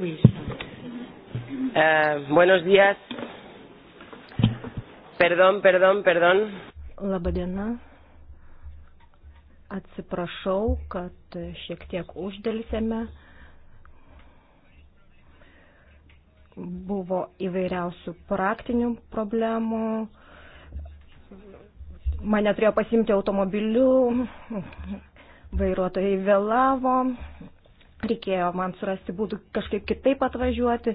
Uh, buenos días. Perdón, perdón, perdón. Labadiena. Atsiprašau, kad šiek tiek uždėlsėme. Buvo įvairiausių praktinių problemų. Mane turėjo pasimti automobiliu, vairuotojai vėlavo, reikėjo man surasti būdų kažkaip kitaip atvažiuoti,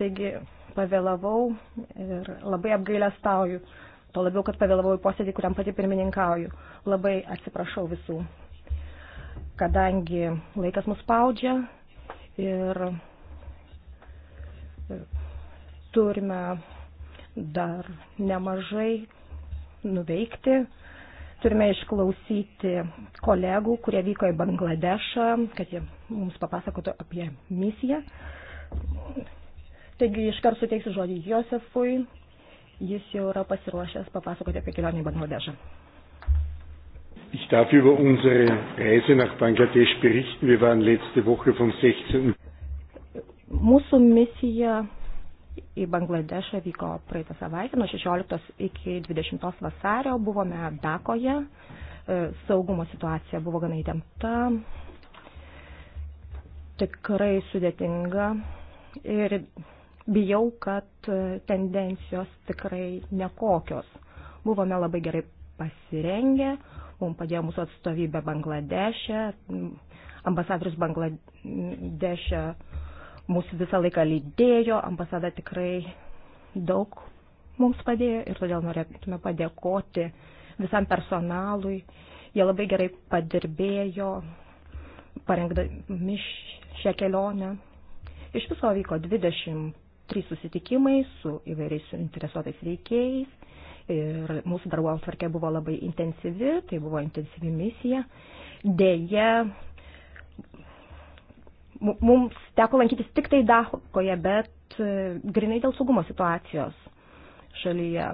taigi pavėlavau ir labai apgailestauju, to labiau, kad pavėlavau į posėdį, kuriam pati pirmininkauju. Labai atsiprašau visų, kadangi laikas mus spaudžia ir e, turime dar nemažai nuveikti. Turime išklausyti kolegų, kurie vyko į Bangladešą, kad jie mums papasakotų apie misiją. Taigi iškart suteiksiu žodį Josefui. Jis jau yra pasiruošęs papasakoti apie kelionę į Bangladešą. Ich darf über unsere Reise nach Bangladesch berichten. Wir waren letzte Woche vom 16. Mūsų misija į Bangladešą vyko praeitą savaitę, nuo 16 iki 20 vasario buvome Dakoje, e, saugumo situacija buvo gana įtempta, tikrai sudėtinga ir bijau, kad tendencijos tikrai nekokios. Buvome labai gerai pasirengę, mums padėjo mūsų atstovybė Bangladešė, ambasadorius Bangladešė mūsų visą laiką lydėjo, ambasada tikrai daug mums padėjo ir todėl norėtume padėkoti visam personalui. Jie labai gerai padirbėjo, parengdami šią kelionę. Iš viso vyko 23 susitikimai su įvairiais interesuotais veikėjais ir mūsų darbo atvarkė buvo labai intensyvi, tai buvo intensyvi misija. Deja, mums teko lankytis tik tai Dahokoje, bet e, grinai dėl saugumo situacijos šalyje.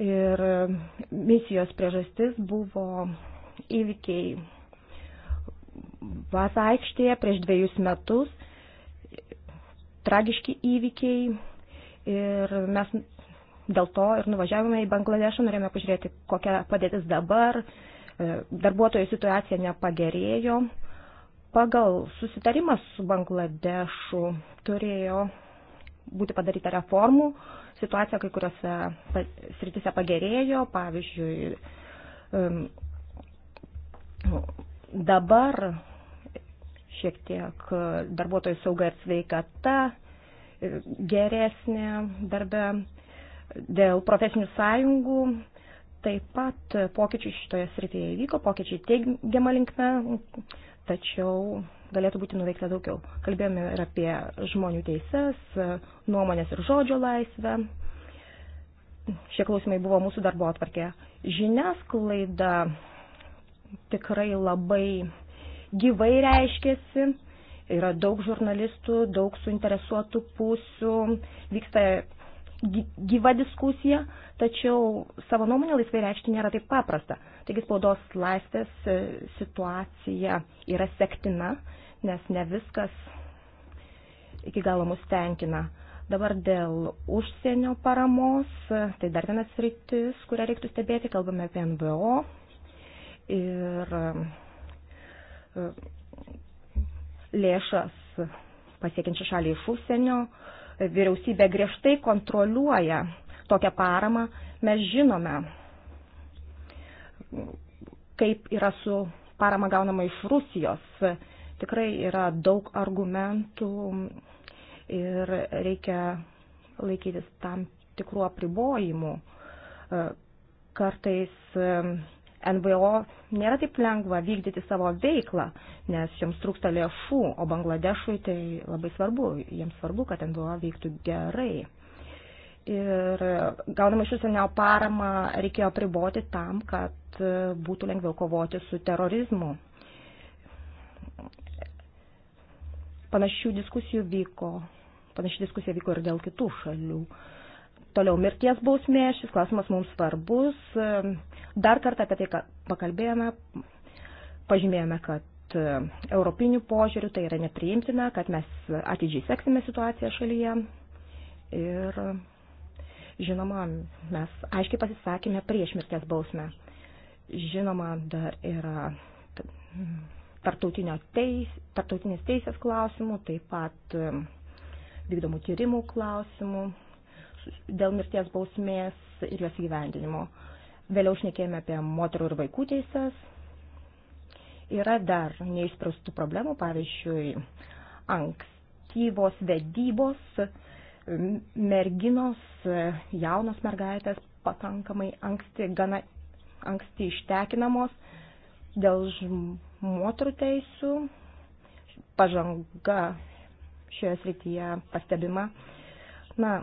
Ir misijos priežastis buvo įvykiai Vaza aikštėje prieš dviejus metus, tragiški įvykiai ir mes dėl to ir nuvažiavome į Bangladešą, norėjome pažiūrėti, kokia padėtis dabar, e, darbuotojų situacija nepagerėjo. Pagal susitarimą su Bangladešu turėjo būti padaryta reformų, situacija kai kuriuose sritise pagerėjo, pavyzdžiui, Dabar šiek tiek darbuotojų sauga ir sveikata geresnė darbe dėl profesinių sąjungų. Taip pat pokyčiai šitoje srityje įvyko, pokyčiai teigiama linkme, tačiau galėtų būti nuveikta daugiau. Kalbėjome ir apie žmonių teises, nuomonės ir žodžio laisvę. Šie klausimai buvo mūsų darbo atvarkė. Žiniasklaida tikrai labai gyvai reiškėsi. Yra daug žurnalistų, daug suinteresuotų pusių, vyksta gyva diskusija, tačiau savo nuomonę laisvai reikšti nėra taip paprasta. Taigi spaudos laisvės e, situacija yra sektina, nes ne viskas iki galo mus tenkina. Dabar dėl užsienio paramos, tai dar vienas rytis, kurią reiktų stebėti, kalbame apie NVO, ir e, lėšas pasiekiančią šalį iš užsienio. Vyriausybė griežtai kontroliuoja tokią paramą. Mes žinome, kaip yra su parama gaunama iš Rusijos. Tikrai yra daug argumentų ir reikia laikytis tam tikrų apribojimų. E, kartais e, NVO nėra taip lengva vykdyti savo veiklą, nes joms trūksta lėšų, o Bangladešui tai labai svarbu, jiems svarbu, kad NVO veiktų gerai. Ir gaunama iš užsienio paramą reikėjo priboti tam, kad būtų lengviau kovoti su terorizmu. Panašių diskusijų vyko, panašių diskusijų vyko ir dėl kitų šalių. Uh, Toliau mirties bausmė, šis klausimas mums svarbus. Dar kartą apie tai pakalbėjome, pažymėjome, kad e, europinių požiūrių tai yra nepriimtina, kad mes atidžiai seksime situaciją šalyje. Ir žinoma, mes aiškiai pasisakėme prieš mirties bausmę. Žinoma, dar yra teis, tartautinės teisės klausimų, taip pat e, vykdomų tyrimų klausimų dėl mirties bausmės ir jos gyvendinimo. Vėliau šnekėjome apie moterų ir vaikų teises. Yra dar neišspręstų problemų, pavyzdžiui, ankstyvos vedybos, merginos, jaunos mergaitės pakankamai anksti, gana anksti ištekinamos dėl moterų teisų, pažanga šioje srityje pastebima. Na,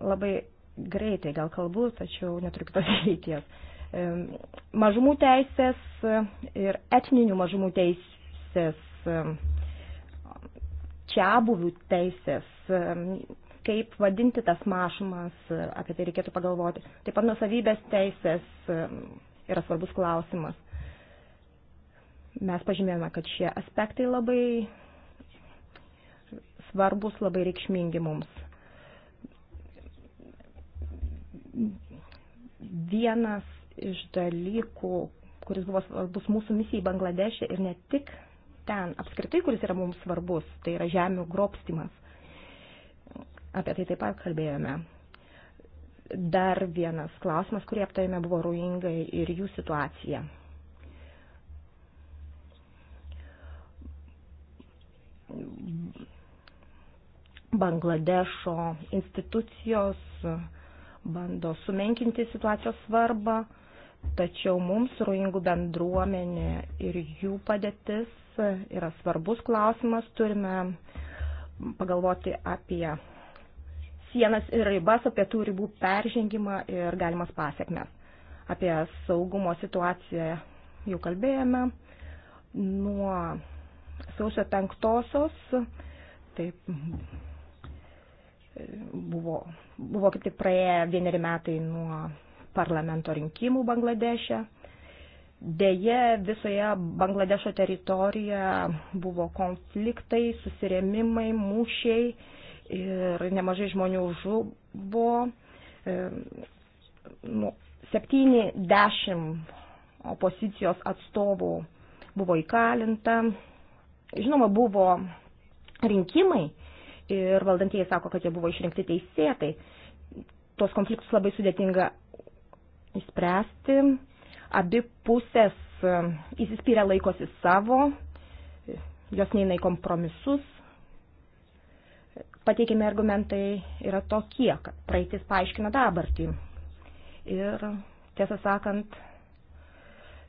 labai greitai gal kalbu, tačiau neturiu kitos įeities. Mažumų teisės ir etninių mažumų teisės, čia buvių teisės, kaip vadinti tas mažumas, apie tai reikėtų pagalvoti. Taip pat nusavybės teisės yra svarbus klausimas. Mes pažymėjome, kad šie aspektai labai svarbus, labai reikšmingi mums vienas iš dalykų, kuris buvo svarbus mūsų misijai Bangladešė ir ne tik ten, apskritai, kuris yra mums svarbus, tai yra žemių grobstimas. Apie tai taip pat kalbėjome. Dar vienas klausimas, kurį aptarėme, buvo ruingai ir jų situacija. Bangladešo institucijos bando sumenkinti situacijos svarbą, tačiau mums ruingų bendruomenė ir jų padėtis yra svarbus klausimas. Turime pagalvoti apie sienas ir ribas, apie tų ribų peržengimą ir galimas pasiekmes. Apie saugumo situaciją jau kalbėjome. Nuo sausio penktosios, taip Buvo, buvo kaip tik praėję vieneri metai nuo parlamento rinkimų Bangladeše. Deja, visoje Bangladešo teritorijoje buvo konfliktai, susirėmimai, mūšiai ir nemažai žmonių žuvo. E, nu, 70 opozicijos atstovų buvo įkalinta. Žinoma, buvo rinkimai, ir valdantieji sako, kad jie buvo išrinkti teisėtai. Tos konfliktus labai sudėtinga išspręsti. Abi pusės um, įsispyrę laikosi savo, jos neina į kompromisus. Pateikiami argumentai yra tokie, kad praeitis paaiškina dabartį. Ir tiesą sakant,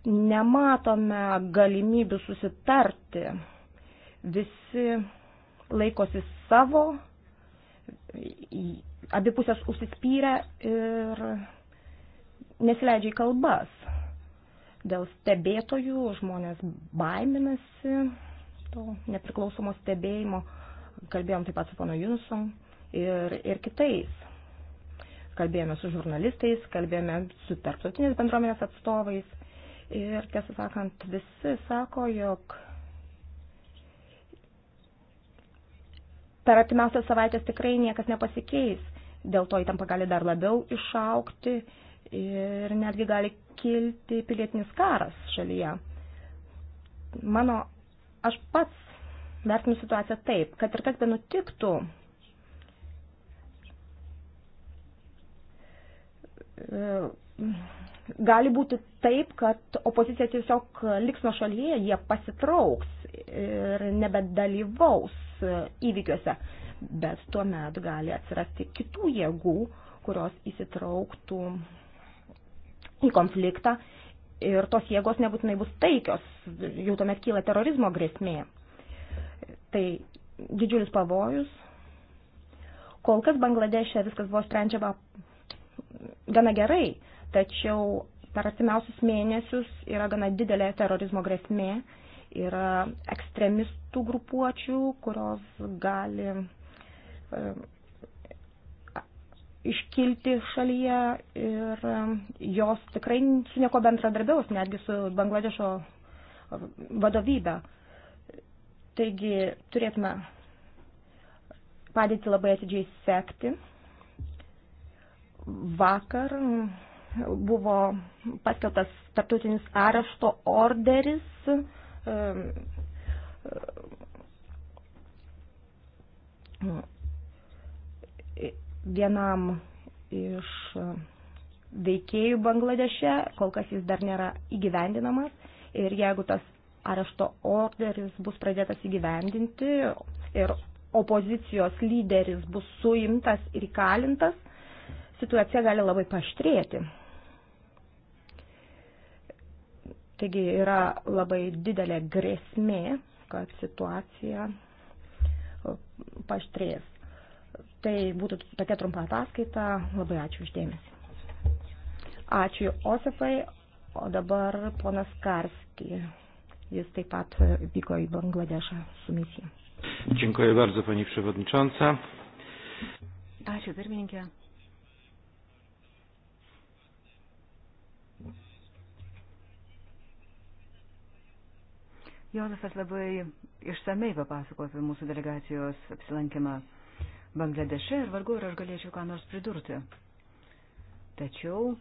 nematome galimybių susitarti. Visi laikosi savo, abipusės užsispyrę ir nesileidžia į kalbas. Dėl stebėtojų žmonės baiminasi to nepriklausomo stebėjimo. Kalbėjom taip pat su pano Junsom ir, ir kitais. Kalbėjome su žurnalistais, kalbėjome su tarptautinės bendruomenės atstovais. Ir tiesą sakant, visi sako, jog per artimiausias savaitės tikrai niekas nepasikeis. Dėl to įtampa gali dar labiau išaukti ir netgi gali kilti pilietinis karas šalyje. Mano, aš pats vertinu situaciją taip, kad ir kas be nutiktų, gali būti taip, kad opozicija tiesiog liks nuo šalyje, jie pasitrauks ir nebedalyvaus įvykiuose, bet tuomet gali atsirasti kitų jėgų, kurios įsitrauktų į konfliktą ir tos jėgos nebūtinai bus taikios, jau tuomet kyla terorizmo grėsmė. Tai didžiulis pavojus. Kol kas Bangladešė viskas buvo sprendžiama gana gerai, tačiau per artimiausius mėnesius yra gana didelė terorizmo grėsmė yra ekstremistų grupuočių, kurios gali e, iškilti šalyje ir e, jos tikrai su nieko bendradarbiaus, netgi su Bangladešo e, vadovybė. Taigi turėtume padėti labai atidžiai sekti. Vakar buvo paskeltas tarptautinis arešto orderis Ehm, vienam iš veikėjų Bangladeše, kol kas jis dar nėra įgyvendinamas ir jeigu tas arešto orderis bus pradėtas įgyvendinti ir opozicijos lyderis bus suimtas ir įkalintas, situacija gali labai paštrėti. Taigi yra labai didelė grėsmė, kad situacija paštrės. Tai būtų tokia trumpa ataskaita. Labai ačiū uždėmesi. Ačiū Osefai, o dabar ponas Karski. Jis taip pat vyko į Bangladešą su misija. Dziękuję bardzo Pani Przewodnicząca. Ačiū pirmininkė. Jonasas labai išsamei papasako apie mūsų delegacijos apsilankimą Bangladeše ir vargu ar aš galėčiau ką nors pridurti. Tačiau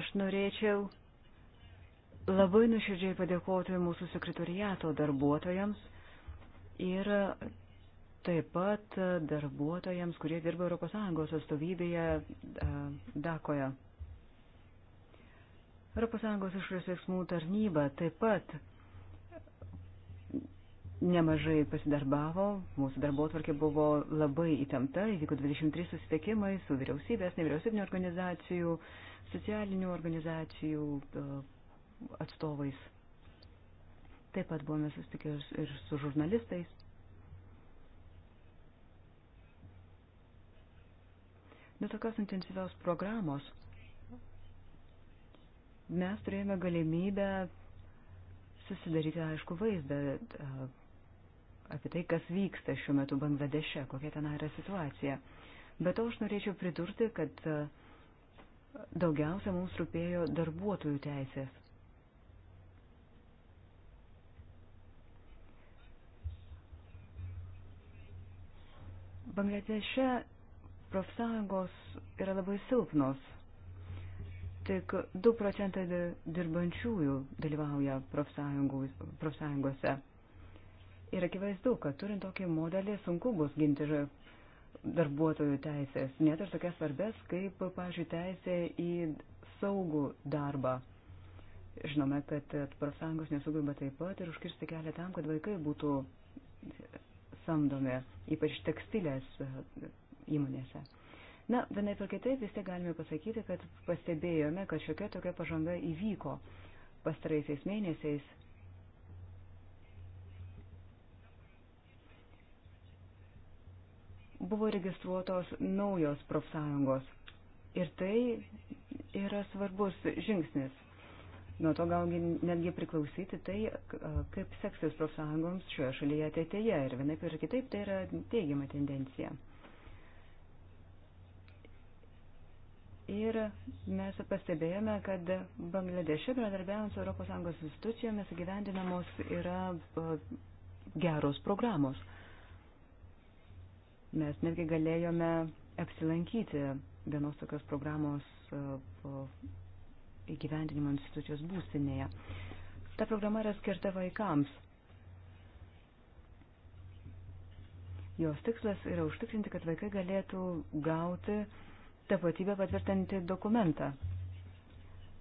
aš norėčiau labai nuširdžiai padėkoti mūsų sekretoriato darbuotojams ir taip pat darbuotojams, kurie dirba ES atstovybėje Dakoje. ES išorės veiksmų tarnyba taip pat nemažai pasidarbavo, mūsų darbo tvarkė buvo labai įtempta, įvyko 23 susitikimai su vyriausybės, nevyriausybinio organizacijų, socialinių organizacijų e, atstovais. Taip pat buvome susitikę ir su žurnalistais. Nuo tokios intensyvios programos mes turėjome galimybę susidaryti aišku vaizdą apie tai, kas vyksta šiuo metu Bangladeše, kokia ten yra situacija. Bet to aš norėčiau pridurti, kad daugiausia mums rūpėjo darbuotojų teisės. Bangladeše profsąjungos yra labai silpnos tik 2 procentai dirbančiųjų dalyvauja profsąjungose. Ir akivaizdu, kad turint tokį modelį sunku bus ginti darbuotojų teisės, net ir tokias svarbės, kaip, pažiūrėjau, teisė į saugų darbą. Žinome, kad profsąjungos nesugeba taip pat ir užkirsti kelią tam, kad vaikai būtų samdomi, ypač tekstilės e, įmonėse. Na, vienaip ir kitaip vis tiek galime pasakyti, kad pastebėjome, kad šiokia tokia pažanga įvyko pastaraisiais mėnesiais. Buvo registruotos naujos profsąjungos ir tai yra svarbus žingsnis. Nuo to galgi netgi priklausyti tai, kaip seksis profsąjungoms šioje šalyje ateityje ir vienaip ir kitaip tai yra teigiama tendencija. Ir mes pastebėjome, kad Bangladeše, bendradarbiaujant su ES institucijomis, gyvendinamos yra e, geros programos. Mes netgi galėjome apsilankyti vienos tokios programos e, įgyvendinimo institucijos būstinėje. Ta programa yra skirta vaikams. Jos tikslas yra užtikrinti, kad vaikai galėtų gauti uh, tapatybę patvirtinti dokumentą.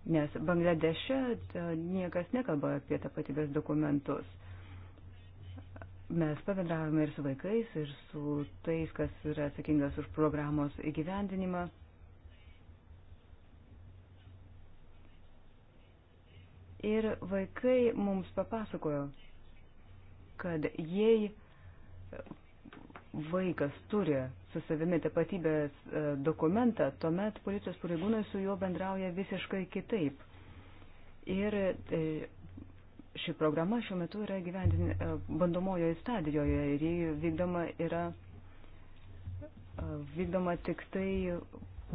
Nes Bangladeše e, niekas nekalba apie tapatybės dokumentus. Mes pavendravome ir su vaikais, ir su tais, kas yra atsakingas už programos įgyvendinimą. Ir vaikai mums papasakojo, kad jei vaikas turi su savimi tapatybės e, dokumentą, tuomet policijos pareigūnai su juo bendrauja visiškai kitaip. Ir e, ši programa šiuo metu yra gyvendin, e, bandomojoje stadijoje ir jį vykdoma yra vykdoma tik tai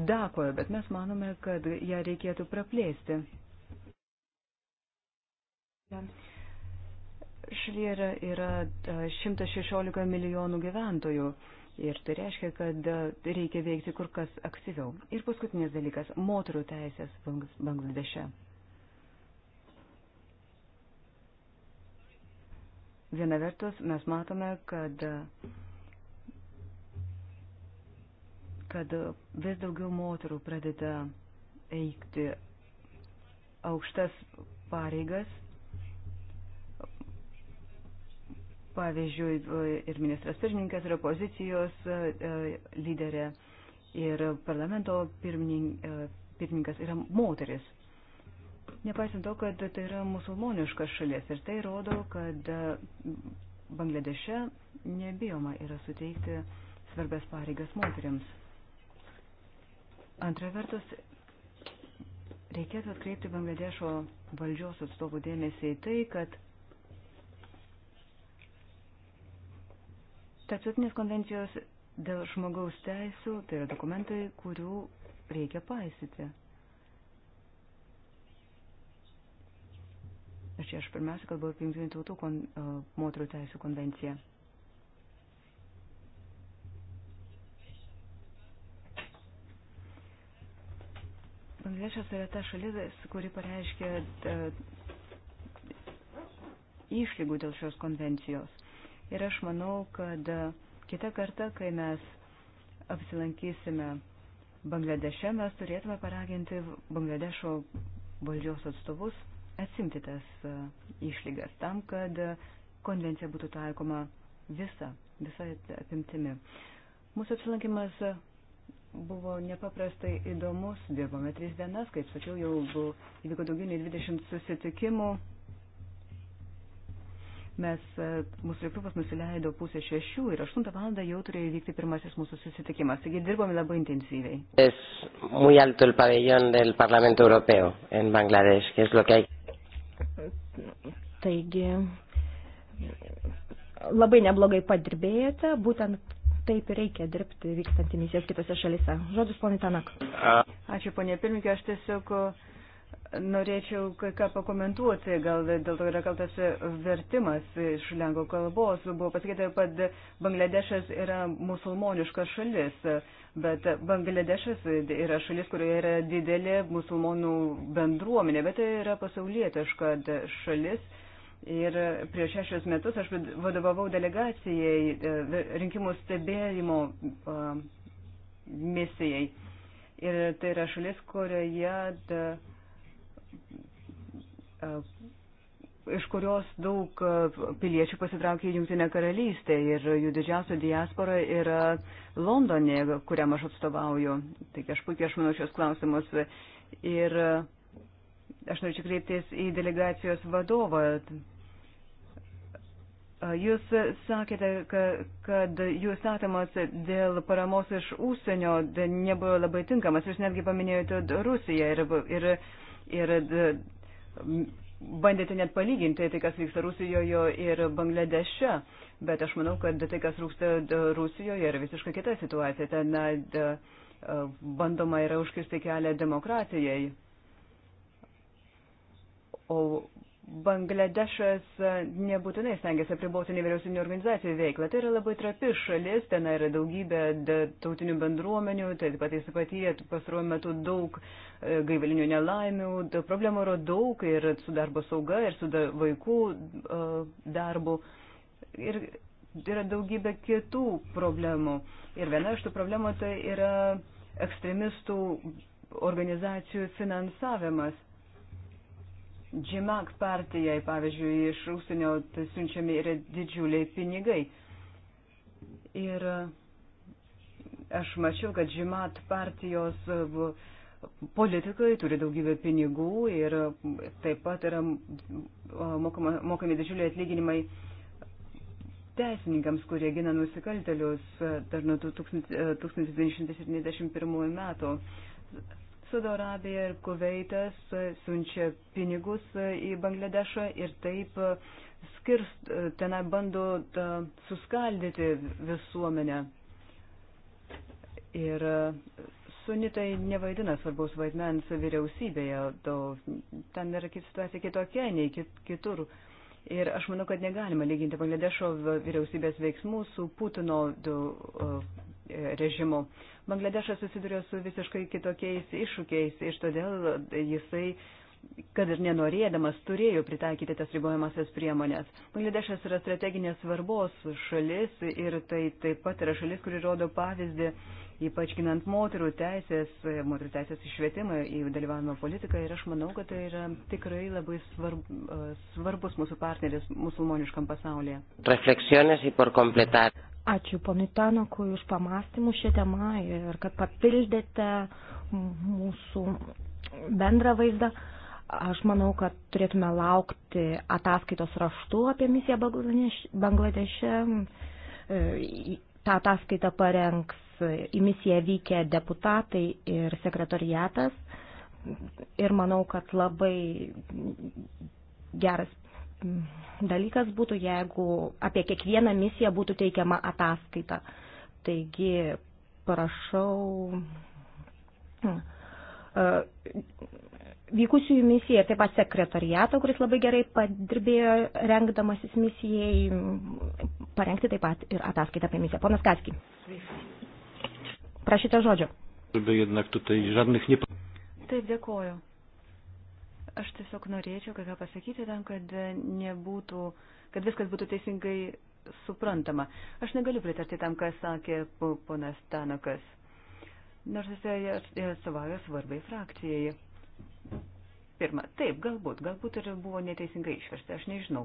dakoje, bet mes manome, kad ją reikėtų praplėsti. Yeah šalyje yra 116 e, milijonų gyventojų. Ir tai reiškia, kad e, reikia veikti kur kas aktyviau. Ir paskutinis dalykas - moterų teisės Bangladeše. Viena vertus, mes matome, kad, e, kad vis daugiau moterų pradeda eikti aukštas pareigas Pavyzdžiui, ir ministras pirmininkas, ir opozicijos e, e, lyderė, ir parlamento e, pirmininkas yra moteris. Nepaisant to, kad tai yra musulmoniškas šalies ir tai rodo, kad Bangladeše nebijoma yra suteikti svarbės pareigas moteriams. Antra vertus, reikėtų atkreipti Bangladešo valdžios atstovų dėmesį į tai, kad Tarptautinės konvencijos dėl žmogaus teisų tai yra dokumentai, kurių reikia paisyti. Ir čia aš pirmiausia kalbu apie Junktinių tautų kon, uh, moterų teisų konvenciją. Bangladešas yra ta šalis, kuri pareiškia uh, išlygų dėl šios konvencijos. Ir aš manau, kad kitą kartą, kai mes apsilankysime Bangladeše, mes turėtume paraginti Bangladešo valdžios atstovus atsimti tas e, išlygas tam, kad konvencija būtų taikoma visa, visa apimtimi. Mūsų apsilankimas buvo nepaprastai įdomus, dirbome tris dienas, kaip sakiau, jau įvyko daugiau nei 20 susitikimų, mes, e, mūsų lėktuvas nusileido pusę šešių ir aštuntą valandą jau turėjo įvykti pirmasis mūsų susitikimas. Taigi dirbome labai intensyviai. Es muy alto el pabellón del Parlamento Europeo en Bangladesh, que es lo que hay. Taigi, labai neblogai padirbėjote, būtent taip ir reikia dirbti vykstant į misijas kitose šalise. Žodis, ponė Tanak. Ačiū, ponė Pirmininkė, aš tiesiog Norėčiau kai ką pakomentuoti, gal dėl to yra kaltas vertimas iš lengvo kalbos. Buvo pasakyta, kad Bangladešas yra musulmoniška šalis, bet Bangladešas yra šalis, kurioje yra didelė musulmonų bendruomenė, bet tai yra pasaulietiška šalis. Ir prieš šešius metus aš vadovavau delegacijai e, rinkimų stebėjimo e, misijai. Ir tai yra šalis, kurioje. Da, e, E, iš kurios daug e, piliečių pasitraukė į Junktinę karalystę ir jų didžiausia diaspora yra Londonė, kuriam aš atstovauju. Taigi aš puikiai išmanau šios klausimus ir e, aš norėčiau kreiptis į delegacijos vadovą. Jūs sakėte, kad jūs statymas dėl paramos iš ūsienio nebuvo labai tinkamas. Jūs netgi paminėjote Rusiją ir, ir, ir bandėte net palyginti tai, kas vyksta Rusijoje ir Bangladeše, bet aš manau, kad tai, kas rūksta Rusijoje, yra visiškai kita situacija. Ten e, bandoma yra užkirsti kelią demokratijai. O Bangladešas nebūtinai stengiasi apriboti nevyriausybinio organizacijų veiklą. Tai yra labai trapi šalis, ten yra daugybė tautinių bendruomenių, taip pat jis patyrė pastaruoju metu daug e, gaivalinių nelaimių, problemų yra daug ir su darbo sauga, ir su da, vaikų e, darbu. Ir yra daugybė kitų problemų. Ir viena iš tų problemų tai yra ekstremistų organizacijų finansavimas. Džimak partijai, pavyzdžiui, iš užsienio tai siunčiami yra didžiuliai pinigai. Ir aš mačiau, kad Džimat partijos e, politikai turi daugybę pinigų ir taip pat yra e, mokama, mokami didžiuliai atlyginimai teisininkams, kurie gina nusikaltelius e, dar nuo 1971 metų. Saudo Arabija ir Kuveitas siunčia pinigus į Bangladešą ir taip skirst, tenai bando suskaldyti visuomenę. Ir sunitai nevaidina svarbaus vaidmens vyriausybėje, to, ten yra situacija kitokia nei kitur. Ir aš manau, kad negalima lyginti Bangladešo vyriausybės veiksmų su Putino du, uh, režimu. Bangladešas susiduria su visiškai kitokiais iššūkiais, iš todėl jisai kad ir nenorėdamas turėjo pritaikyti tas ribojamasias priemonės. Bangladešas yra strateginės svarbos šalis ir tai taip pat yra šalis, kuri rodo pavyzdį, ypač ginant moterų teisės, moterų teisės išvietimą į dalyvavimo politiką ir aš manau, kad tai yra tikrai labai svarb, svarbus mūsų partneris musulmoniškam pasaulyje. Ačiū ponui Tanokui už pamastymų šią temą ir kad papildėte mūsų bendrą vaizdą. Aš manau, kad turėtume laukti ataskaitos raštu apie misiją Bangladeše. E, Ta ataskaita parengs į misiją vykę deputatai ir sekretariatas. Ir manau, kad labai geras dalykas būtų, jeigu apie kiekvieną misiją būtų teikiama ataskaita. Taigi, prašau. E, Vykusių į misiją ir taip pat sekretariato, kuris labai gerai padirbėjo rengdamasis misijai, parengti taip pat ir ataskaitą apie misiją. Ponas Kaski. Prašyte žodžio. Taip, dėkoju. Aš tiesiog norėčiau ką pasakyti tam, kad, nebūtų, kad viskas būtų teisingai suprantama. Aš negaliu pritarti tam, ką sakė ponas Tanakas, nors jis atstovauja svarbai frakcijai. Pirma, taip, galbūt, galbūt ir buvo neteisingai išversta, aš nežinau.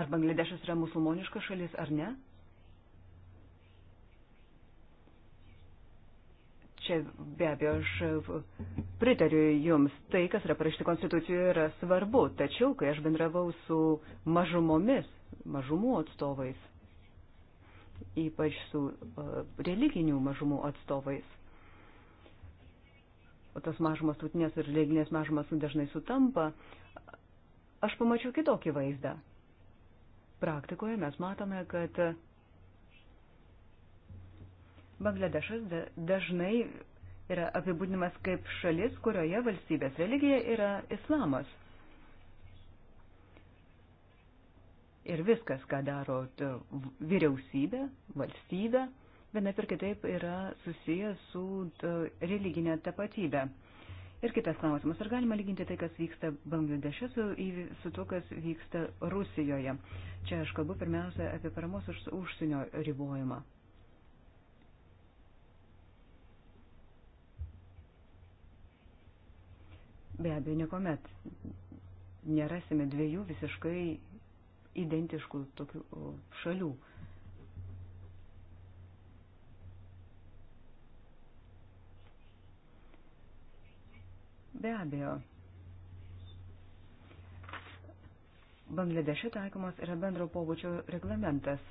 Ar Bangladešas yra musulmoniška šalis ar ne? čia be abejo aš e, pritariu Jums, tai, kas yra parašyta Konstitucijoje, yra svarbu, tačiau kai aš bendravau su mažumomis, mažumų atstovais, ypač su uh, religinių mažumų atstovais, o tos mažumas tautinės ir religinės mažumas dažnai sutampa, aš pamačiau kitokį vaizdą. Praktikoje mes matome, kad uh, Bangladešas dažnai yra apibūdinamas kaip šalis, kurioje valstybės religija yra islamas. Ir viskas, ką daro vyriausybė, valstybė, viena per kitaip yra susijęs su religinė tapatybė. Ir kitas klausimas, ar galima lyginti tai, kas vyksta Bangladeše su, su to, kas vyksta Rusijoje? Čia aš kalbu pirmiausia apie paramos už, užsienio ribojimą. Be abejo, niekuomet nerasime dviejų visiškai identiškų tokių šalių. Be abejo, Bangladeše taikomas yra bendro pobūdžio reglamentas,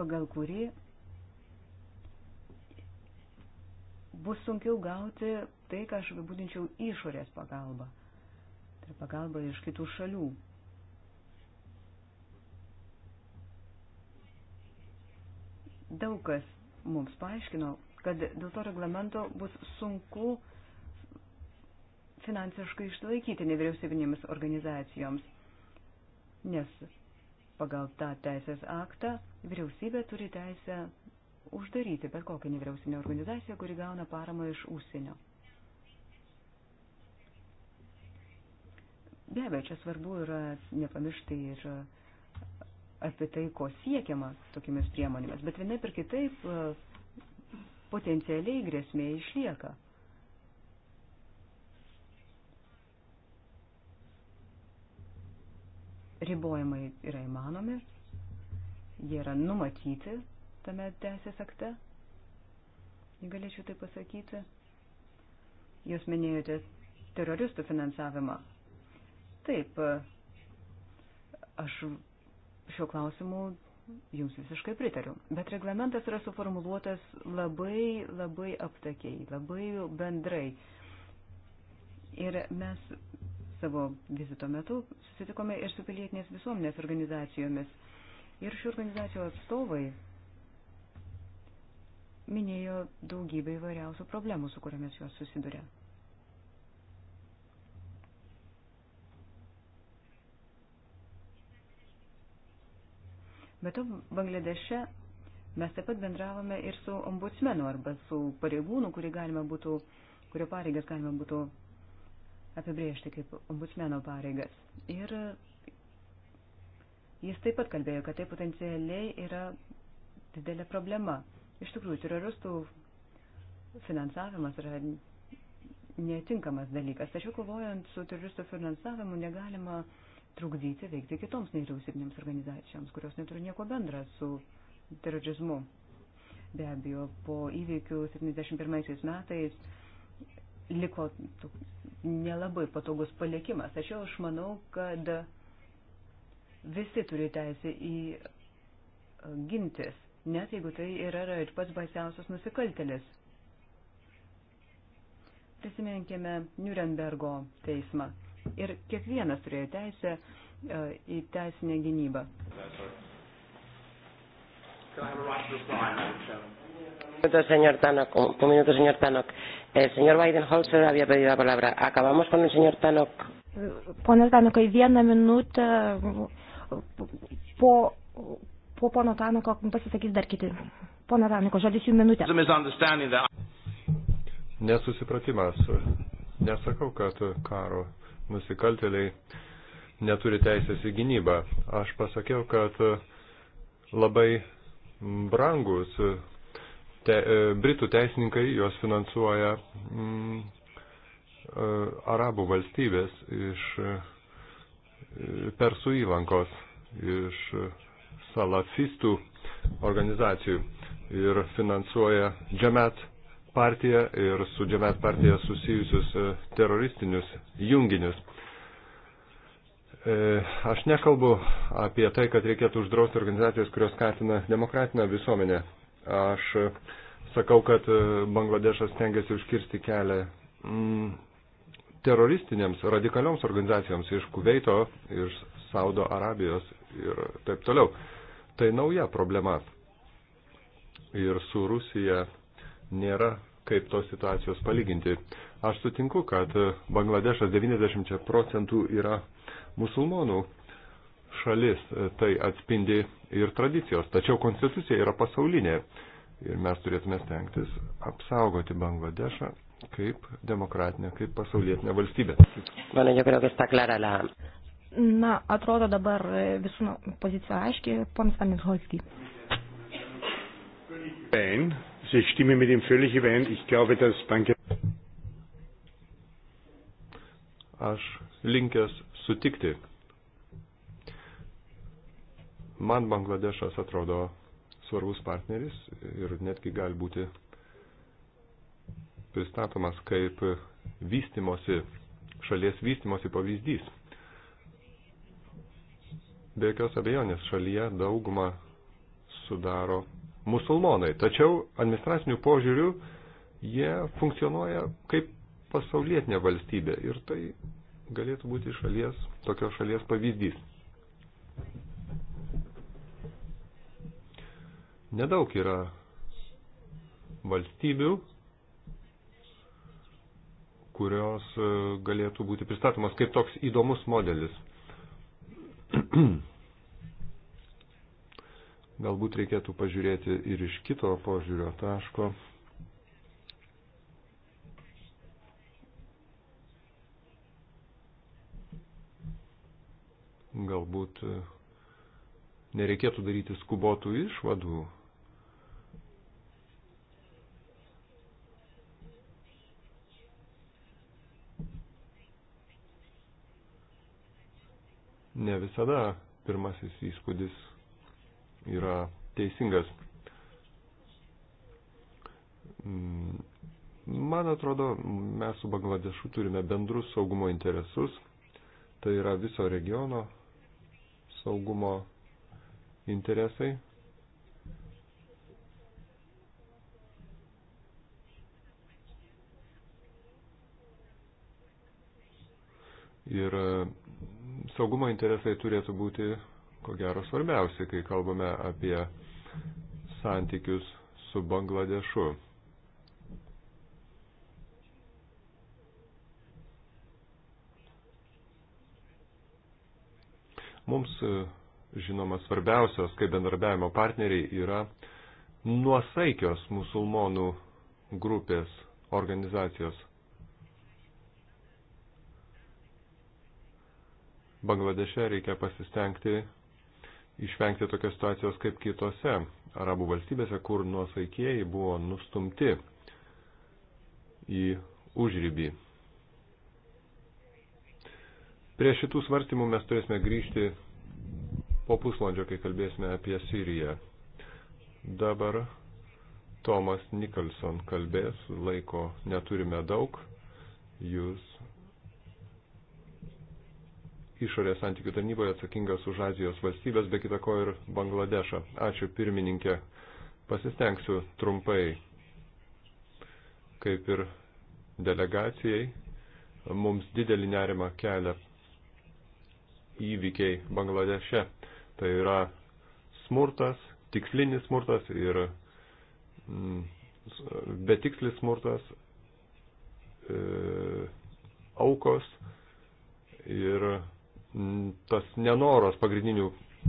pagal kurį bus sunkiau gauti tai, ką aš apibūdinčiau išorės pagalbą. Tai pagalba iš kitų šalių. Daug kas mums paaiškino, kad dėl to reglamento bus sunku finansiškai išlaikyti nevyriausybinėms organizacijoms, nes pagal tą teisės aktą vyriausybė turi teisę uždaryti bet kokią nevyriausinę organizaciją, kuri gauna paramą iš užsienio. Be abejo, čia svarbu yra nepamiršti ir apie tai, ko siekiama tokiamis priemonėmis, bet vienaip ir kitaip potencialiai grėsmė išlieka. Ribojimai yra įmanomi, jie yra numatyti tame teisės akte? Galėčiau tai pasakyti. Jūs minėjote teroristų finansavimą. Taip, aš šiuo klausimu jums visiškai pritariu. Bet reglamentas yra suformuluotas labai, labai aptakiai, labai bendrai. Ir mes savo vizito metu susitikome ir su pilietinės visuomenės organizacijomis. Ir šių organizacijų atstovai minėjo daugybę įvairiausių problemų, su kuriamis jos susiduria. Bet to Bangladeše mes taip pat bendravome ir su ombudsmenu arba su pareigūnu, kurį galima būtų, kurio pareigas galima būtų apibriežti kaip ombudsmeno pareigas. Ir jis taip pat kalbėjo, kad tai potencialiai yra didelė problema. Iš tikrųjų, teroristų finansavimas yra netinkamas dalykas. Tačiau kovojant su teroristų finansavimu negalima trukdyti veikti kitoms nevyriausybinėms organizacijoms, kurios neturi nieko bendra su terorizmu. Be abejo, po įvykių 71 metais liko nelabai patogus palikimas. Tačiau aš manau, kad visi turi teisę į gintis net jeigu tai yra ir pats baisiausias nusikaltelis. Prisiminkime Nürnbergo teismą ir kiekvienas turėjo teisę e, į teisinę gynybą. Minuto, señor Tanok. Un minuto, señor Tanok. El eh, señor Biden-Holzer había pedido la palabra. Acabamos con el señor Tanok. Ponas Tanokai, vieną minutę eh, po po pono Tanako pasisakys dar kiti. Pono Tanako, žodis jų minutė. Nesusipratimas. Nesakau, kad karo nusikaltėliai neturi teisės į gynybą. Aš pasakiau, kad labai brangus te, e, britų teisininkai juos finansuoja mm, e, arabų valstybės iš e, Persų įlankos, iš salafistų organizacijų ir finansuoja Džemet partiją ir su Džemet partija susijusius e, teroristinius junginius. E, aš nekalbu apie tai, kad reikėtų uždrausti organizacijas, kurios skatina demokratinę visuomenę. Aš e, sakau, kad Bangladešas tengiasi užkirsti kelią mm, teroristinėms, radikalioms organizacijoms iš Kuveito, iš Saudo Arabijos ir taip toliau. E, Tai nauja problema. Ir su Rusija nėra kaip tos situacijos palyginti. Aš sutinku, kad Bangladešas 90 procentų yra musulmonų šalis, tai atspindi ir tradicijos. Tačiau konstitucija yra pasaulinė ir mes turėtume stengtis apsaugoti Bangladešą kaip demokratinę, kaip pasaulietinę valstybę. Bueno, yo creo que está clara la... Na, atrodo dabar visų nu, pozicija aiški, ponas Vanizholski. Ich stimme mit ihm völlig überein. Ich glaube, dass Banke. Aš linkęs sutikti. Man Bangladešas atrodo svarbus partneris ir netgi gali būti pristatomas kaip vystimosi, šalies vystimosi pavyzdys be jokios abejonės šalyje daugumą sudaro musulmonai. Tačiau administracinių požiūrių jie funkcionuoja kaip pasaulietinė valstybė ir tai galėtų būti šalies, tokios šalies pavyzdys. Nedaug yra valstybių, kurios e, galėtų būti pristatomas kaip toks įdomus modelis. Galbūt reikėtų pažiūrėti ir iš kito požiūrio taško. Galbūt e, nereikėtų daryti skubotų išvadų. Ne visada pirmasis įspūdis yra teisingas. Man atrodo, mes su Bangladešu turime bendrus saugumo interesus. Tai yra viso regiono saugumo interesai. Ir saugumo interesai turėtų būti ko gero svarbiausi, kai kalbame apie santykius su Bangladešu. Mums, e, žinoma, svarbiausios, kaip bendrabiavimo partneriai, yra nuosaikios musulmonų grupės organizacijos. Bangladeše reikia pasistengti išvengti tokios situacijos kaip kitose arabų valstybėse, kur nuosaikieji buvo nustumti į užrybį. Prie šitų svarstymų mes turėsime grįžti po pusvalandžio, kai kalbėsime apie Siriją. Dabar Tomas Nikolson kalbės, laiko neturime daug, jūs išorės santykių tarnyboje atsakingas už Azijos valstybės, be kitako ir Bangladešą. Ačiū pirmininkė. Pasistengsiu trumpai, kaip ir delegacijai, mums didelį nerimą kelia įvykiai Bangladeše. Tai yra smurtas, tikslinis smurtas ir mm, betikslis smurtas, e, aukos ir Mm, tas nenoras pagrindinių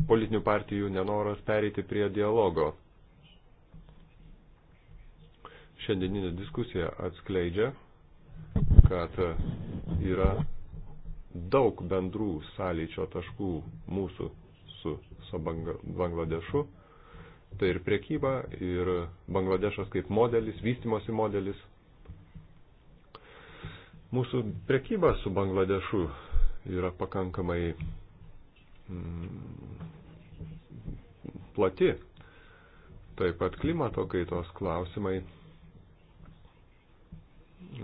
politinių partijų nenoras pereiti prie dialogo. Šiandieninė diskusija atskleidžia, kad yra daug bendrų sąlyčio taškų mūsų su, su Bangladešu. Tai ir priekyba, ir Bangladešas kaip modelis, vystimosi modelis. Mūsų priekyba su Bangladešu yra pakankamai mm, plati. Taip pat klimato kaitos klausimai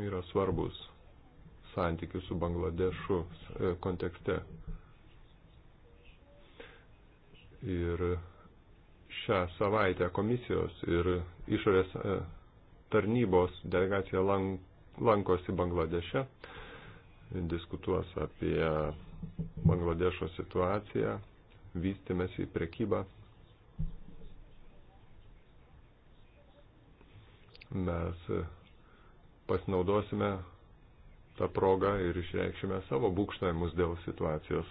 yra svarbus santykių su Bangladešu e, kontekste. Ir šią savaitę komisijos ir išorės e, tarnybos delegacija lankosi Bangladeše diskutuos apie Bangladešo situaciją, vystymės į prekybą. Mes pasinaudosime tą progą ir išreikšime savo būkštavimus dėl situacijos.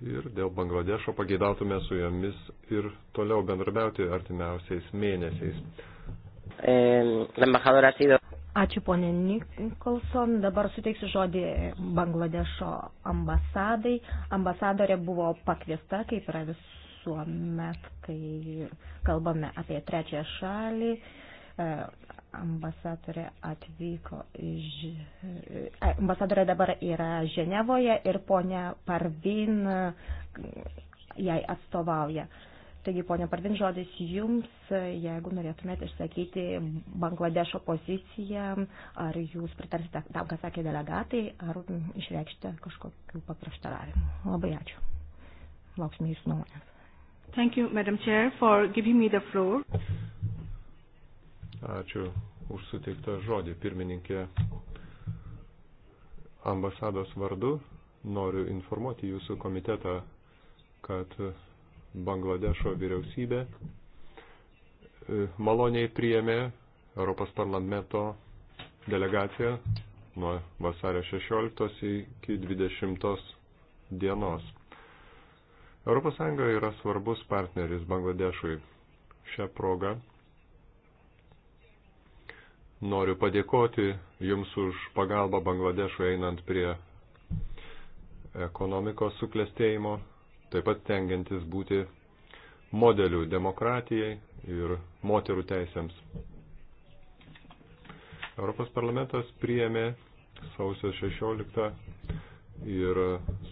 Ir dėl Bangladešo pageidautume su jomis ir toliau bendrabiauti artimiausiais mėnesiais. Eh, Ačiū ponė Nikolson. Dabar suteiksiu žodį Bangladešo ambasadai. Ambasadorė buvo pakviesta, kaip yra visuomet, kai kalbame apie trečiąją šalį. E, ambasadorė atvyko iš. E, ambasadorė dabar yra Ženevoje ir ponė Parvin jai atstovauja. Uh, Taigi, ponia Parvin, žodis jums, jeigu norėtumėte išsakyti Bangladešo poziciją, ar jūs pritarsite tam, ką sakė delegatai, ar išreikšite kažkokių paprieštaravimų. Labai ačiū. Lauksime jūsų nuomonės. Thank you, Madam Chair, for giving me the floor. Ačiū už suteiktą žodį. Pirmininkė ambasados vardu noriu informuoti jūsų komitetą, kad Bangladešo vyriausybė e, maloniai priėmė Europos parlamento delegaciją nuo vasario 16 iki 20 dienos. Europos Sąjunga yra svarbus partneris Bangladešui. Šią progą noriu padėkoti Jums už pagalbą Bangladešui einant prie ekonomikos suklestėjimo taip pat tengiantis būti modeliu demokratijai ir moterų teisėms. Europos parlamentas priėmė sausio 16 ir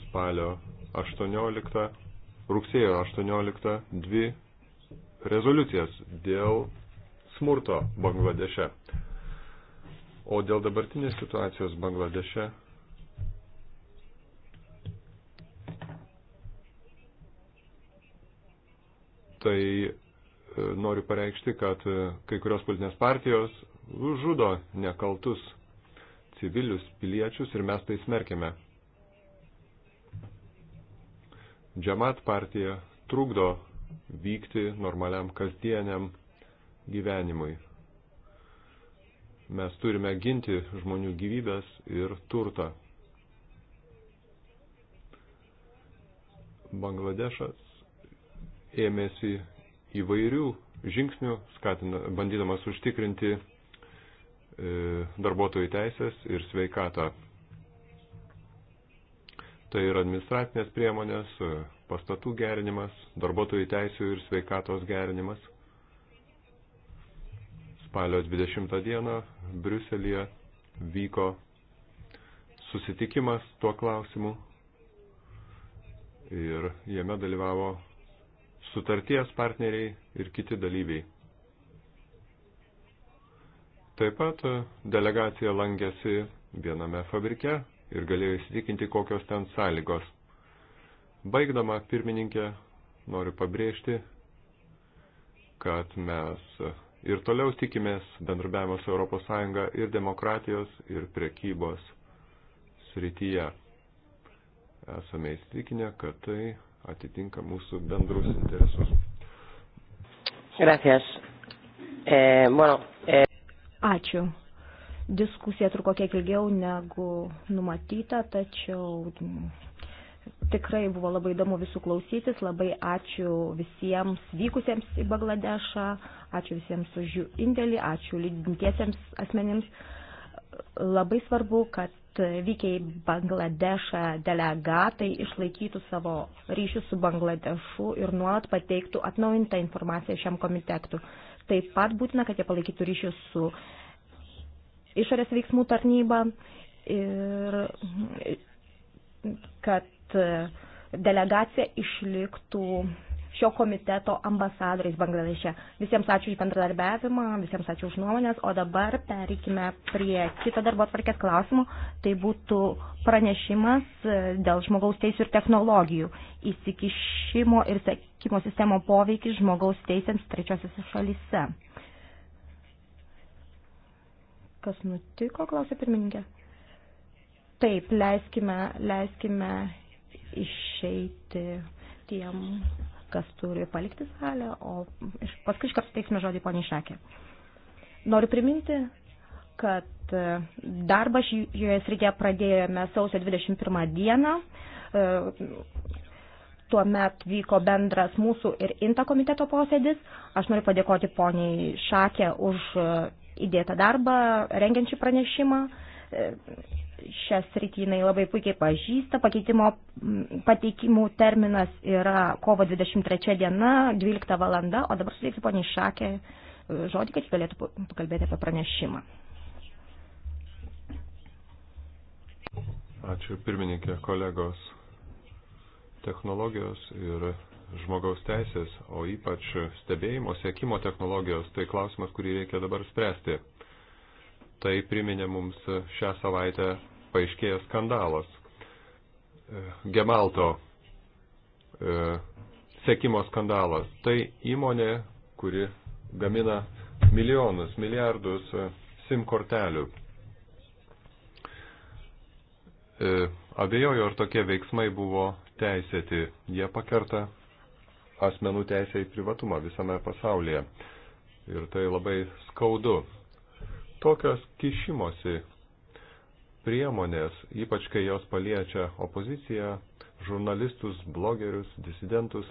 spalio 18, rugsėjo 18 dvi rezoliucijas dėl smurto Bangladeše. O dėl dabartinės situacijos Bangladeše tai e, noriu pareikšti, kad e, kai kurios politinės partijos žudo nekaltus civilius piliečius ir mes tai smerkime. Džemat partija trukdo vykti normaliam kasdieniam gyvenimui. Mes turime ginti žmonių gyvybės ir turtą. Bangladešas ėmėsi įvairių žingsnių, skatina, bandydamas užtikrinti e, darbuotojų teisės ir sveikatą. Tai yra administracinės priemonės, e, pastatų gerinimas, darbuotojų teisų ir sveikatos gerinimas. Spalio 20 dieną Briuselėje vyko susitikimas tuo klausimu ir jame dalyvavo sutarties partneriai ir kiti dalyviai. Taip pat e, delegacija langėsi viename fabrike ir galėjo įsitikinti, kokios ten sąlygos. Baigdama pirmininkę noriu pabrėžti, kad mes ir toliau tikimės bendrabiavimo su ES ir demokratijos ir prekybos srityje. Esame įsitikinę, kad tai atitinka mūsų bendrus interesus. Gracias. Eh, bueno, eh... Ačiū. Diskusija truko kiek ilgiau negu numatyta, tačiau mm, tikrai buvo labai įdomu visų klausytis. Labai ačiū visiems vykusiems į Bangladešą, ačiū visiems už jų indėlį, ačiū lydintiesiems asmenims. Labai svarbu, kad kad vykę į Bangladešą delegatai išlaikytų savo ryšius su Bangladešu ir nuolat pateiktų atnaujintą informaciją šiam komitetui. Taip pat būtina, kad jie palaikytų ryšius su išorės veiksmų tarnyba ir kad delegacija išliktų šio komiteto ambasadoriais Bangladeše. Visiems ačiū už bendradarbiavimą, visiems ačiū už nuomonės, o dabar perikime prie kito darbo atvarkės klausimų. Tai būtų pranešimas e, dėl žmogaus teisų ir technologijų įsikišimo ir sekimo sistemo poveikis žmogaus teisėms trečiosiuose šalyse. Kas nutiko, klausė pirmininkė. Taip, leiskime, leiskime išeiti tiem kas turi palikti salę, o paskui iš karto teiksime žodį poniai Šakė. Noriu priminti, kad e, darbą šioje srityje pradėjome sausio 21 dieną. E, tuomet vyko bendras mūsų ir INTA komiteto posėdis. Aš noriu padėkoti poniai Šakė už e, įdėtą darbą, rengiančią pranešimą šią sritį jinai labai puikiai pažįsta. Pakeitimo pateikimų terminas yra kovo 23 diena, 12 valanda, o dabar suteiksiu poniai Šakė e, žodį, kad galėtų pakalbėti apie pranešimą. Ačiū pirmininkė, kolegos. Technologijos ir žmogaus teisės, o ypač stebėjimo, sėkimo technologijos, tai klausimas, kurį reikia dabar spręsti Tai priminė mums šią savaitę paaiškėjęs skandalas. E, Gemalto e, sekimo skandalas. Tai įmonė, kuri gamina milijonus, milijardus e, SIM kortelių. Abejoju, ar tokie veiksmai buvo teisėti. Jie pakerta asmenų teisę į privatumą visame pasaulyje. Ir tai labai skaudu. Tokios kišimosi priemonės, ypač kai jos paliečia opoziciją, žurnalistus, blogerius, disidentus,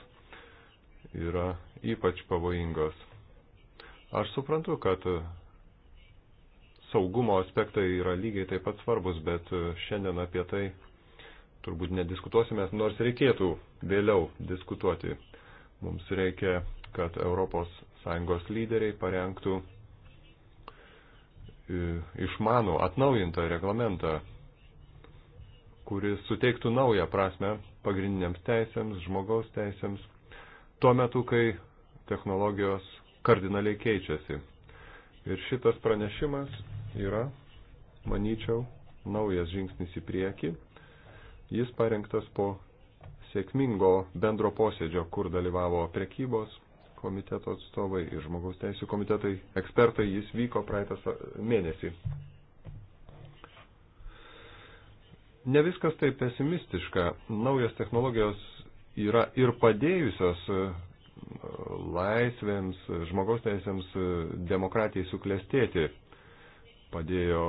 yra ypač pavojingos. Aš suprantu, kad saugumo aspektai yra lygiai taip pat svarbus, bet šiandien apie tai turbūt nediskutuosime, nors reikėtų vėliau diskutuoti. Mums reikia, kad ES lyderiai parengtų išmanų atnaujintą reglamentą, kuris suteiktų naują prasme pagrindiniams teisėms, žmogaus teisėms, tuo metu, kai technologijos kardinaliai keičiasi. Ir šitas pranešimas yra, manyčiau, naujas žingsnis į priekį. Jis parengtas po sėkmingo bendro posėdžio, kur dalyvavo prekybos, komiteto atstovai ir žmogaus teisų komitetai, ekspertai, jis vyko praeitą mėnesį. Ne viskas taip pesimistiška. Naujas technologijos yra ir padėjusios e, laisvėms, žmogaus teisėms e, demokratijai suklestėti. Padėjo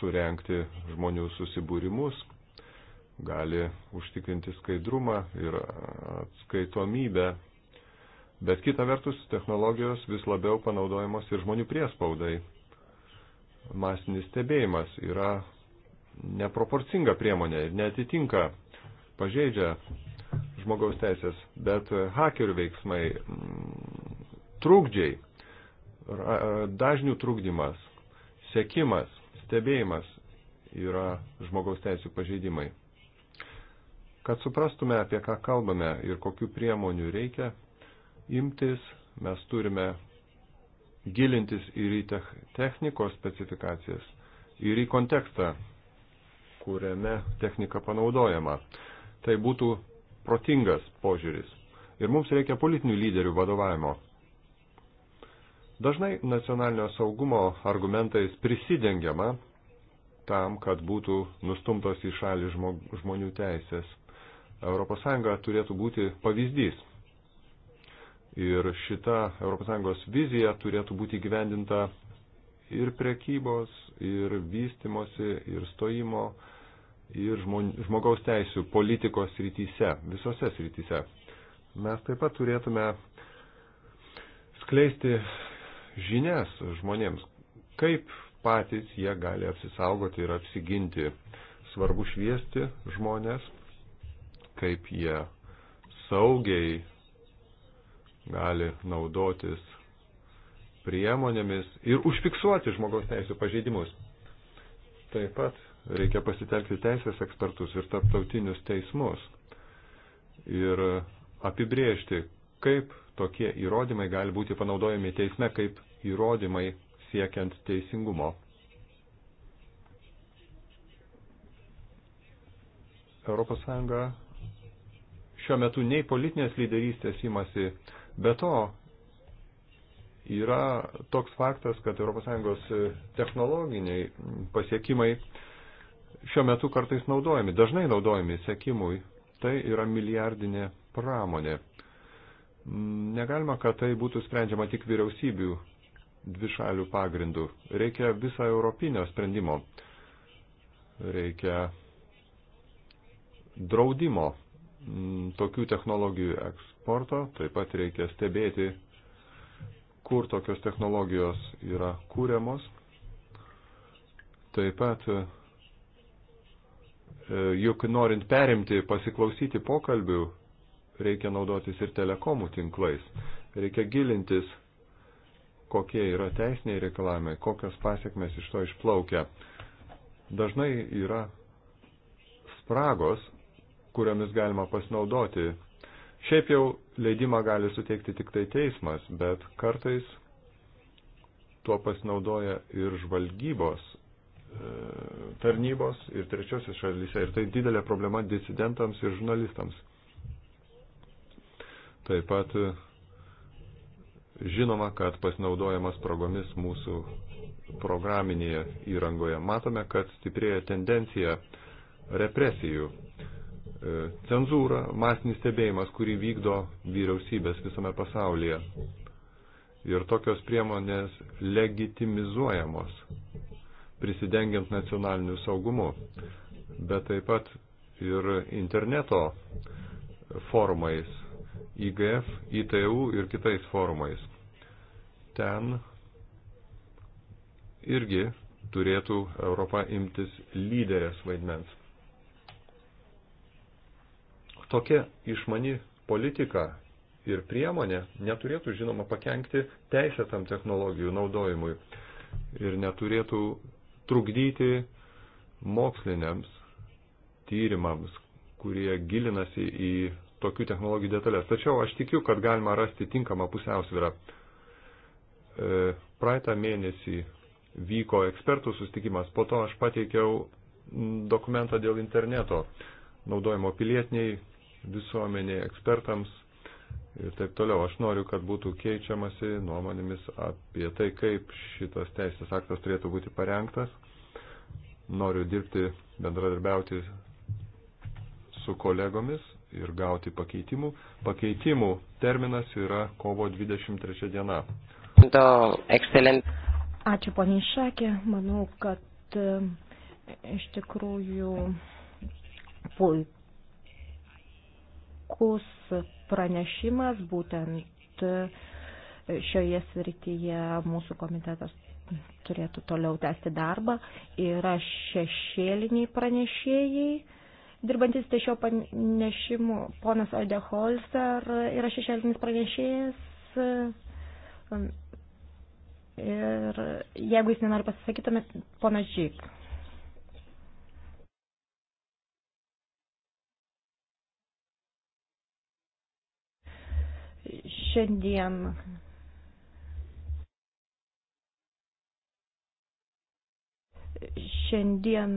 surenkti žmonių susibūrimus, gali užtikrinti skaidrumą ir atskaitomybę Bet kita vertus, technologijos vis labiau panaudojamos ir žmonių priespaudai. Masinis stebėjimas yra neproporcinga priemonė ir netitinka, pažeidžia žmogaus teisės, bet hakerių veiksmai, mm, trūkdžiai, dažnių trūkdymas, sekimas, stebėjimas yra žmogaus teisų pažeidimai. Kad suprastume, apie ką kalbame ir kokių priemonių reikia, imtis. Mes turime gilintis ir į technikos specifikacijas, ir į kontekstą, kuriame technika panaudojama. Tai būtų protingas požiūris. Ir mums reikia politinių lyderių vadovavimo. Dažnai nacionalinio saugumo argumentais prisidengiama tam, kad būtų nustumtos į šalį žmonių teisės. ES turėtų būti pavyzdys. Ir šita ES vizija turėtų būti gyvendinta ir prekybos, ir vystimosi, ir stojimo, ir žmogaus teisų politikos rytise, visose rytise. Mes taip pat turėtume skleisti žinias žmonėms, kaip patys jie gali apsisaugoti ir apsiginti. Svarbu šviesti žmonės, kaip jie saugiai gali naudotis priemonėmis ir užfiksuoti žmogaus teisų pažeidimus. Taip pat reikia pasitelkti teisės ekspertus ir tarptautinius teismus ir apibriežti, kaip tokie įrodymai gali būti panaudojami teisme kaip įrodymai siekiant teisingumo. ES šiuo metu nei politinės lyderystės imasi Be to, yra toks faktas, kad ES e, technologiniai pasiekimai šiuo metu kartais naudojami, dažnai naudojami sekimui. Tai yra milijardinė pramonė. Negalima, kad tai būtų sprendžiama tik vyriausybių dvišalių pagrindų. Reikia visą europinio sprendimo. Reikia draudimo tokių technologijų eks, eksporto, taip pat reikia stebėti, kur tokios technologijos yra kūriamos. Taip pat, e, juk norint perimti, pasiklausyti pokalbių, reikia naudotis ir telekomų tinklais. Reikia gilintis, kokie yra teisiniai reikalavimai, kokios pasiekmes iš to išplaukia. Dažnai yra spragos, kuriomis galima pasinaudoti Šiaip jau leidimą gali suteikti tik tai teismas, bet kartais tuo pasinaudoja ir žvalgybos e, tarnybos ir trečiosios šalyse. Ir tai didelė problema disidentams ir žurnalistams. Taip pat e, žinoma, kad pasinaudojamas progomis mūsų programinėje įrangoje. Matome, kad stiprėja tendencija represijų E, cenzūra, masinis stebėjimas, kurį vykdo vyriausybės visame pasaulyje. Ir tokios priemonės legitimizuojamos, prisidengiant nacionaliniu saugumu, bet taip pat ir interneto formais, IGF, ITU ir kitais formais. Ten irgi turėtų Europa imtis lyderės vaidmens. Tokia išmani politika ir priemonė neturėtų, žinoma, pakengti teisėtam technologijų naudojimui ir neturėtų trukdyti moksliniams tyrimams, kurie gilinasi į tokių technologijų detalės. Tačiau aš tikiu, kad galima rasti tinkamą pusiausvyrą. E, praeitą mėnesį vyko ekspertų sustikimas, po to aš pateikiau dokumentą dėl interneto naudojimo pilietiniai visuomeniai, ekspertams ir taip toliau. Aš noriu, kad būtų keičiamasi nuomonėmis apie tai, kaip šitas teisės aktas turėtų būti parengtas. Noriu dirbti, bendradarbiauti su kolegomis ir gauti pakeitimų. Pakeitimų terminas yra kovo 23 diena. Ačiū, poniai Šakė. Manau, kad e, iš tikrųjų puiku puikus pranešimas, būtent šioje srityje mūsų komitetas turėtų toliau tęsti darbą. Yra šešėliniai pranešėjai, dirbantis ties šio pranešimu, ponas Aldeholzer yra šešėlinis pranešėjas. Ir jeigu jis nenori pasisakyti, tuomet ponas Žyk. šiandien šiandien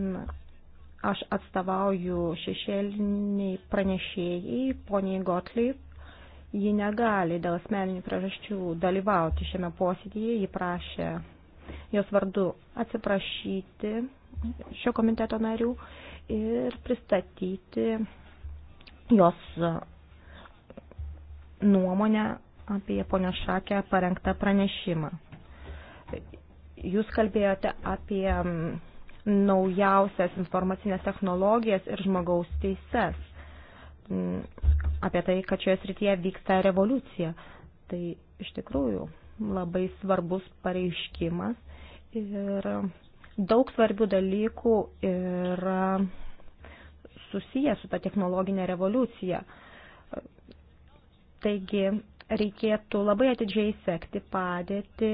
aš atstovauju šešėliniai pranešėjai, poniai Gotlip. Ji negali dėl asmeninių priežasčių dalyvauti šiame posėdėje. Ji prašė jos vardu atsiprašyti šio komiteto narių ir pristatyti jos nuomonę apie ponio Šakę parengtą pranešimą. Jūs kalbėjote apie mm, naujausias informacinės technologijas ir žmogaus teises, mm, apie tai, kad šioje srityje vyksta revoliucija. Tai iš tikrųjų labai svarbus pareiškimas ir daug svarbių dalykų yra susiję su ta technologinė revoliucija. Taigi reikėtų labai atidžiai sekti padėti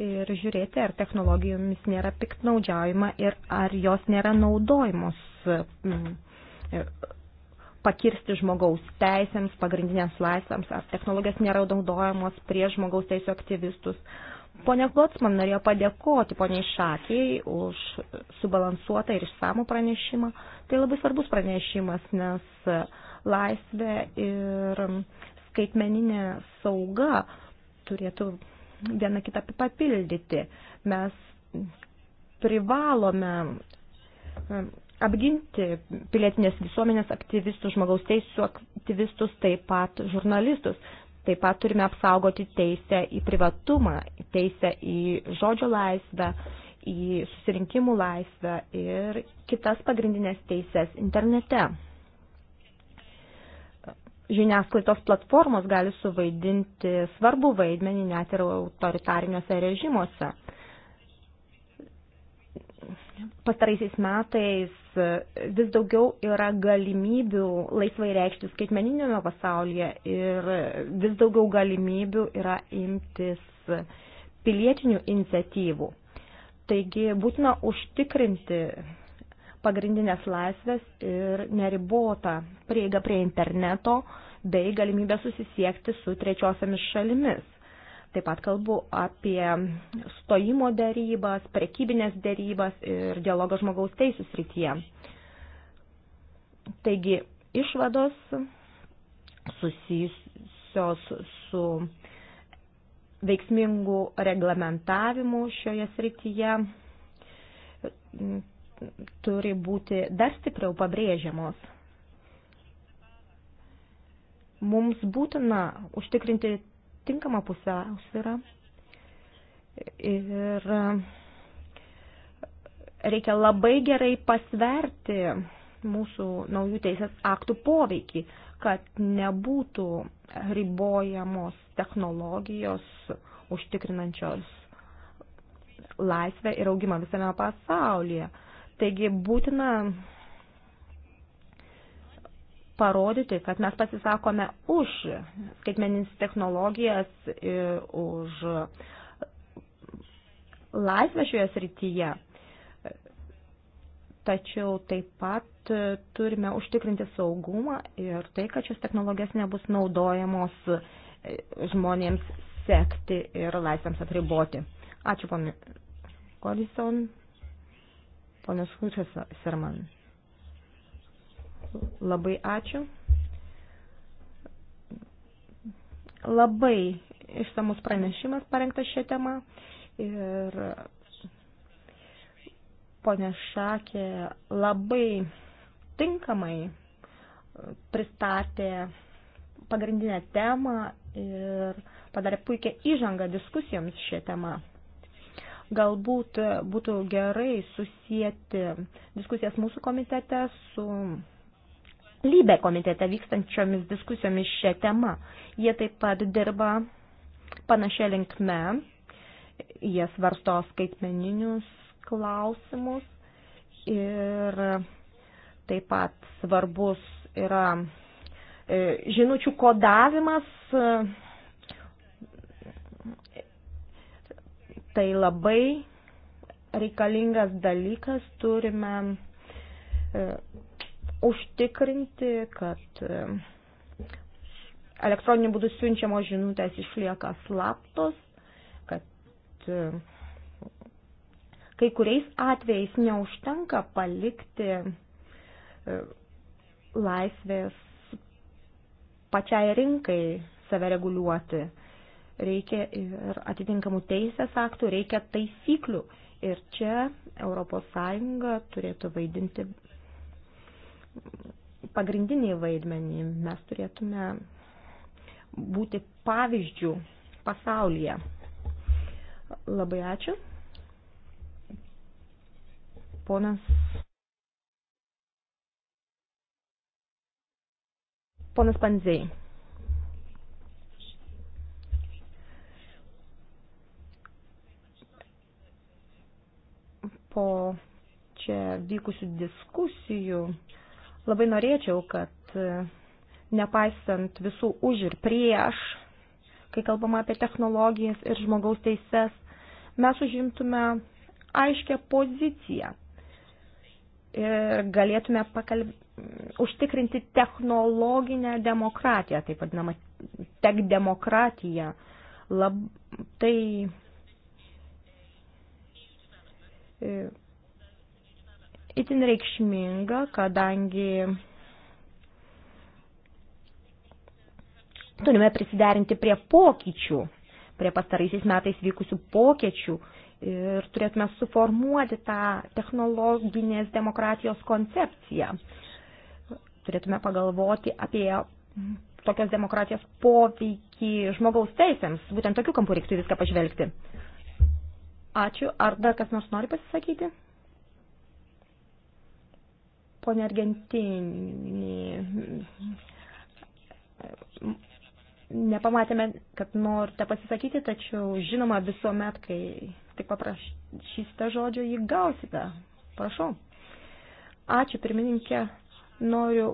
ir žiūrėti, ar technologijomis nėra piktnaudžiaujama ir ar jos nėra naudojamos mm, pakirsti žmogaus teisėms, pagrindinėms laisvėms, ar technologijos nėra naudojamos prie žmogaus teisų aktyvistus. Pone Glotsman norėjo padėkoti poniai Šakiai už subalansuotą ir išsamų pranešimą. Tai labai svarbus pranešimas, nes laisvė ir skaitmeninė sauga turėtų vieną kitą papildyti. Mes privalome um, apginti pilietinės visuomenės aktyvistus, žmogaus teisų aktyvistus, taip pat žurnalistus. Taip pat turime apsaugoti teisę į privatumą, teisę į žodžio laisvę, į susirinkimų laisvę ir kitas pagrindinės teisės internete žiniasklaidos platformos gali suvaidinti svarbų vaidmenį net ir autoritariniuose režimuose. Pastaraisiais metais vis daugiau yra galimybių laisvai reikšti skaitmeninėme pasaulyje ir vis daugiau galimybių yra imtis pilietinių iniciatyvų. Taigi būtina užtikrinti pagrindinės laisvės ir neribotą prieigą prie interneto bei galimybę susisiekti su trečiosiamis šalimis. Taip pat kalbu apie stojimo dėrybas, prekybinės dėrybas ir dialogą žmogaus teisų srityje. Taigi, išvados susijusios su veiksmingų reglamentavimų šioje srityje, turi būti dar stipriau pabrėžiamos. Mums būtina užtikrinti tinkamą pusiausvyrą ir reikia labai gerai pasverti mūsų naujų teisės aktų poveikį, kad nebūtų ribojamos technologijos užtikrinančios laisvę ir augimą visame pasaulyje. Taigi būtina parodyti, kad mes pasisakome už skaitmeninis technologijas, už laisvę šioje srityje. Tačiau taip pat turime užtikrinti saugumą ir tai, kad šios technologijos nebus naudojamos žmonėms sekti ir laisvėms atriboti. Ačiū, ponai Kolison. Ponas Hučas Serman. Labai ačiū. Labai išsamus pranešimas parengtas šią temą ir ponė Šakė labai tinkamai pristatė pagrindinę temą ir padarė puikią įžangą diskusijoms šią temą. Galbūt e, būtų gerai susijęti diskusijas mūsų komitete su lybė komitete vykstančiomis diskusijomis šią temą. Jie taip pat dirba panašia linkme, jie svarsto skaitmeninius klausimus ir taip pat svarbus yra e, žinučių kodavimas Tai labai reikalingas dalykas, turime e, užtikrinti, kad e, elektroniniu būdu siunčiamos žinutės išlieka slaptos, kad e, kai kuriais atvejais neužtenka palikti laisvės pačiai rinkai save reguliuoti reikia ir atitinkamų teisės aktų, reikia taisyklių. Ir čia ES turėtų vaidinti pagrindinį vaidmenį. Mes turėtume būti pavyzdžių pasaulyje. Labai ačiū. Ponas. Ponas Panzėjai. po čia vykusių diskusijų labai norėčiau, kad e, nepaisant visų už ir prieš, kai kalbama apie technologijas ir žmogaus teises, mes užimtume aiškę poziciją ir galėtume pakalb... užtikrinti technologinę demokratiją, taip vadinamą tech demokratiją. Lab... Tai itin reikšminga, kadangi turime prisiderinti prie pokyčių, prie pastaraisiais metais vykusių pokyčių ir turėtume suformuoti tą technologinės demokratijos koncepciją. Turėtume pagalvoti apie tokios demokratijos poveikį žmogaus teisėms. Būtent tokiu kampu reiktų viską pažvelgti. Ačiū. Ar dar kas nors nori pasisakyti? Pone Argentinį. Nepamatėme, kad norite pasisakyti, tačiau žinoma visuomet, kai tik paprašysite žodžio, jį gausite. Prašau. Ačiū, pirmininkė. Noriu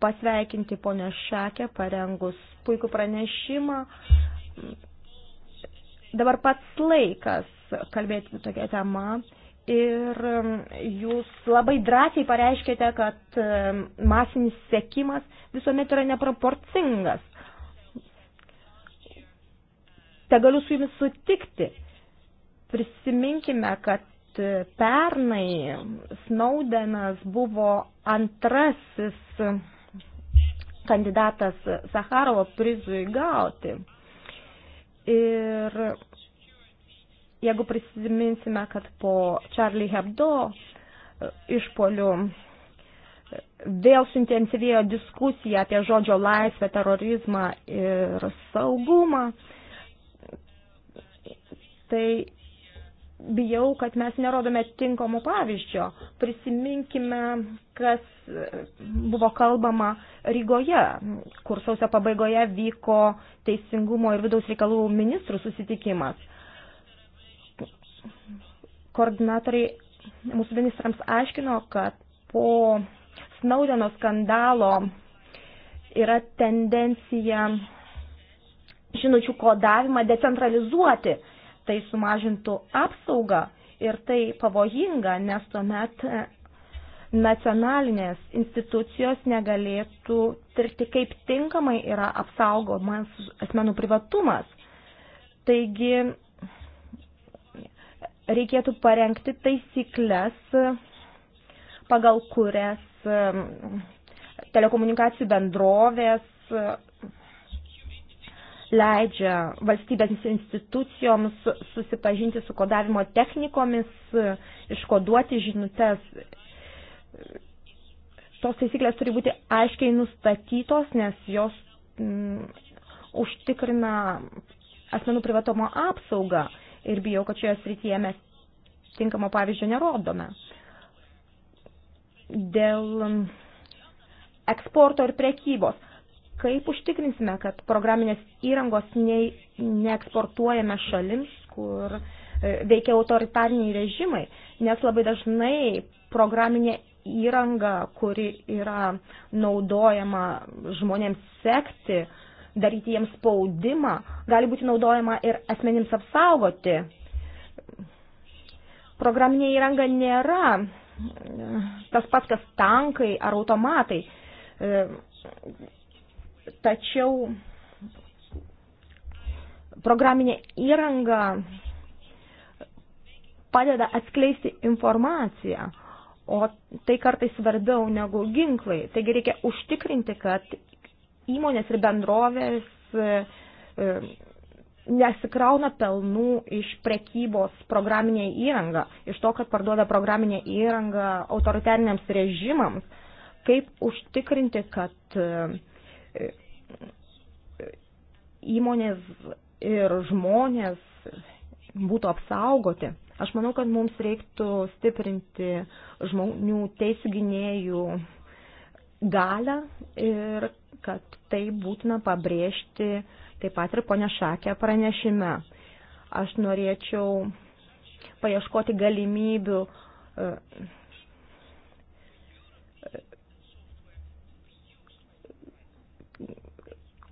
pasveikinti ponę Šekę, parengus puikų pranešimą dabar pats laikas kalbėti tokią temą. Ir um, jūs labai drąsiai pareiškite, kad um, masinis sekimas visuomet yra neproporcingas. Te galiu su jumis sutikti. Prisiminkime, kad e, pernai Snowdenas buvo antrasis um, kandidatas Sakarovo prizui gauti. Ir jeigu prisiminsime, kad po Charlie Hebdo išpolių vėl suintensyvėjo diskusija apie žodžio laisvę, terorizmą ir saugumą, tai bijau, kad mes nerodome tinkamo pavyzdžio. Prisiminkime, kas buvo kalbama Rygoje, kur sausio pabaigoje vyko teisingumo ir vidaus reikalų ministrų susitikimas. Koordinatoriai mūsų ministrams aiškino, kad po Snaudeno skandalo yra tendencija žinučių kodavimą decentralizuoti tai sumažintų apsaugą ir tai pavojinga, nes tuomet e, nacionalinės institucijos negalėtų tirti, kaip tinkamai yra apsaugomas asmenų privatumas. Taigi reikėtų parengti taisyklės, pagal kurias e, telekomunikacijų bendrovės leidžia valstybės institucijoms susipažinti su kodavimo technikomis, iškoduoti žinutes. Tos taisyklės turi būti aiškiai nustatytos, nes jos m, mm, užtikrina asmenų privatumo apsaugą ir bijau, kad šioje srityje mes tinkamo pavyzdžio nerodome. Dėl mm, eksporto ir prekybos kaip užtikrinsime, kad programinės įrangos ne, neeksportuojame šalims, kur e, veikia autoritariniai režimai, nes labai dažnai programinė įranga, kuri yra naudojama žmonėms sekti, daryti jiems spaudimą, gali būti naudojama ir asmenims apsaugoti. Programinė įranga nėra e, tas pats, kas tankai ar automatai e, Tačiau programinė įranga padeda atskleisti informaciją, o tai kartais svarbiau negu ginklai. Taigi reikia užtikrinti, kad įmonės ir bendrovės e, e, nesikrauna pelnų iš prekybos programinė įranga, iš to, kad parduoda programinė įranga autoritariniams režimams, kaip užtikrinti, kad e, įmonės ir žmonės būtų apsaugoti. Aš manau, kad mums reiktų stiprinti žmonių teisų gynėjų galę ir kad tai būtina pabrėžti taip pat ir ponia Šakė pranešime. Aš norėčiau paieškoti galimybių e,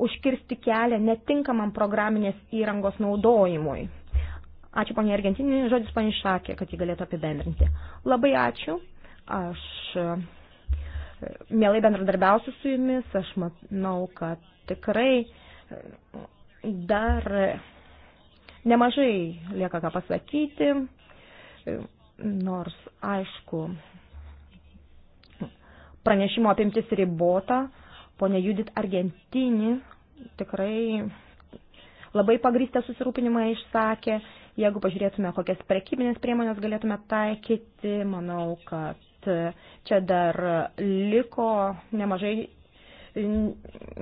užkirsti kelią netinkamam programinės įrangos naudojimui. Ačiū ponė Argentinė, žodis ponė Šakė, kad jį galėtų apibendrinti. Labai ačiū, aš e, mielai bendradarbiausiu su jumis, aš manau, kad tikrai e, dar e, nemažai lieka ką pasakyti, nors aišku, pranešimo apimtis ribota, Pone Judit Argentini tikrai labai pagrįstę susirūpinimą išsakė. Jeigu pažiūrėtume, kokias prekybinės priemonės galėtume taikyti, manau, kad čia dar liko nemažai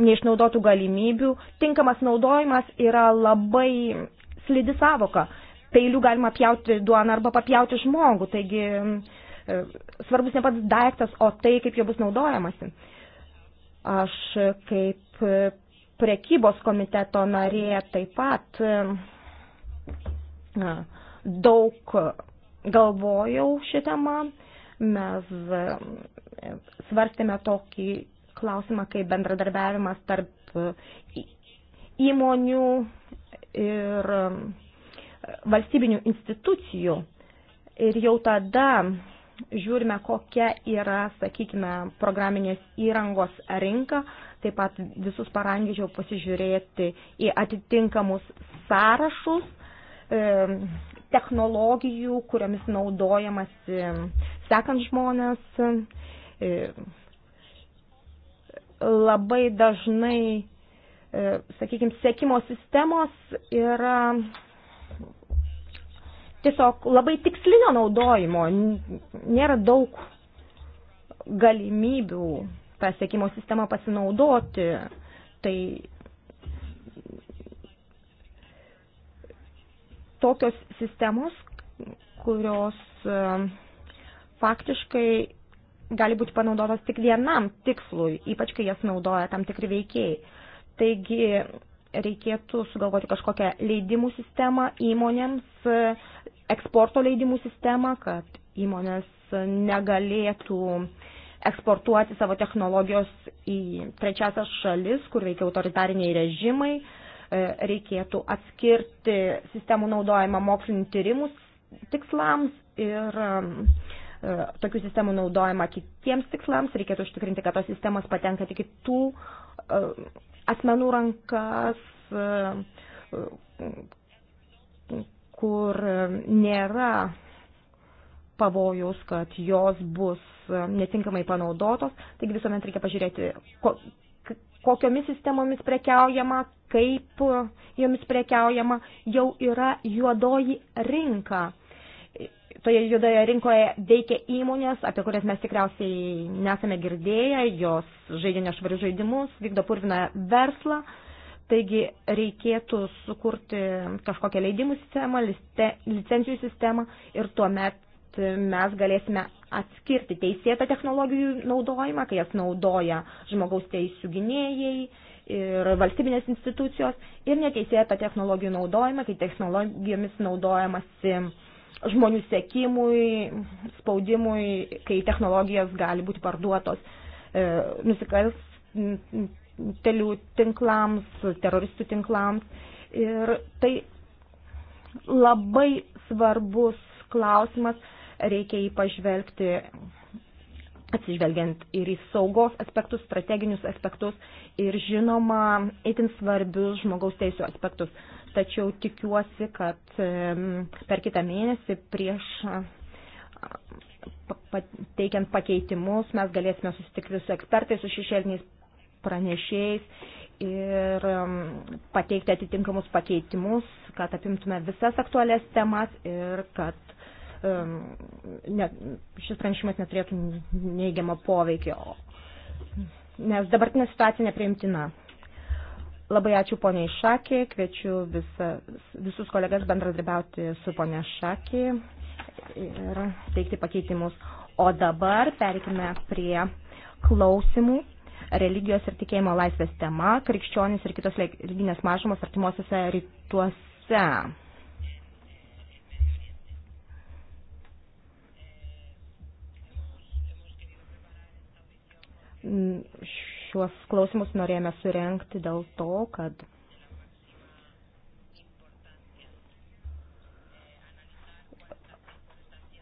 neišnaudotų galimybių. Tinkamas naudojimas yra labai slidi savoka. Peilių galima pjauti duoną arba papjauti žmogų, taigi e, svarbus ne pats daiktas, o tai, kaip jo bus naudojamasi. Aš kaip prekybos komiteto narė taip pat e, daug galvojau šį temą. Mes e, svarstėme tokį klausimą kaip bendradarbiavimas tarp įmonių ir e, valstybinių institucijų. Ir jau tada žiūrime, kokia yra, sakykime, programinės įrangos rinka. Taip pat visus parangyčiau pasižiūrėti į atitinkamus sąrašus e, technologijų, kuriomis naudojamas e, sekant žmonės. E, labai dažnai, sakykime, sekimo sistemos yra tiesiog labai tikslinio naudojimo, nėra daug galimybių tą sėkimo sistemą pasinaudoti. Tai tokios sistemos, kurios e, faktiškai gali būti panaudotos tik vienam tikslui, ypač kai jas naudoja tam tikri veikėjai. Taigi reikėtų sugalvoti kažkokią leidimų sistemą įmonėms, e, eksporto leidimų sistemą, kad įmonės negalėtų eksportuoti savo technologijos į trečiasias šalis, kur veikia autoritariniai režimai. E, reikėtų atskirti sistemų naudojimą mokslinių tyrimų tikslams ir e, tokių sistemų naudojimą kitiems tikslams. Reikėtų užtikrinti, kad tos sistemas patenka tik kitų e, asmenų rankas, kur nėra pavojus, kad jos bus netinkamai panaudotos. Taigi visuomet reikia pažiūrėti, kokiomis sistemomis prekiaujama, kaip e, jomis prekiaujama, jau yra juodoji rinka. Toje juodoje rinkoje veikia įmonės, apie kurias mes tikriausiai nesame girdėję, jos žaidė nešvarius žaidimus, vykdo purviną verslą. Uh, Taigi reikėtų sukurti kažkokią leidimų sistemą, licencijų sistemą ir tuomet mes galėsime atskirti teisėtą technologijų naudojimą, kai jas naudoja žmogaus teisų gynėjai ir valstybinės institucijos, ir neteisėtą technologijų naudojimą, kai technologijomis naudojamasi žmonių sekimui, spaudimui, kai technologijos gali būti parduotos e, nusikalstamai nusikaltelių tinklams, teroristų tinklams. Ir tai labai svarbus klausimas, reikia jį pažvelgti atsižvelgiant ir į saugos aspektus, strateginius aspektus ir žinoma, itin svarbius žmogaus teisų aspektus. Tačiau tikiuosi, kad per kitą mėnesį prieš teikiant pakeitimus mes galėsime susitikti su ekspertais, su šešėliniais pranešėjais ir um, pateikti atitinkamus pakeitimus, kad apimtume visas aktualias temas ir kad um, ne, šis pranešimas neturėtų neigiamą poveikį, nes dabartinė situacija nepriimtina. Labai ačiū poniai Šakė, kviečiu visa, visus kolegas bendradarbiauti su ponia Šakė ir teikti pakeitimus. O dabar perikime prie klausimų religijos ir tikėjimo laisvės tema, krikščionis ir kitos religinės mažumos artimuosiuose rytuose. Mm, šiuos klausimus norėjome surenkti dėl to, kad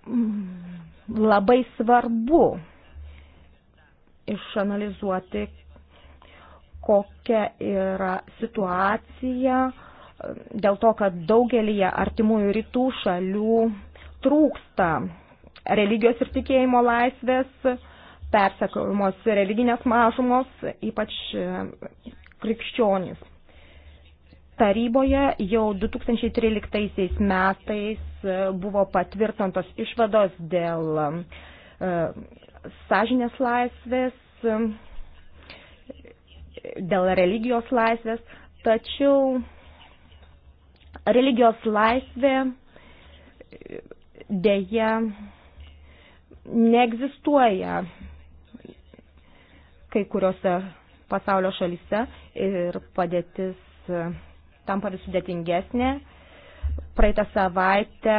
mm, labai svarbu išanalizuoti, kokia yra situacija dėl to, kad daugelįje artimųjų rytų šalių trūksta religijos ir tikėjimo laisvės, persekiojamos religinės mažumos, ypač e, krikščionys. Taryboje jau 2013 metais e, buvo patvirtintos išvados dėl e, sąžinės laisvės, dėl religijos laisvės, tačiau religijos laisvė dėja neegzistuoja kai kuriuose pasaulio šalyse ir padėtis tampa vis sudėtingesnė. Praeitą savaitę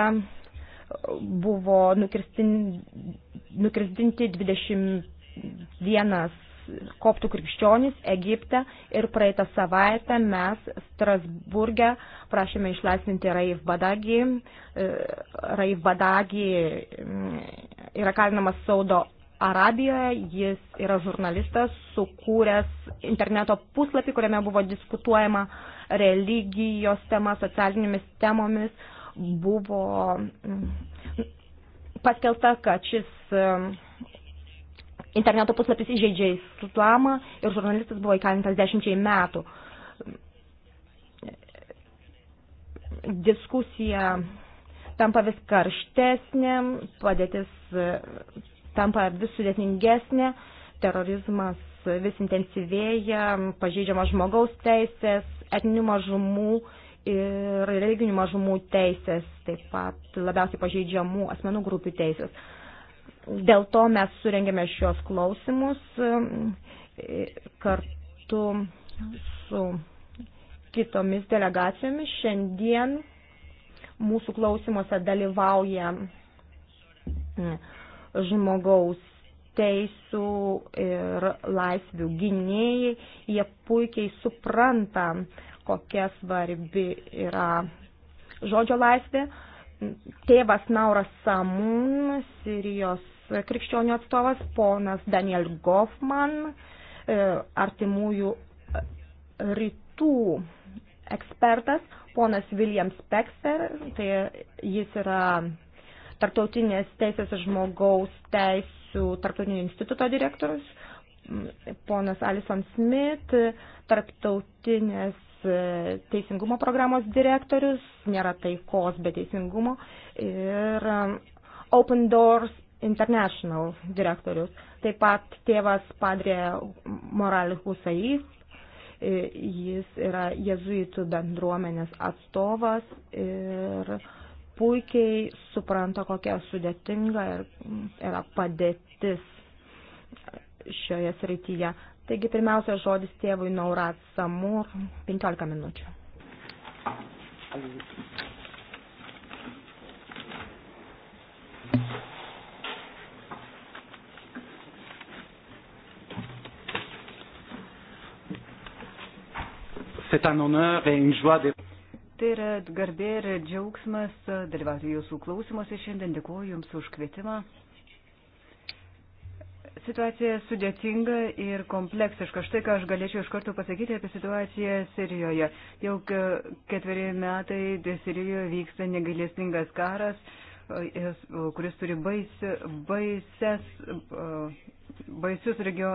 buvo nukirstinti 21 koptų krikščionys Egipte ir praeitą savaitę mes Strasburgė prašėme išlaisvinti Raif Badagį. E, Raif Badagį mm, yra kalinamas Saudo Arabijoje, jis yra žurnalistas, sukūręs interneto puslapį, kuriame buvo diskutuojama religijos tema, socialinėmis temomis, buvo mm, paskelta, kad šis mm, interneto puslapis įžeidžia islamą ir žurnalistas buvo įkalintas dešimčiai metų. Diskusija tampa vis karštesnė, padėtis mm, tampa vis sudėtingesnė, terorizmas vis intensyvėja, pažeidžiama žmogaus teisės, etninių mažumų ir religinių mažumų teisės, taip pat labiausiai pažeidžiamų asmenų grupių teisės. Dėl to mes surengėme šios klausimus e, kartu su kitomis delegacijomis. Šiandien mūsų klausimuose dalyvauja e, žmogaus teisų ir laisvių gynėjai. Jie puikiai supranta, kokia svarbi yra žodžio laisvė. Tėvas Nauras Samun, Sirijos krikščionių atstovas, ponas Daniel Goffman, e, artimųjų rytų ekspertas, ponas William Spexer, tai jis yra tarptautinės teisės ir žmogaus teisų tarptautinio instituto direktorius, ponas Alison Smith, tarptautinės teisingumo programos direktorius, nėra taikos be teisingumo, ir um, Open Doors International direktorius. Taip pat tėvas padrė Moralis Husai, jis yra jezuitų bendruomenės atstovas ir puikiai supranta, kokia sudėtinga yra padėtis šioje srityje. Taigi pirmiausia žodis tėvui Naurat Samur, 15 minučių. C'est un honneur et une joie de... Tai yra garbė ir džiaugsmas dalyvauti jūsų klausimuose šiandien. Dėkuoju Jums už kvietimą situacija sudėtinga ir kompleksiška. Štai ką aš galėčiau iš karto pasakyti apie situaciją Sirijoje. Jau ketveri metai Sirijoje vyksta negailestingas karas, kuris turi baisi, baises, baisius regio,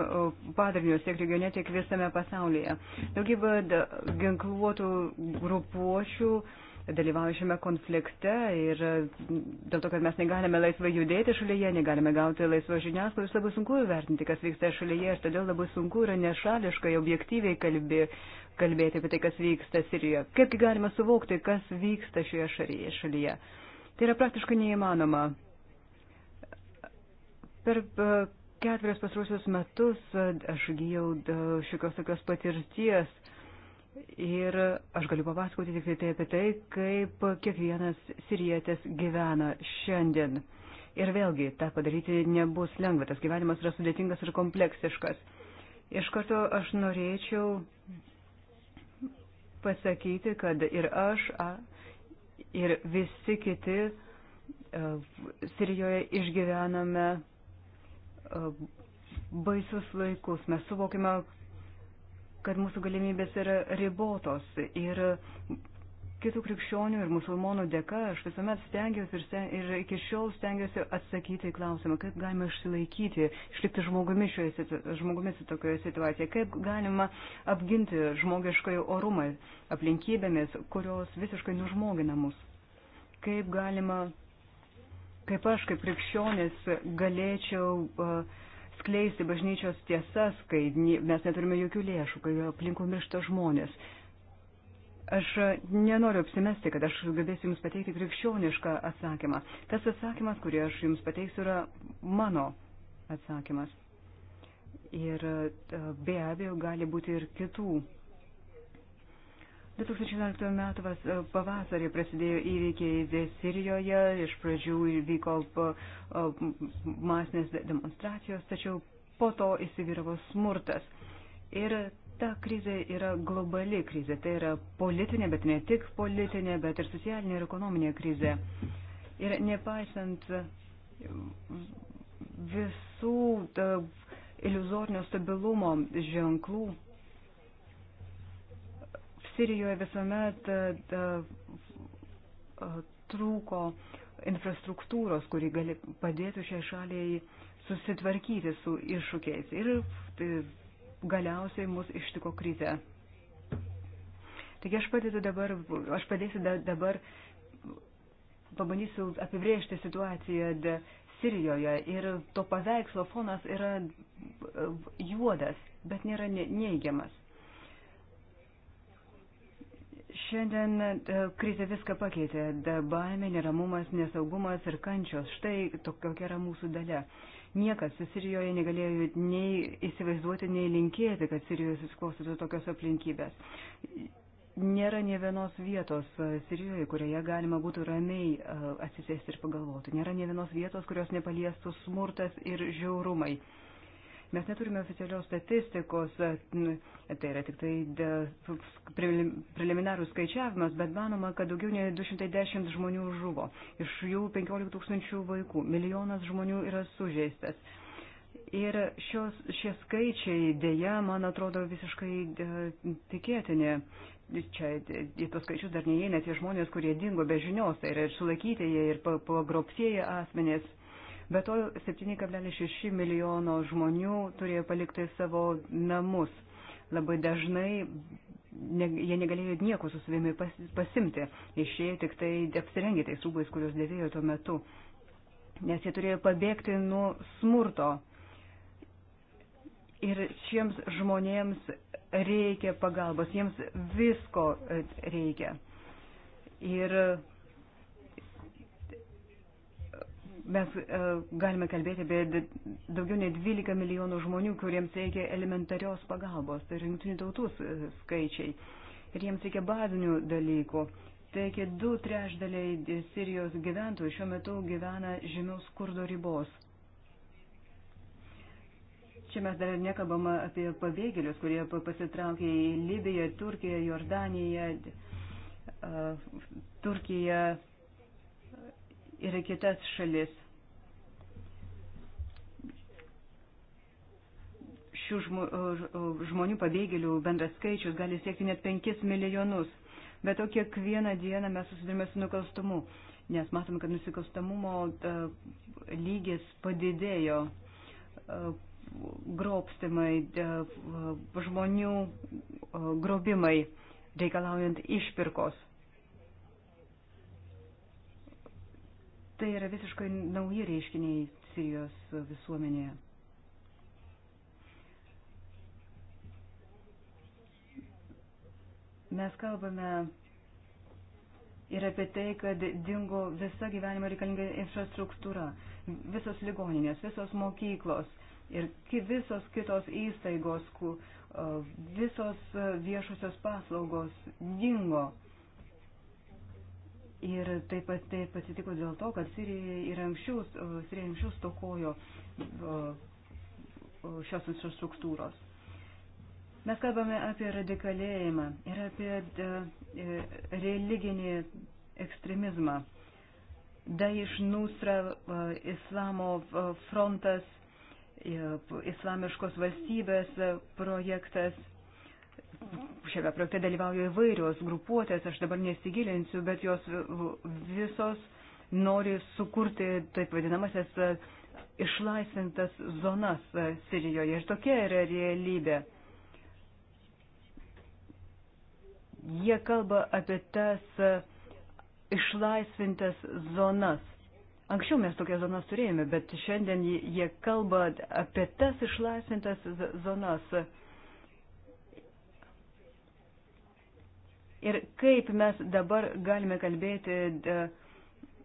padarinius tiek regione, tiek visame pasaulyje. Daugybė ginkluotų grupuošių dalyvauja šiame konflikte ir dėl to, kad mes negalime laisvai judėti šalyje, negalime gauti laisvo žiniasklaidos, labai sunku įvertinti, kas vyksta šalyje ir todėl labai sunku yra nešališkai, objektyviai kalbė, kalbėti apie tai, kas vyksta Sirijoje. Kaipgi galime suvokti, kas vyksta šioje šalyje? Tai yra praktiškai neįmanoma. Per e, ketverius pasrusius metus e, aš gyjau e, šiokios tokios patirties Ir aš galiu papasakoti tik tai apie tai, kaip kiekvienas sirietis gyvena šiandien. Ir vėlgi, tą padaryti nebus lengva, tas gyvenimas yra sudėtingas ir kompleksiškas. Iš karto aš norėčiau pasakyti, kad ir aš, a, ir visi kiti a, e, Sirijoje išgyvename a, e, baisus laikus. Mes suvokime, kad mūsų galimybės yra ribotos ir kitų krikščionių ir musulmonų dėka aš visuomet stengiuosi ir, sten, ir iki šiol stengiuosi atsakyti į klausimą, kaip galima išsilaikyti, išlikti žmogumi šioje žmogumi tokioje situacijoje, kaip galima apginti žmogiškai orumą aplinkybėmis, kurios visiškai nužmogina mus. Kaip galima, kaip aš kaip krikščionis galėčiau uh, skleisti bažnyčios tiesas, kai mes neturime jokių lėšų, kai aplinkų miršta žmonės. Aš e, nenoriu apsimesti, kad aš sugebėsiu Jums pateikti krikščionišką atsakymą. Tas atsakymas, kurį aš Jums pateiksiu, yra mano atsakymas. Ir e, be abejo gali būti ir kitų 2011 m. E, pavasarį prasidėjo įvykiai Sirijoje, iš pradžių vyko e, masinės demonstracijos, tačiau po to įsivyravo smurtas. Ir ta krizė yra globali krizė, tai yra politinė, bet ne tik politinė, bet ir socialinė ir ekonominė krizė. Ir nepaisant visų e, iluzornio stabilumo ženklų, Sirijoje visuomet e, e, trūko infrastruktūros, kuri gali padėtų šiai šaliai susitvarkyti su iššūkiais. Ir e, galiausiai mus ištiko krize. Taigi aš, dabar, aš padėsiu dabar, pabandysiu apibrėžti situaciją Sirijoje ir to paveikslo fonas yra juodas, bet nėra neigiamas. Šiandien e, krizė viską pakeitė. Baimė, neramumas, nesaugumas ir kančios. Štai tokia yra mūsų dalia. Niekas Sirijoje negalėjo nei įsivaizduoti, nei linkėti, kad Sirijoje susiklostytų tokios aplinkybės. Nėra ne vienos vietos e, Sirijoje, kurioje galima būtų ramiai e, atsisėsti ir pagalvoti. Nėra ne vienos vietos, kurios nepaliestų smurtas ir žiaurumai. Mes neturime oficialios statistikos, tai yra tik tai preliminarų skaičiavimas, bet manoma, kad daugiau nei 210 žmonių žuvo. Iš jų 15 tūkstančių vaikų. Milijonas žmonių yra sužeistas. Ir šios, šie skaičiai dėja, man atrodo, visiškai e, tikėtini. Čia į tos skaičius dar neįeina tie žmonės, kurie dingo be žinios, tai yra ir sulaikyti jie, ir pagrobtieji asmenės. Be to, 7,6 milijono žmonių turėjo palikti savo namus. Labai dažnai ne, jie negalėjo nieko su savimi pas, pasimti, išėjo tik tai apsirengę tais rūbais, kuriuos dėvėjo tuo metu, nes jie turėjo pabėgti nuo smurto. Ir šiems žmonėms reikia pagalbos, jiems visko reikia. Ir mes e, galime kalbėti apie daugiau nei 12 milijonų žmonių, kuriems reikia elementarios pagalbos, tai yra jungtinių tautų e, skaičiai. Ir jiems reikia bazinių dalykų. Taigi du trešdaliai Sirijos gyventojų šiuo metu gyvena žemiau skurdo ribos. Čia mes dar nekalbama apie pabėgėlius, kurie pasitraukė į Libiją, Turkiją, Jordaniją, Turkiją, ir į kitas šalis. Šių žmonių pabėgėlių bendras skaičius gali siekti net 5 milijonus. Bet to kiekvieną dieną mes susidurime su nukalstumu, nes matome, kad nusikalstamumo e, lygis padidėjo e, grobstimai, e, žmonių grobimai reikalaujant išpirkos. Tai yra visiškai nauji reiškiniai Sirijos visuomenėje. Mes kalbame ir apie tai, kad dingo visa gyvenimo reikalinga infrastruktūra, visos ligoninės, visos mokyklos ir visos kitos įstaigos, visos viešosios paslaugos dingo. Ir taip pat taip atsitiko dėl to, kad Sirija ir anksčiau, Sirija anksčiau stokojo šios infrastruktūros. Mes kalbame apie radikalėjimą ir apie e, e, religinį ekstremizmą. Daiš Nusra, e, Islamo frontas, islamiškos valstybės projektas šiame projekte dalyvauja įvairios grupuotės, aš dabar nesigilinsiu, bet jos visos nori sukurti taip vadinamasias e, išlaisvintas zonas e, Sirijoje. Ir tokia yra realybė. Jie kalba apie tas e, išlaisvintas zonas. Anksčiau mes tokias zonas turėjome, bet šiandien jie kalba apie tas išlaisvintas zonas. Ir kaip mes dabar galime kalbėti e,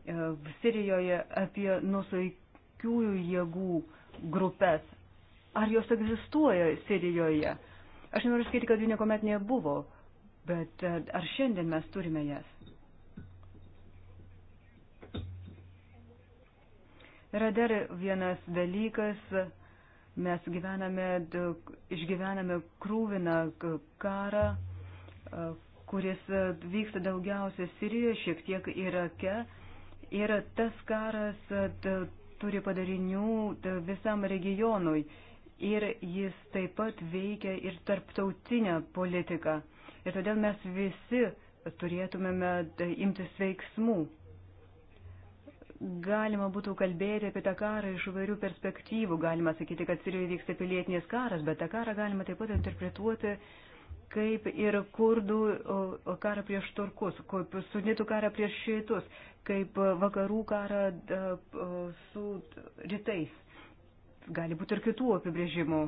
e, Sirijoje apie nusaikiųjų jėgų grupės? Ar jos egzistuoja Sirijoje? Aš noriu sakyti, kad jų niekuomet nebuvo, bet e, ar šiandien mes turime jas? Yra dar vienas dalykas, mes gyvename, išgyvename krūviną karą, kuris e, vyksta daugiausia Sirijoje, šiek tiek Irake. Ir tas karas e, turi padarinių visam regionui. Ir jis taip pat veikia ir tarptautinę politiką. Ir todėl mes visi turėtumėme imtis veiksmų. Galima būtų kalbėti apie tą karą iš įvairių perspektyvų. Galima sakyti, kad Sirijoje vyksta pilietinės karas, bet tą karą galima taip pat interpretuoti uh, kaip ir kurdų karą prieš turkus, kaip sunitų karą prieš šitus, kaip vakarų karą su rytais. Gali būti ir kitų apibrėžimų.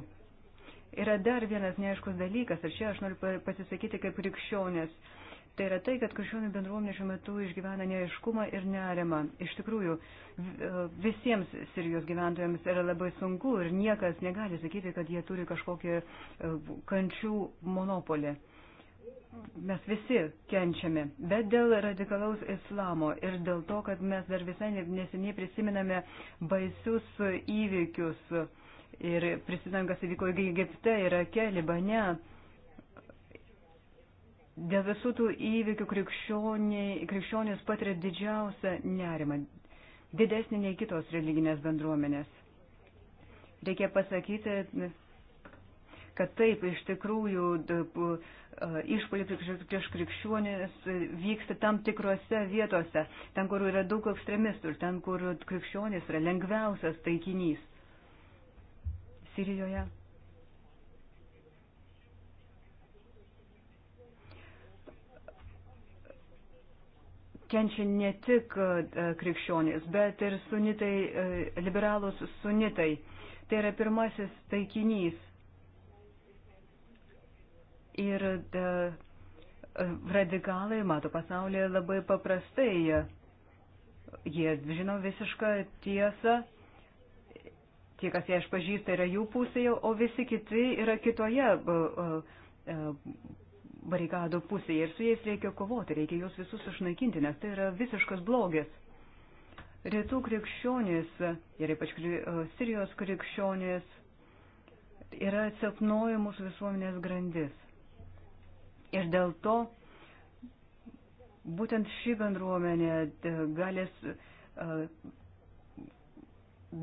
Yra dar vienas neaiškus dalykas, ir čia aš noriu pasisakyti kaip krikščionės. Uh, Tai yra tai, kad krikščionių bendruomenė šiuo metu išgyvena neaiškumą ir nerimą. Iš tikrųjų, e, visiems Sirijos gyventojams yra labai sunku ir niekas negali sakyti, kad jie turi kažkokį e, kančių monopolį. Mes visi kenčiame, bet dėl radikalaus islamo ir dėl to, kad mes dar visai neseniai prisiminame baisius įvykius ir prisidang, kas įvyko Egipte, Irake, Libane Dėl visų tų įvykių krikščionys patiria didžiausią nerimą, didesnį nei kitos religinės bendruomenės. Reikia pasakyti, kad taip iš tikrųjų išpolį prieš krikščionis vyksta tam tikrose vietose, ten, kur yra daug ekstremistų ir ten, kur krikščionis yra lengviausias taikinys. Sirijoje kenčia ne tik e, krikščionys, bet ir sunitai, e, liberalus sunitai. Tai yra pirmasis taikinys. Ir da, e, radikalai mato pasaulyje labai paprastai. Jie žino visišką tiesą. Tie, kas ją išpažįsta, yra jų pusėje, o visi kiti yra kitoje barikado pusėje ir su jais reikia kovoti, reikia juos visus išnaikinti, nes tai yra visiškas blogis. Rytų krikščionys ir ypač Sirijos krikščionys yra silpnoji mūsų visuomenės grandis. Ir dėl to būtent ši bendruomenė e, galės e,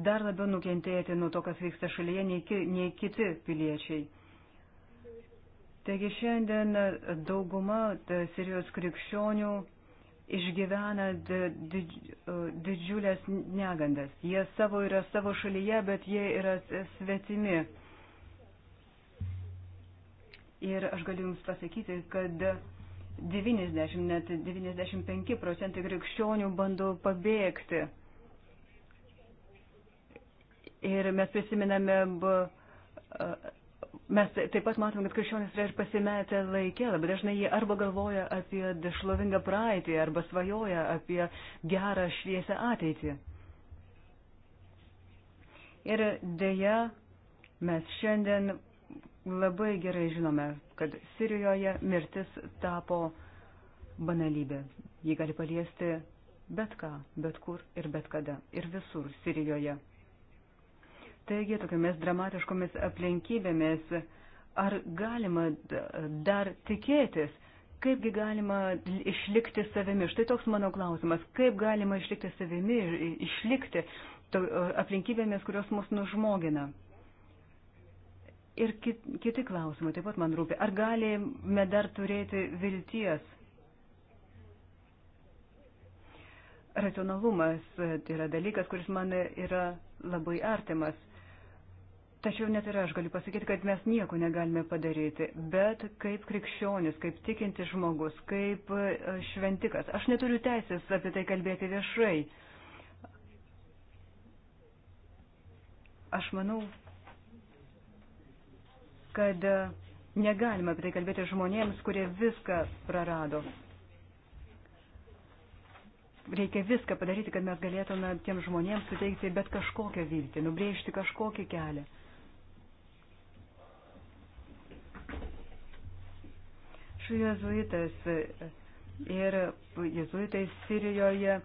dar labiau nukentėti nuo to, kas vyksta šalyje, nei kiti piliečiai. Taigi šiandien dauguma Sirijos krikščionių išgyvena didžiulės negandas. Jie savo yra savo šalyje, bet jie yra svetimi. Ir aš galiu Jums pasakyti, kad 90, net 95 procentai krikščionių bando pabėgti. Ir mes prisiminame Mes taip pat matome, kad krikščionis yra ir pasimetę laikė, labai dažnai jie arba galvoja apie dešlovingą praeitį, arba svajoja apie gerą šviesę ateitį. Ir dėja, mes šiandien labai gerai žinome, kad Sirijoje mirtis tapo banalybė. Ji gali paliesti bet ką, bet kur ir bet kada, ir visur Sirijoje. Taigi, tokiamis dramatiškomis aplinkybėmis, ar galima dar tikėtis, kaipgi galima išlikti savimi? Štai toks mano klausimas, kaip galima išlikti savimi, išlikti to, aplinkybėmis, kurios mus nužmogina? Ir kit, kiti klausimai taip pat man rūpi. Ar galime dar turėti vilties? Racionalumas e, tai yra dalykas, kuris man yra labai artimas. Tačiau net ir aš galiu pasakyti, kad mes nieko negalime padaryti, bet kaip krikščionis, kaip tikintis žmogus, kaip e, šventikas, aš neturiu teisės apie tai kalbėti viešai. Aš manau, kad e, negalime apie tai kalbėti žmonėms, kurie viską prarado. Reikia viską padaryti, kad mes galėtume tiem žmonėms suteikti bet kažkokią viltį, nubrėžti kažkokį kelią. su jezuitais ir jezuitai Sirijoje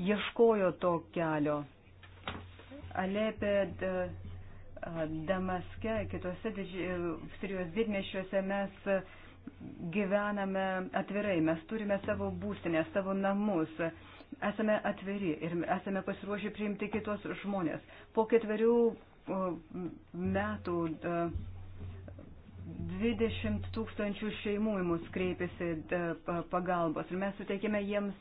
ieškojo to kelio. Alepė, Damaske, kitose didži... E, Sirijos didmešiuose mes gyvename atvirai, mes turime savo būstinę, savo namus, esame atviri ir esame pasiruošę priimti kitos žmonės. Po ketverių metų. Uh, 20 tūkstančių šeimų į mus kreipiasi e, pagalbos ir mes suteikėme jiems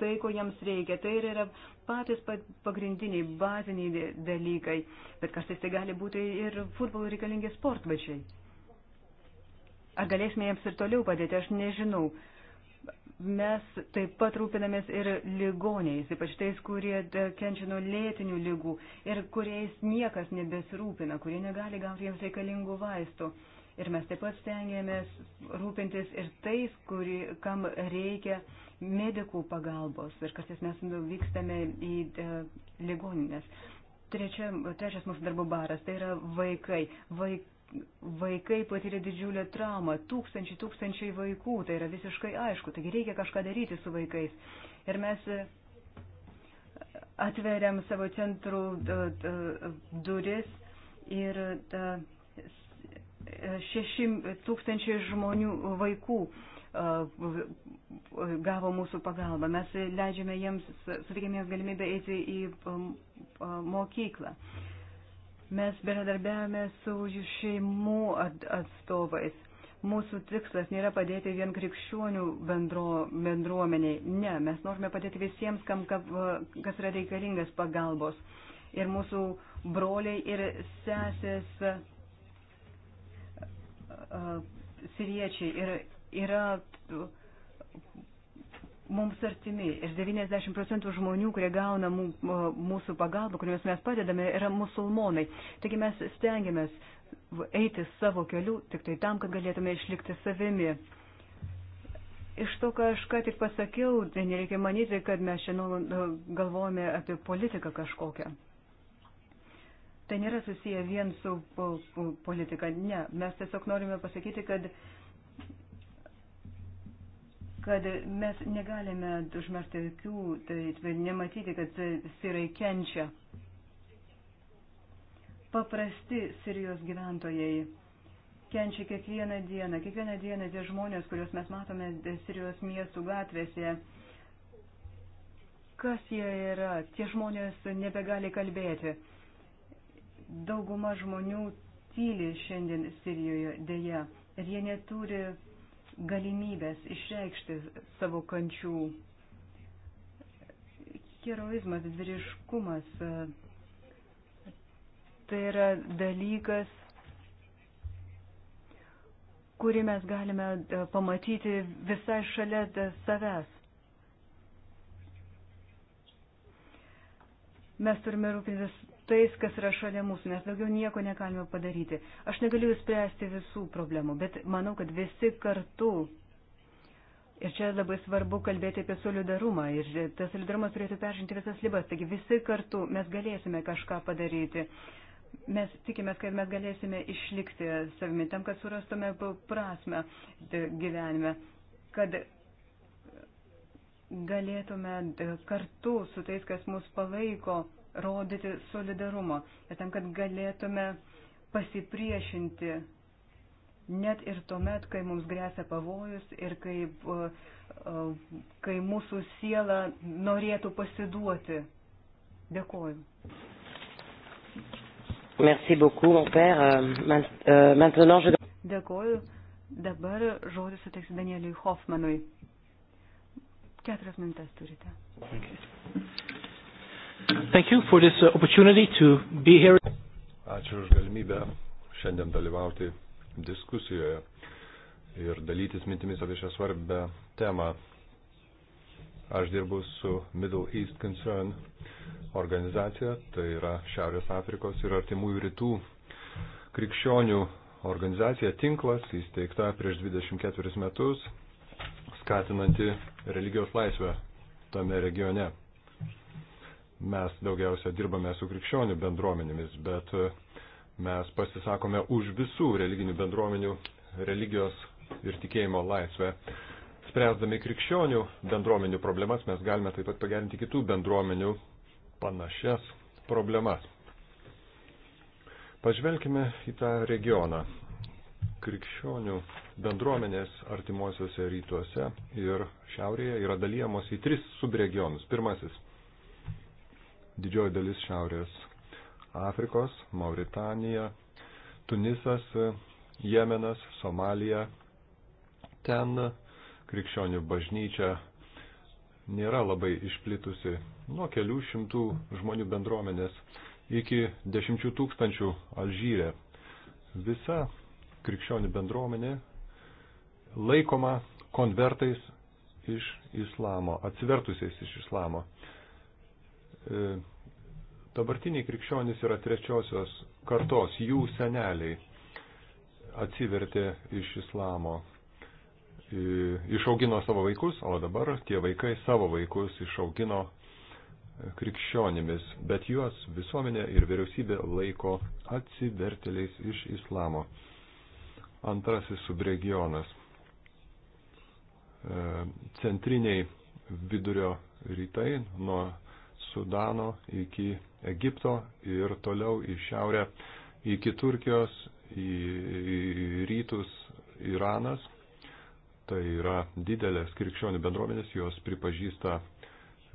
tai, ko jiems reikia. Tai yra patys pagrindiniai, baziniai dalykai, bet kartais tai gali būti ir futbolo reikalingi sportvačiai. Ar galėsime jiems ir toliau padėti, aš nežinau. Mes taip pat rūpinamės ir ligoniais, ypač tais, kurie kenčia nuo lėtinių lygų ir kuriais niekas nebesirūpina, kurie negali gauti jiems reikalingų vaistų. Ir mes taip pat stengiamės rūpintis ir tais, kuri, kam reikia medikų pagalbos. Ir kartais mes vykstame į e, ligoninės. Trečia, trečias mūsų darbo baras tai yra vaikai. Vaik, vaikai patyrė didžiulę traumą. Tūkstančiai, tūkstančiai vaikų. Tai yra visiškai aišku. Taigi reikia kažką daryti su vaikais. Ir mes e, atveriam savo centrų duris ir. Da, e, šeši tūkstančiai žmonių, vaikų gavo mūsų pagalbą. Mes leidžiame jiems, suteikėme jiems galimybę eiti į mokyklą. Mes bendradarbiavame su šeimų atstovais. Mūsų tikslas nėra padėti vien krikščionių bendro, bendruomeniai. Ne, mes norime padėti visiems, kam, kas yra reikalingas pagalbos. Ir mūsų broliai ir sesės siriečiai yra, yra mums artimi ir 90 procentų žmonių, kurie gauna mūsų pagalbą, kuriuos mes padedame, yra musulmonai. Taigi mes stengiamės eiti savo keliu tik tai tam, kad galėtume išlikti savimi. Iš to, ką aš ką tik pasakiau, tai nereikia manyti, kad mes šiandien nu, nu, galvojame apie politiką kažkokią tai nėra susiję vien su politika. Ne, mes tiesiog norime pasakyti, kad, kad mes negalime užmerkti akių, tai nematyti, kad sirai kenčia. Paprasti Sirijos gyventojai kenčia kiekvieną dieną. Kiekvieną dieną tie žmonės, kuriuos mes matome Sirijos miestų gatvėse, kas jie yra, tie žmonės nebegali kalbėti dauguma žmonių tyli šiandien Sirijoje dėja ir jie neturi galimybės išreikšti savo kančių. Heroizmas, dviriškumas tai yra dalykas, kurį mes galime e, pamatyti visai šalia e, savęs. Mes turime rūpintis tais, kas yra šalia mūsų, nes daugiau nieko negalime padaryti. Aš negaliu spręsti visų problemų, bet manau, kad visi kartu. Ir čia labai svarbu kalbėti apie solidarumą. Ir tas solidarumas turėtų peržinti visas libas. Taigi visi kartu mes galėsime kažką padaryti. Mes tikimės, kad mes galėsime išlikti savimi tam, kad surastume prasme gyvenime. Kad galėtume kartu su tais, kas mus palaiko, rodyti solidarumo ir tam, kad galėtume pasipriešinti net ir tuomet, kai mums grėsia pavojus ir kai, kai mūsų siela norėtų pasiduoti. Dėkuoju. Merci beaucoup, mon père. Euh, euh, maintenant, je... Dėkuoju. Dabar žodis suteiks Danieliui Hoffmanui. Keturias minutės turite. Okay. Thank you for this uh, opportunity to be here. Ačiū už galimybę šiandien dalyvauti diskusijoje ir dalytis mintimis apie šią svarbę temą. Aš dirbu su Middle East Concern organizacija, tai yra Šiaurės Afrikos ir Artimųjų Rytų krikščionių organizacija Tinklas, įsteigta prieš 24 metus, skatinanti religijos laisvę tame regione. Mes daugiausia dirbame su krikščionių bendruomenėmis, bet e, mes pasisakome už visų religinių bendruomenių religijos ir tikėjimo laisvę. Spręsdami krikščionių bendruomenių problemas mes galime taip pat pagerinti kitų bendruomenių panašias problemas. Pažvelkime į tą regioną. Krikščionių bendruomenės artimuosiuose rytuose ir šiaurėje yra dalyjamos į tris subregionus. Pirmasis didžioji dalis Šiaurės Afrikos, Mauritanija, Tunisas, Jemenas, Somalija. Ten krikščionių bažnyčia nėra labai išplitusi nuo kelių šimtų žmonių bendruomenės iki dešimčių tūkstančių Alžyre. Visa krikščionių bendruomenė laikoma konvertais iš islamo, atsivertusiais iš islamo. E, dabartiniai krikščionys yra trečiosios kartos, jų seneliai atsivertė iš islamo, e, išaugino savo vaikus, o dabar tie vaikai savo vaikus išaugino e, krikščionimis, bet juos visuomenė ir vyriausybė laiko atsivertėliais iš islamo. Antrasis subregionas. Centriniai vidurio rytai nuo Sudano iki Egipto ir toliau į šiaurę iki Turkijos, į rytus Iranas. Tai yra didelės krikščionių bendruomenės, jos pripažįsta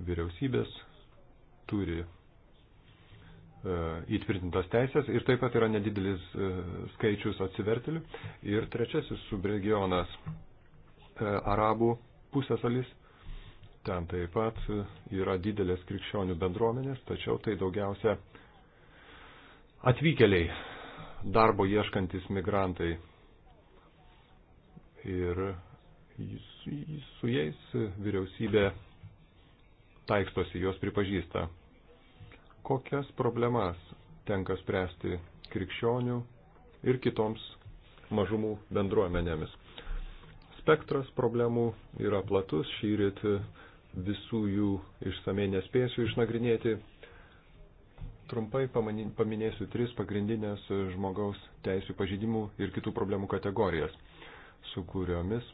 vyriausybės, turi e, įtvirtintas teisės ir taip pat yra nedidelis e, skaičius atsivertelių. Ir trečiasis subregionas e, arabų pusėsalis Ten taip pat yra didelės krikščionių bendruomenės, tačiau tai daugiausia atvykėliai, darbo ieškantis migrantai. Ir su jais vyriausybė taikstosi, juos pripažįsta. Kokias problemas tenka spręsti krikščionių ir kitoms mažumų bendruomenėmis? Spektras problemų yra platus, šyrit visų jų išsamei nespėsiu išnagrinėti. Trumpai paminėsiu tris pagrindinės žmogaus teisų pažydimų ir kitų problemų kategorijas, su kuriomis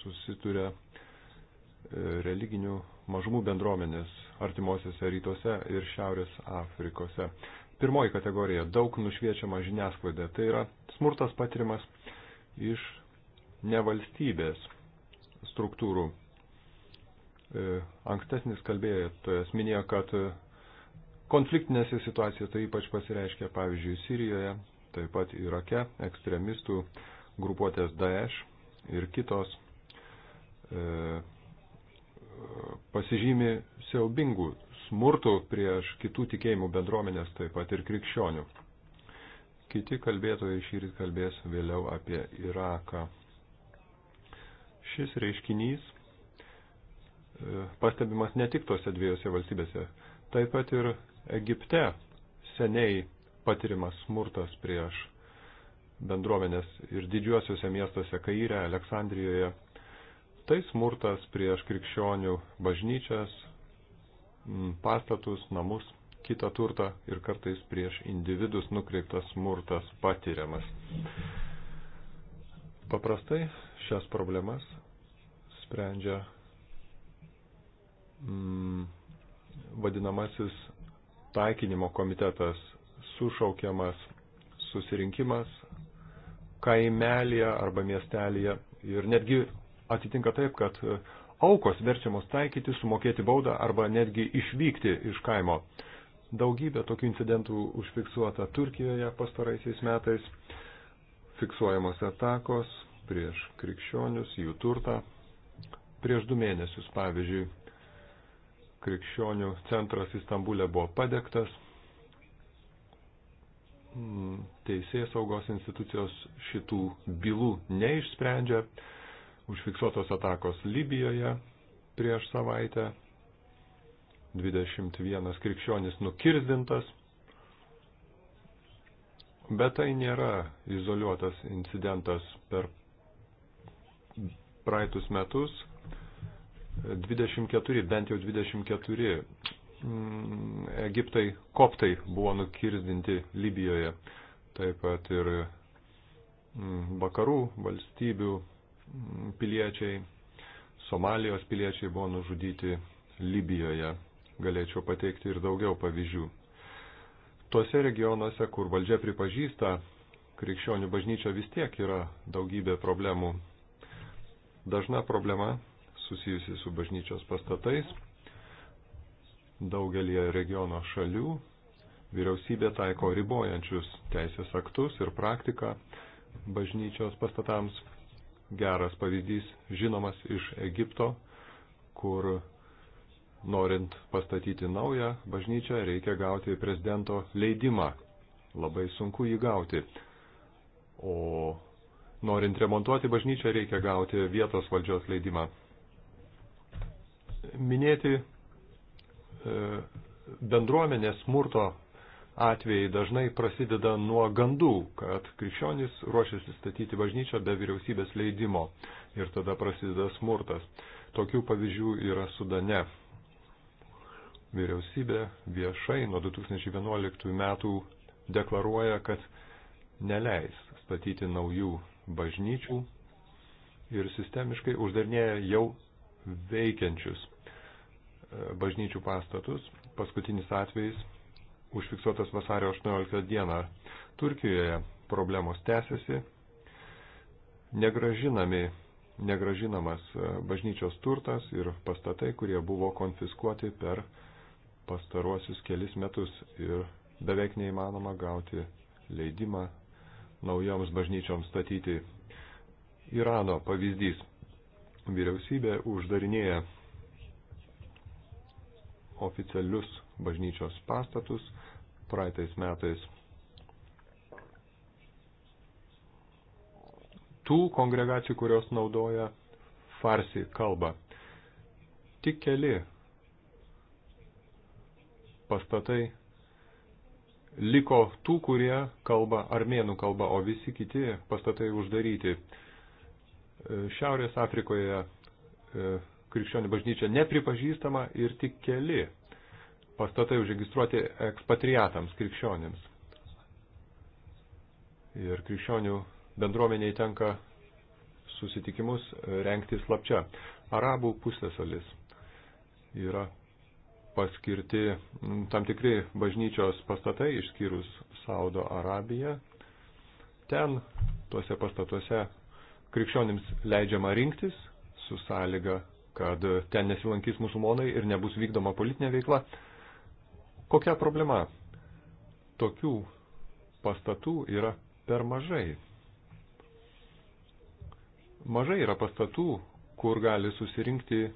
susituria e, religinių mažumų bendruomenės artimuosiuose rytuose ir Šiaurės Afrikose. Pirmoji kategorija - daug nušviečiama žiniasklaida. Tai yra smurtas patirimas iš nevalstybės struktūrų E, ankstesnis kalbėjojas minėjo, kad e, konfliktinėse situacijose tai ypač pasireiškia, pavyzdžiui, Sirijoje, taip pat Irake, ekstremistų grupuotės Daesh ir kitos e, pasižymi siaubingų smurtų prieš kitų tikėjimų bendruomenės, taip pat ir krikščionių. Kiti kalbėtojai šį rytą kalbės vėliau apie Iraką. Šis reiškinys pastebimas ne tik tose dviejose valstybėse, taip pat ir Egipte seniai patirimas smurtas prieš bendruomenės ir didžiuosiuose miestuose Kaire, Aleksandrijoje. Tai smurtas prieš krikščionių bažnyčias, pastatus, namus, kitą turtą ir kartais prieš individus nukreiptas smurtas patiriamas. Paprastai šias problemas sprendžia mm, vadinamasis taikinimo komitetas sušaukiamas susirinkimas kaimelėje arba miestelėje ir netgi atsitinka taip, kad aukos verčiamos taikyti, sumokėti baudą arba netgi išvykti iš kaimo. Daugybė tokių incidentų užfiksuota Turkijoje pastaraisiais metais, fiksuojamos atakos prieš krikščionius, jų turtą. Prieš du mėnesius, pavyzdžiui, krikščionių centras Istambulė buvo padegtas. Hmm, teisės saugos institucijos šitų bylų neišsprendžia. Užfiksuotos atakos Libijoje prieš savaitę. 21 krikščionis nukirdintas. Bet tai nėra izoliuotas incidentas per praeitus metus 24, bent jau 24 mm, Egiptai koptai buvo nukirdinti Libijoje. Taip pat ir mm, vakarų valstybių mm, piliečiai, Somalijos piliečiai buvo nužudyti Libijoje. Galėčiau pateikti ir daugiau pavyzdžių. Tuose regionuose, kur valdžia pripažįsta, krikščionių bažnyčia vis tiek yra daugybė problemų. Dažna problema susijusi su bažnyčios pastatais. Daugelį regiono šalių vyriausybė taiko ribojančius teisės aktus ir praktiką bažnyčios pastatams. Geras pavyzdys žinomas iš Egipto, kur norint pastatyti naują bažnyčią reikia gauti prezidento leidimą. Labai sunku jį gauti. O norint remontuoti bažnyčią reikia gauti vietos valdžios leidimą minėti e, bendruomenės smurto atvejai dažnai prasideda nuo gandų, kad krikščionys ruošiasi statyti bažnyčią be vyriausybės leidimo ir tada prasideda smurtas. Tokių pavyzdžių yra Sudane. Vyriausybė viešai nuo 2011 metų deklaruoja, kad neleis statyti naujų bažnyčių ir sistemiškai uždarnėja jau veikiančius bažnyčių pastatus. Paskutinis atvejis užfiksuotas vasario 18 dieną. Turkijoje problemos tęsiasi. Negražinami, negražinamas e, bažnyčios turtas ir pastatai, kurie buvo konfiskuoti per pastaruosius kelis metus ir beveik neįmanoma gauti leidimą naujoms bažnyčioms statyti. Irano pavyzdys. Vyriausybė uždarinėja oficialius bažnyčios pastatus praeitais metais. Tų kongregacijų, kurios naudoja farsi kalbą. Tik keli pastatai liko tų, kurie kalba armėnų kalba, o visi kiti pastatai uždaryti. Šiaurės Afrikoje e, krikščionių bažnyčia nepripažįstama ir tik keli pastatai užregistruoti ekspatriatams, krikščionėms. Ir krikščionių bendruomeniai tenka susitikimus rengti slapčia. Arabų pusėsalis yra paskirti mm, tam tikri bažnyčios pastatai, išskyrus Saudo Arabiją. Ten, tuose pastatuose, krikščionims leidžiama rinktis su sąlyga kad ten nesilankys musulmonai ir nebus vykdoma politinė veikla. Kokia problema? Tokių pastatų yra per mažai. Mažai yra pastatų, kur gali susirinkti e,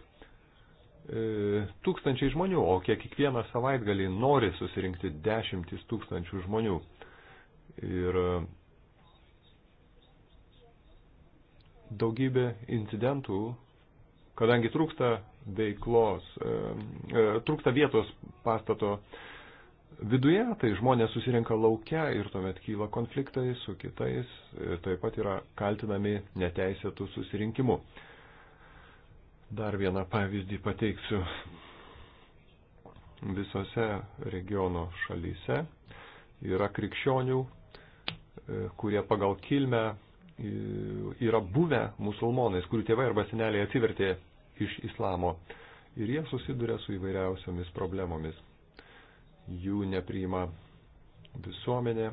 tūkstančiai žmonių, o kiek kiekvieną savaitgalį nori susirinkti dešimtis tūkstančių žmonių. Ir e, daugybė incidentų kadangi trūksta veiklos, e, e, trūksta vietos pastato viduje, tai žmonės susirenka laukia ir tuomet kyla konfliktai su kitais, e, taip pat yra kaltinami neteisėtų susirinkimu. Dar vieną pavyzdį pateiksiu. Visose regiono šalyse yra krikščionių, kurie pagal kilmę yra buvę musulmonais, kurių tėvai arba seneliai atsivertė iš islamo. Ir jie susiduria su įvairiausiomis problemomis. Jų nepriima visuomenė,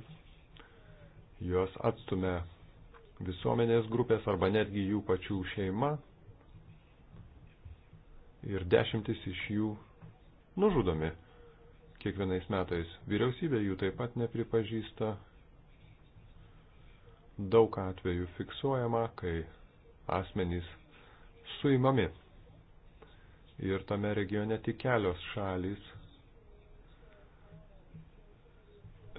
juos atstumia visuomenės grupės arba netgi jų pačių šeima. Ir dešimtis iš jų nužudomi kiekvienais metais. Vyriausybė jų taip pat nepripažįsta daug atvejų fiksuojama, kai asmenys suimami. Ir tame regione tik kelios šalys.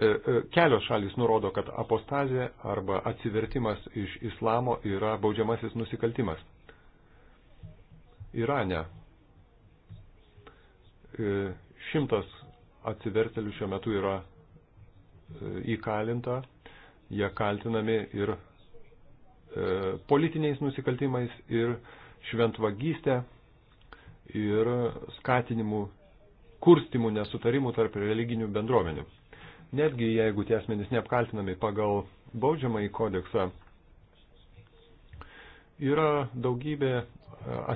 E, e, kelios šalys nurodo, kad apostazija arba atsivertimas iš islamo yra baudžiamasis nusikaltimas. Irane e, šimtas atsivertelių šiuo metu yra įkalinta jie kaltinami ir e, politiniais nusikaltimais, ir šventvagystė, ir skatinimu, kurstimu nesutarimu tarp religinių bendruomenių. Netgi jeigu tie asmenys neapkaltinami pagal baudžiamąjį kodeksą, yra daugybė e,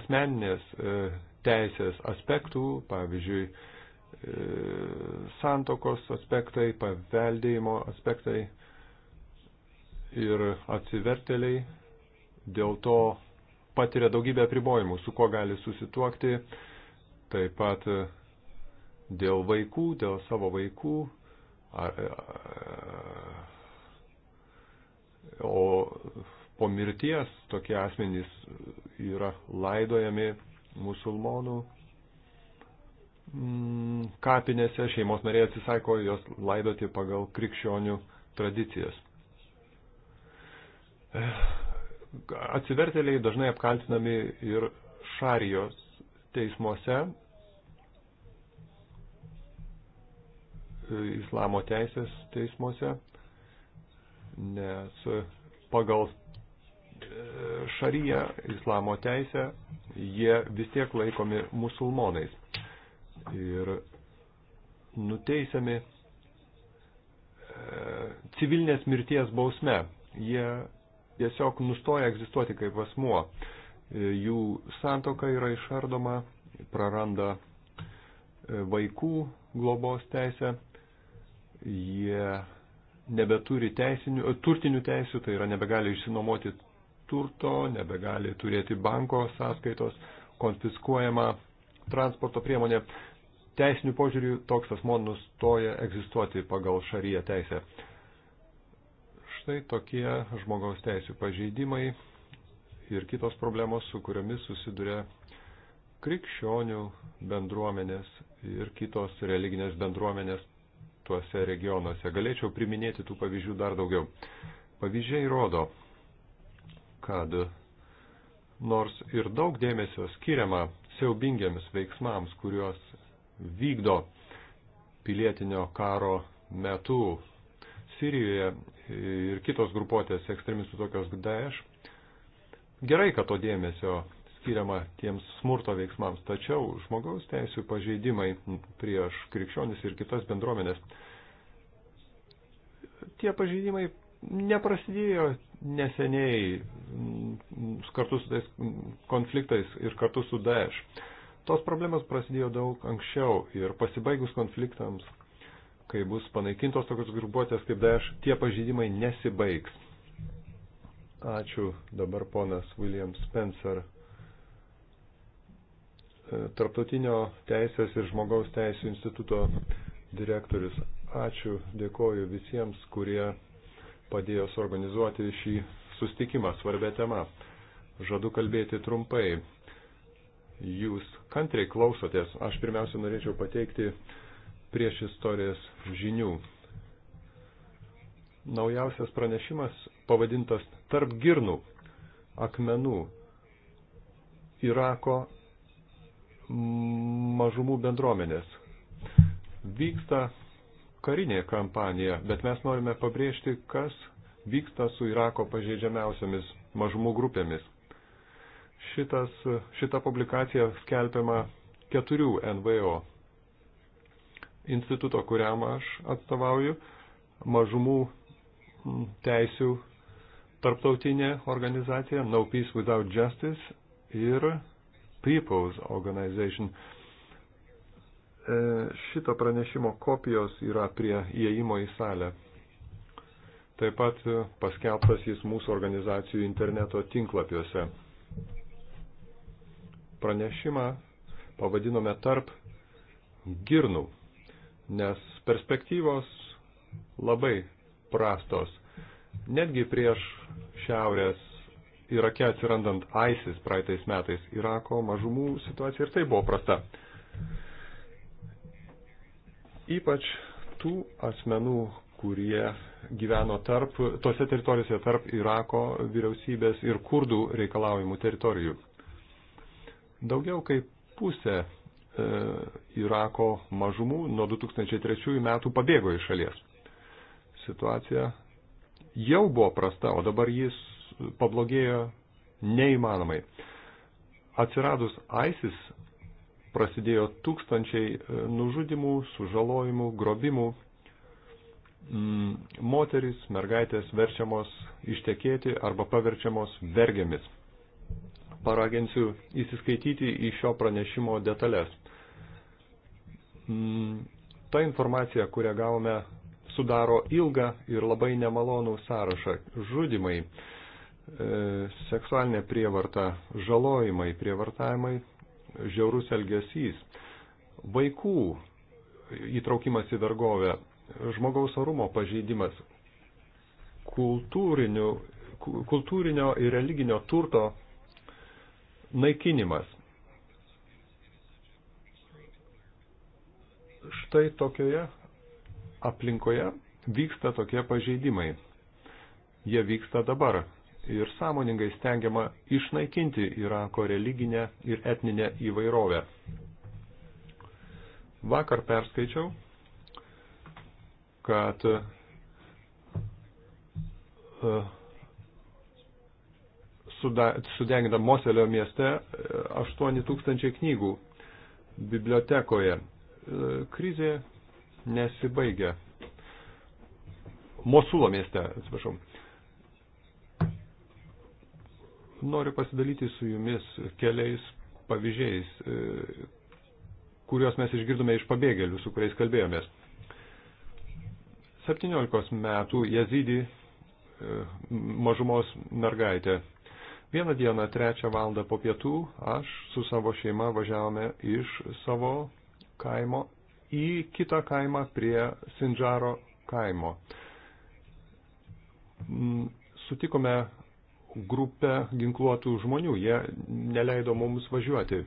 asmeninės e, teisės aspektų, pavyzdžiui, e, santokos aspektai, paveldėjimo aspektai, ir atsiverteliai dėl to patiria daugybę apribojimų, su kuo gali susituokti, taip pat dėl vaikų, dėl savo vaikų, ar, o po mirties tokie asmenys yra laidojami musulmonų mm, kapinėse, šeimos nariai atsisako jos laidoti pagal krikščionių tradicijas. Atsivertėliai dažnai apkaltinami ir šarijos teismuose, islamo teisės teismuose, nes pagal e, šariją islamo teisę jie vis tiek laikomi musulmonais ir nuteisiami e, civilinės mirties bausme. Jie tiesiog nustoja egzistuoti kaip asmuo. E, jų santoka yra išardoma, praranda e, vaikų globos teisę, jie nebeturi teisinių, e, turtinių teisių, tai yra nebegali išsinomoti turto, nebegali turėti banko sąskaitos, konfiskuojama transporto priemonė. Teisinių požiūrių toks asmo nustoja egzistuoti pagal šaryje teisę. Štai tokie žmogaus teisų pažeidimai ir kitos problemos, su kuriomis susiduria krikščionių bendruomenės ir kitos religinės bendruomenės tuose regionuose. Galėčiau priminėti tų pavyzdžių dar daugiau. Pavyzdžiai rodo, kad nors ir daug dėmesio skiriama siaubingiams veiksmams, kuriuos vykdo pilietinio karo metu Sirijoje ir kitos grupuotės ekstremistų tokios Daesh. Gerai, kad to dėmesio skiriama tiems smurto veiksmams, tačiau žmogaus teisų pažeidimai prieš krikščionis ir kitas bendruomenės, tie pažeidimai neprasidėjo neseniai kartu su tais konfliktais ir kartu su Daesh. Tos problemas prasidėjo daug anksčiau ir pasibaigus konfliktams kai bus panaikintos tokios grupuotės kaip Daesh, tie pažydimai nesibaigs. Ačiū dabar ponas William Spencer. E, Tarptautinio teisės ir žmogaus teisų instituto direktorius. Ačiū, dėkoju visiems, kurie padėjo suorganizuoti šį sustikimą svarbia tema. Žadu kalbėti trumpai. Jūs kantriai klausotės. Aš pirmiausia norėčiau pateikti uh, prieš istorijas žinių. Naujausias pranešimas pavadintas Tarp girnų akmenų Irako mažumų bendruomenės. Vyksta karinė kampanija, bet mes norime pabrėžti, kas vyksta su Irako pažeidžiamiausiamis mažumų grupėmis. Šitas, šita publikacija skelbiama keturių NVO instituto, kuriam aš atstovauju, mažumų teisių tarptautinė organizacija No Peace Without Justice ir People's Organization. E, šito pranešimo kopijos yra prie įėjimo į salę. Taip pat paskelbtas jis mūsų organizacijų interneto tinklapiuose. Pranešimą pavadinome tarp girnų nes perspektyvos labai prastos. Netgi prieš šiaurės Irake atsirandant ISIS praeitais metais, Irako mažumų situacija ir tai buvo prasta. Ypač tų asmenų, kurie gyveno tarp, tose teritorijose tarp Irako vyriausybės ir kurdų reikalaujimų teritorijų. Daugiau kaip pusė E, Irako mažumų nuo 2003 metų pabėgo iš šalies. Situacija jau buvo prasta, o dabar jis pablogėjo neįmanomai. Atsiradus ISIS prasidėjo tūkstančiai e, nužudimų, sužalojimų, grobimų. Mm, Moteris, mergaitės verčiamos ištekėti arba paverčiamos vergėmis. Paraginsiu įsiskaityti į šio pranešimo detalės. Mm, ta informacija, kurią gavome, sudaro ilgą ir labai nemalonų sąrašą. Žudimai, e, seksualinė prievarta, žalojimai, prievartavimai, žiaurus elgesys, vaikų įtraukimas į vergovę, žmogaus orumo pažeidimas, kultūrinio ir religinio turto naikinimas. štai tokioje aplinkoje vyksta tokie pažeidimai. Jie vyksta dabar ir sąmoningai stengiama išnaikinti Irako religinę ir etninę įvairovę. Vakar perskaičiau, kad e, sudeginta Moselio mieste 8000 e, knygų bibliotekoje krizė nesibaigia. Mosulo mieste, atsiprašau. Noriu pasidalyti su jumis keliais pavyzdžiais, e, kuriuos mes išgirdome iš pabėgėlių, su kuriais kalbėjomės. 17 metų jezidį e, mažumos mergaitė. Vieną dieną, trečią valandą po pietų, aš su savo šeima važiavome iš savo kaimo į kitą kaimą prie Sinžaro kaimo. Mm, sutikome grupę ginkluotų žmonių, jie neleido mums važiuoti.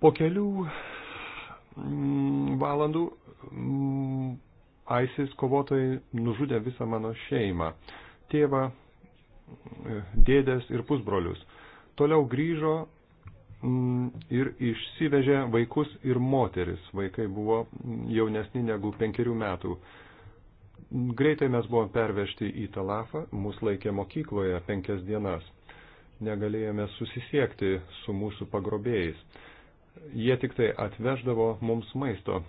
Po kelių mm, valandų mm, ISIS kovotojai nužudė visą mano šeimą, tėvą, dėdės ir pusbrolius. Toliau grįžo Mm, ir išsivežė vaikus ir moteris. Vaikai buvo jaunesni negu penkerių metų. Greitai mes buvom pervežti į Talafą, mus laikė mokykloje penkias dienas. Negalėjome susisiekti su mūsų pagrobėjais. Jie tik tai atveždavo mums maisto.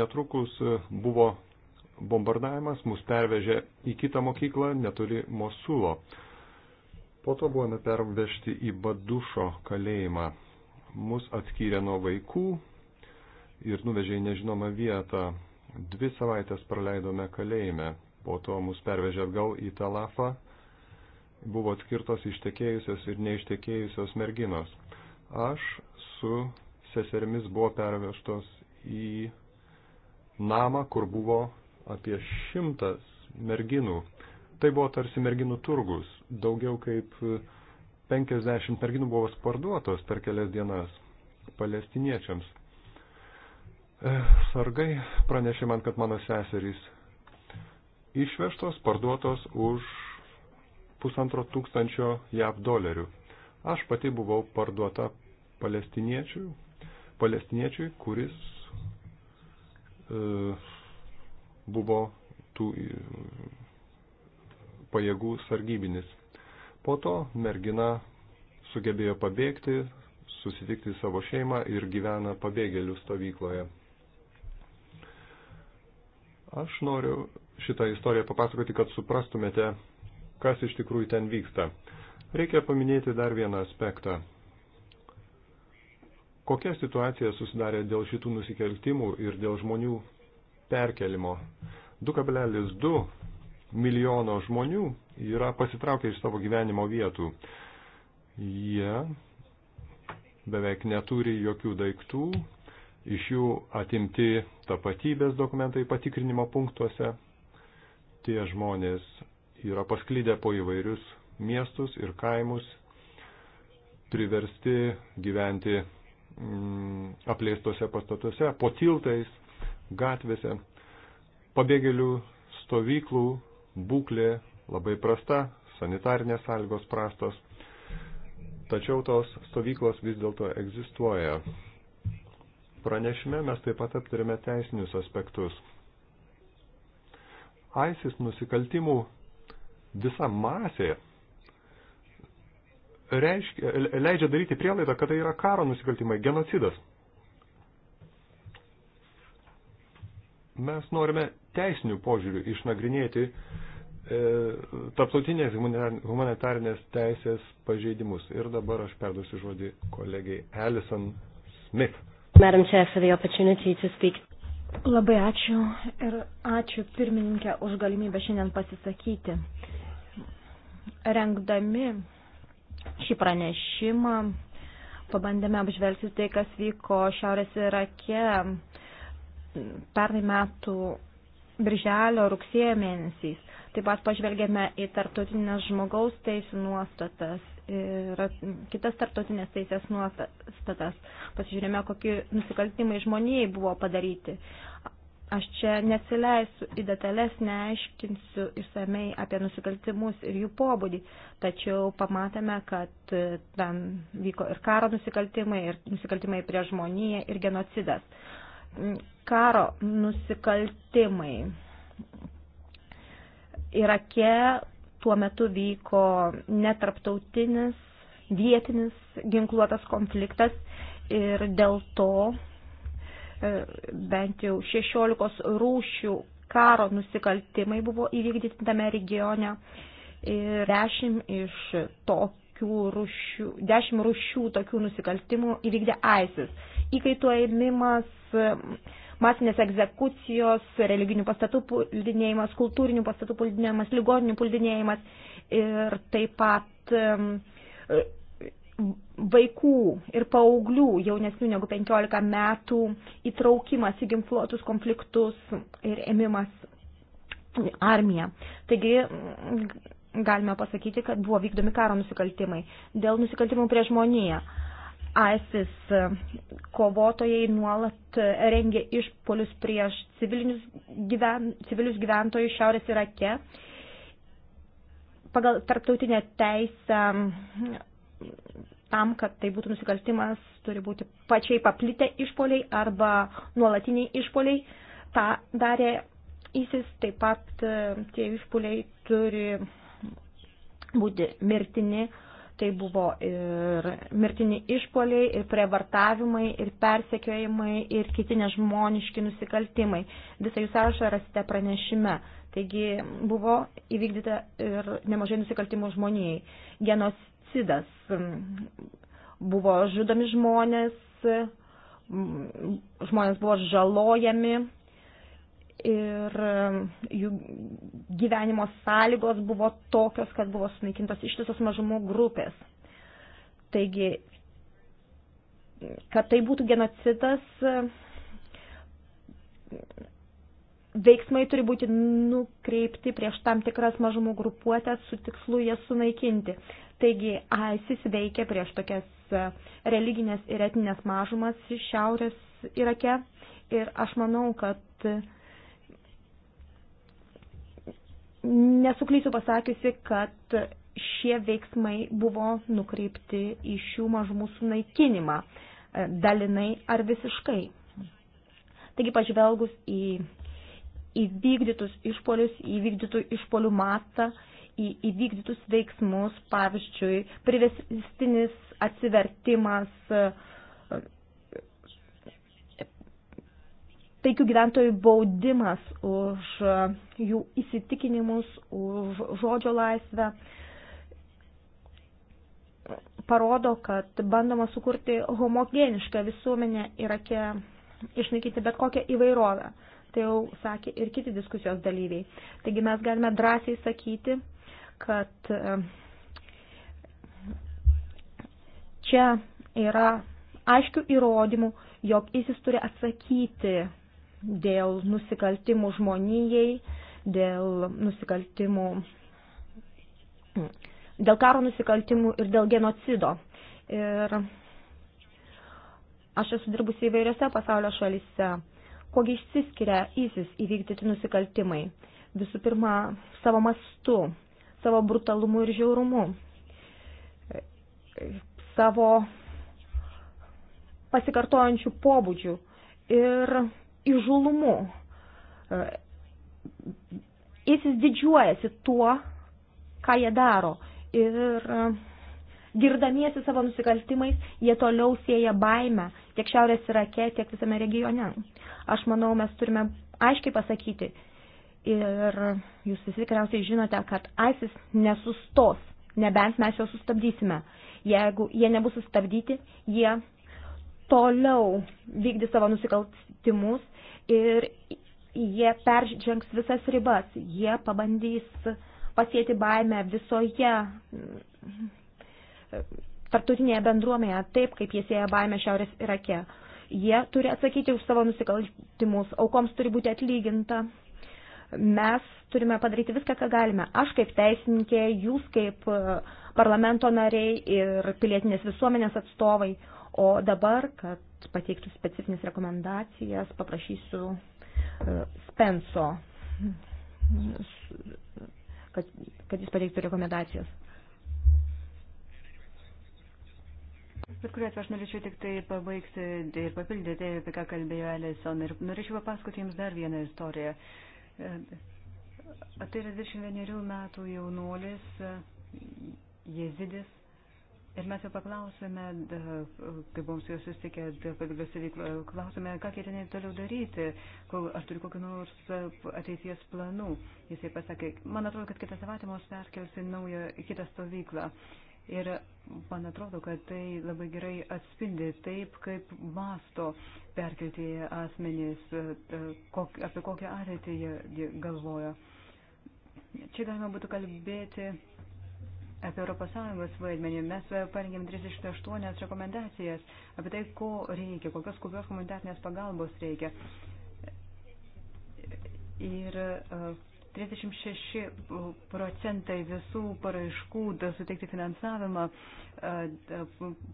Netrukus buvo bombardavimas, mus pervežė į kitą mokyklą netoli Mosulo. Po to buvome pervežti į Badušo kalėjimą. Mus atskyrė nuo vaikų ir nuvežė į nežinomą vietą. Dvi savaitės praleidome kalėjime. Po to mus pervežė atgal į Talafą. Buvo atskirtos ištekėjusios ir neištekėjusios merginos. Aš su seserimis buvo pervežtos į namą, kur buvo apie šimtas merginų Tai buvo tarsi merginų turgus. Daugiau kaip 50 merginų buvo sparduotos per kelias dienas palestiniečiams. E, sargai pranešė man, kad mano seserys išvežtos, parduotos už pusantro tūkstančio JAV dolerių. Aš pati buvau parduota palestiniečiui, palestiniečiui kuris e, buvo tų e, pajėgų sargybinis. Po to mergina sugebėjo pabėgti, susitikti savo šeimą ir gyvena pabėgėlių stovykloje. Aš noriu šitą istoriją papasakoti, kad suprastumėte, kas iš tikrųjų ten vyksta. Reikia paminėti dar vieną aspektą. Kokia situacija susidarė dėl šitų nusikaltimų ir dėl žmonių perkelimo? 2,2 milijono žmonių yra pasitraukę iš savo gyvenimo vietų. Jie beveik neturi jokių daiktų, iš jų atimti tapatybės dokumentai patikrinimo punktuose. Tie žmonės yra pasklydę po įvairius miestus ir kaimus, priversti gyventi mm, apleistose pastatuose, po tiltais, gatvėse, pabėgėlių stovyklų būklė labai prasta, sanitarnės sąlygos prastos, tačiau tos stovyklos vis dėlto egzistuoja. Pranešime mes taip pat aptarėme teisinius aspektus. ISIS nusikaltimų visa masė reiškia, leidžia daryti prielaidą, kad tai yra karo nusikaltimai, genocidas. Mes norime teisinių požiūrių išnagrinėti e, tarptautinės humanitarinės teisės pažeidimus. Ir dabar aš perduosiu žodį kolegiai Alison Smith. Madam Chair, for the opportunity to speak. Labai ačiū ir ačiū pirmininkė už galimybę šiandien pasisakyti. Rengdami šį pranešimą pabandėme apžvelgti tai, kas vyko Šiaurės Irake pernai metų birželio, rugsėjo mėnesiais. Taip pat pažvelgėme į tarptautinės žmogaus teisų nuostatas ir kitas tarptautinės teisės nuostatas. Pasižiūrėjome, kokie nusikaltimai žmonijai buvo padaryti. Aš čia nesileisiu į detalės, neaiškinsiu išsamei apie nusikaltimus ir jų pobūdį, tačiau pamatėme, kad ten vyko ir karo nusikaltimai, ir nusikaltimai prie žmoniją, ir genocidas karo nusikaltimai. Irake tuo metu vyko netarptautinis vietinis ginkluotas konfliktas ir dėl to e, bent jau 16 rūšių karo nusikaltimai buvo įvykdyti tame regione ir 10 iš to tokių rušių, dešimt rušių tokių nusikaltimų įvykdė ISIS. Įkaitų ėmimas, masinės egzekucijos, religinių pastatų puldinėjimas, kultūrinių pastatų puldinėjimas, ligoninių puldinėjimas ir taip pat vaikų ir paauglių jaunesnių negu 15 metų įtraukimas į ginkluotus konfliktus ir ėmimas armiją. Taigi galime pasakyti, kad buvo vykdomi karo nusikaltimai dėl nusikaltimų prie žmoniją. ISIS e, kovotojai nuolat e, rengė išpolius prieš civilinius gyven, civilius gyventojus Šiaurės Irake. Pagal tarptautinę teisę tam, kad tai būtų nusikaltimas, turi būti pačiai paplitę išpoliai arba nuolatiniai išpoliai. Ta darė ISIS, taip pat e, tie išpoliai turi būti mirtini. Tai buvo ir mirtini išpoliai, ir prievartavimai, ir persekiojimai, ir kiti nežmoniški nusikaltimai. Visą jų sąrašą rasite pranešime. Taigi buvo įvykdyta ir nemažai nusikaltimų žmonijai. Genocidas. Buvo žudomi žmonės, žmonės buvo žalojami, ir jų gyvenimo sąlygos buvo tokios, kad buvo sunaikintos ištisos mažumų grupės. Taigi, kad tai būtų genocidas, veiksmai turi būti nukreipti prieš tam tikras mažumų grupuotės su tikslu jas sunaikinti. Taigi ISIS veikia prieš tokias e, religinės ir etinės mažumas šiaurės Irake ir aš manau, kad nesuklysiu pasakiusi, kad šie veiksmai buvo nukreipti į šių mažumų sunaikinimą e, dalinai ar visiškai. Taigi pažvelgus į įvykdytus išpolius, įvykdytų išpolių mastą, į įvykdytus veiksmus, pavyzdžiui, privestinis atsivertimas, taikių gyventojų baudimas už e, jų įsitikinimus, už žodžio laisvę parodo, kad bandoma sukurti homogenišką visuomenę Irake, išnaikinti bet kokią įvairovę. Tai jau sakė ir kiti diskusijos dalyviai. Taigi mes galime drąsiai sakyti, kad e, čia yra aiškių įrodymų, jog ISIS turi atsakyti dėl nusikaltimų žmonijai, dėl nusikaltimų, dėl karo nusikaltimų ir dėl genocido. Ir aš esu dirbusi įvairiose pasaulio šalise. Kogi išsiskiria įsis įvykdyti nusikaltimai? Visų pirma, savo mastu, savo brutalumu ir žiaurumu, savo pasikartojančių pobūdžių ir įžulumu. E, Jis didžiuojasi tuo, ką jie daro. Ir e, girdamiesi savo nusikaltimais, jie toliau sieja baimę tiek Šiaurės Irake, tiek visame regione. Aš manau, mes turime aiškiai pasakyti. Ir jūs visi tikriausiai žinote, kad ISIS nesustos, nebent mes juos sustabdysime. Jeigu jie nebus sustabdyti, jie toliau vykdys savo nusikaltimus ir jie peržengs visas ribas, jie pabandys pasėti baimę visoje mm, tartutinėje bendruomenėje, taip kaip jie sėja baimę Šiaurės Irake. Jie turi atsakyti už savo nusikaltimus, aukoms turi būti atlyginta. Mes turime padaryti viską, ką galime. Aš kaip teisininkė, jūs kaip e, parlamento nariai ir pilietinės visuomenės atstovai. O dabar, kad pateiktų specifines rekomendacijas, paprašysiu e, Spenso, kad, kad jis pateiktų rekomendacijas. Bet kuriuo atveju aš norėčiau tik tai pabaigti ir papildyti, apie ką kalbėjo Alison. Ir norėčiau papasakoti jums dar vieną istoriją. E, tai yra 21 metų jaunuolis, e, jezidis, Ir mes jau paklausėme, kai buvom su juo susitikę, klausėme, ką ketinai toliau daryti, kol aš turiu kokiu nors ateities planų. Jisai pasakė, man atrodo, kad kitą savaitę mus perkelsi naują, kitą stovyklą. Ir man atrodo, kad tai labai gerai atspindi taip, kaip masto perkeltieji asmenys, kok, apie kokią ateitį jie galvoja. Čia galima būtų kalbėti apie ES vaidmenį. Mes parengėm 38 rekomendacijas apie tai, ko reikia, kokios kokios komentatinės pagalbos reikia. Ir 36 e, procentai visų paraiškų suteikti finansavimą e,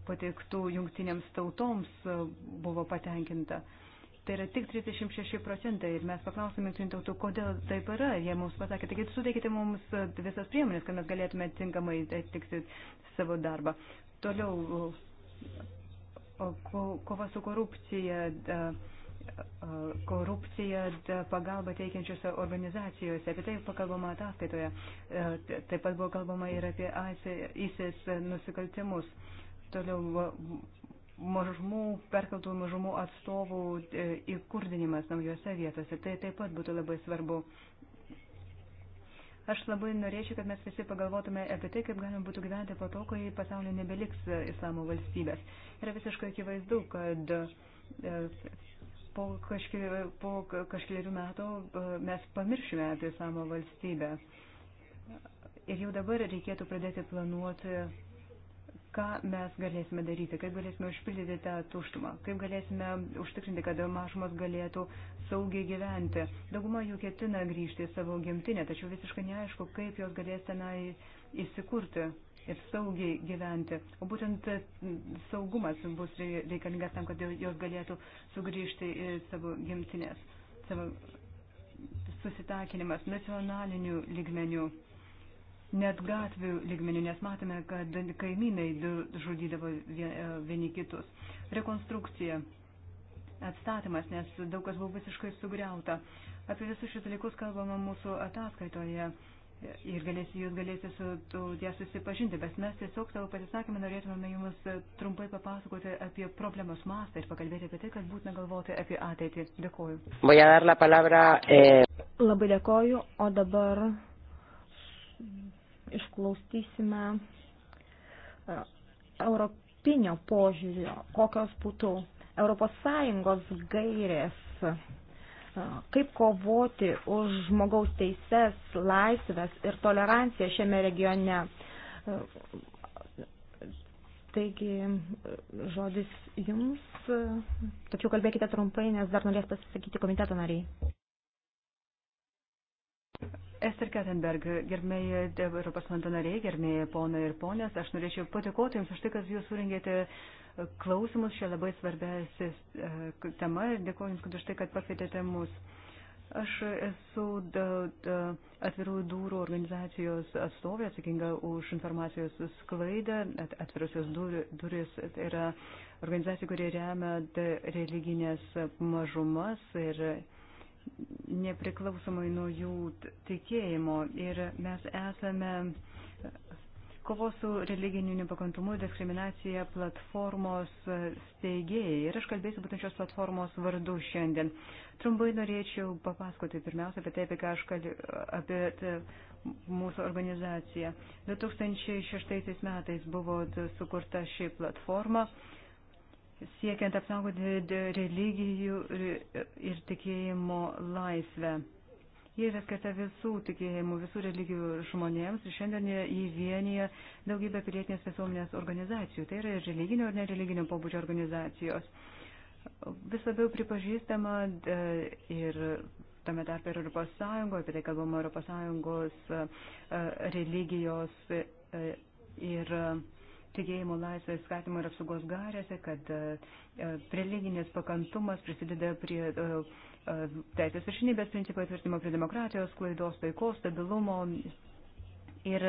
pateiktų jungtinėms tautoms e, buvo patenkinta. Tai yra tik 36 procentai ir mes paklausėme jungtinių tautų, kodėl taip yra. Jie mums pasakė, taigi suteikite mums visas priemonės, kad mes galėtume tinkamai atlikti savo darbą. Toliau, kova su korupcija, korupcija pagalba teikiančiose organizacijose, apie tai pakalbama ataskaitoje. E, taip pat buvo kalbama ir apie ISIS nusikaltimus. Toliau mažumų, perkeltų mažumų atstovų e, įkurdinimas naujose vietose. Tai taip pat būtų labai svarbu. Aš labai norėčiau, kad mes visi pagalvotume apie tai, kaip galima būtų gyventi po to, kai pasaulyje nebeliks e, islamo valstybės. Yra visiškai akivaizdu, kad e, po, kažkeli, po kažkeliarių metų mes pamiršime apie islamo valstybę. Ir jau dabar reikėtų pradėti planuoti ką mes galėsime daryti, kaip galėsime užpildyti tą tuštumą, kaip galėsime užtikrinti, kad mažumas galėtų saugiai gyventi. Dauguma jų ketina grįžti į savo gimtinę, tačiau visiškai neaišku, kaip jos galės tenai įsikurti ir saugiai gyventi. O būtent saugumas bus reikalingas tam, kad jos galėtų sugrįžti į savo gimtinės, savo susitaikinimas nacionaliniu lygmeniu net gatvių lygmenių, nes matome, kad kaimynai žudydavo e, vieni kitus. Rekonstrukcija, atstatymas, nes daug kas buvo visiškai sugriauta. Apie visus šius dalykus kalbama mūsų ataskaitoje ir galėsi, jūs galėsite su ją susipažinti, bet mes tiesiog savo pasisakymą norėtumėme jums trumpai papasakoti apie problemos mastą ir pakalbėti apie tai, kad būtina galvoti apie ateitį. Dėkoju. Palabra, eh... Labai dėkoju, o dabar išklausysime e, europinio požiūrio, kokios būtų ES gairės, e, kaip kovoti už žmogaus teises, laisvės ir toleranciją šiame regione. E, taigi, žodis jums, tačiau kalbėkite trumpai, nes dar norės pasisakyti komiteto nariai. Ester Kettenberg, gerbėjai Europos parlamento nariai, gerbėjai ponai ir ponės, aš norėčiau patikoti Jums už tai, kad Jūs surengėte klausimus šią labai svarbę e, temą ir dėkoju Jums už tai, kad pakvietėte mus. Aš esu da, da, atvirų durų organizacijos atstovė, atsakinga už informacijos sklaidą. At, atvirosios durys tai yra organizacija, kurie remia religinės mažumas ir nepriklausomai nuo jų tikėjimo ir mes esame kovos su religiniu nepakantumu ir diskriminacija platformos steigėjai. Ir aš kalbėsiu būtent šios platformos vardu šiandien. Trumpai norėčiau papasakoti pirmiausia apie tai, apie ką aš kalbėjau, apie tai, mūsų organizaciją. 2006 metais buvo sukurta ši platforma siekiant apsaugoti religijų ir tikėjimo laisvę. Jie yra skirta visų tikėjimų, visų religijų žmonėms ir šiandien jį vienyje daugybė pilietinės visuomenės organizacijų. Tai yra ir religinio ir nereliginio pobūdžio organizacijos. Vis labiau pripažįstama ir tame tarpe ir Europos Sąjungoje, apie tai kalbama Europos Sąjungos religijos ir tikėjimo laisvės skatimo ir apsaugos garėse, kad e, e, religinis pakantumas prisideda prie e, teisės viršinybės principų įtvirtinimo, prie demokratijos, klaidos, taikos, stabilumo ir,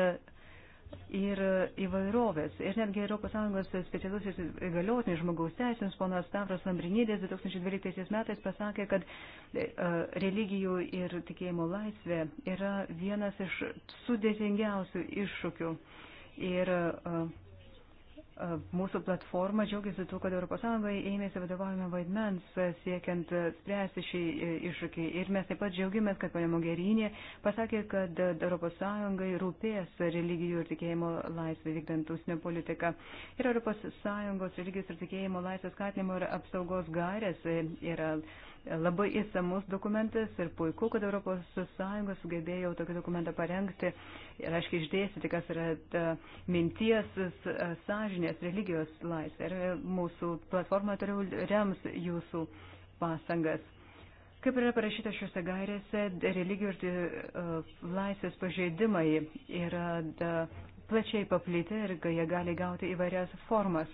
ir įvairovės. Ir netgi ES specialusis įgaliotinis žmogaus teisėms, ponas Stavros Lambrinydės 2012 metais pasakė, kad religijų ir tikėjimo laisvė yra vienas iš sudėtingiausių iššūkių. Ir uh, Mūsų platforma džiaugiasi tuo, kad ES ėmėsi vadovavimo vaidmens siekiant spręsti šį iššūkį. Ir mes taip pat džiaugiamės, kad ponia Mogerinė pasakė, kad ES rūpės religijų ir tikėjimo laisvė vykdant užsienio politiką. Ir ES religijos ir tikėjimo laisvės skatinimo ir apsaugos garės e, yra labai įsamus dokumentas ir puiku, kad ES sugebėjo tokį dokumentą parengti ir aiškiai išdėstyti, kas yra minties, sąžinės, religijos laisvė. Ir e, mūsų platforma toliau rems jūsų pastangas. Kaip yra parašyta šiuose gairėse, religijos uh, e, laisvės pažeidimai yra da, plačiai paplyti ir jie gali gauti įvairias formas.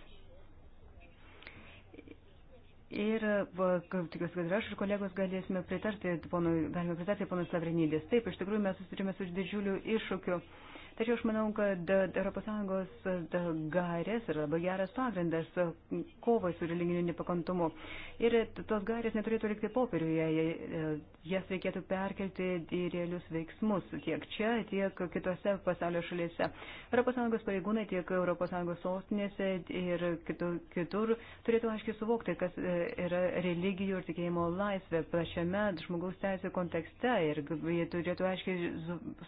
Ir tikiuosi, kad ir aš ir kolegos galėsime pritarti, ponui, galime pritarti ponui Savrinydės. Taip, iš tikrųjų mes susiturime su didžiuliu iššūkiu. Tačiau aš manau, kad ES e, garės yra labai geras pagrindas e, kovai su religiniu nepakantumu. Ir tos garės neturėtų likti popieriuje, e, jas reikėtų perkelti į realius veiksmus tiek čia, tiek kitose pasaulio šalyse. ES pareigūnai tiek ES sostinėse ir kitur turėtų aiškiai suvokti, kas yra religijų ir tikėjimo laisvė plačiame žmogaus teisų kontekste ir jie turėtų aiškiai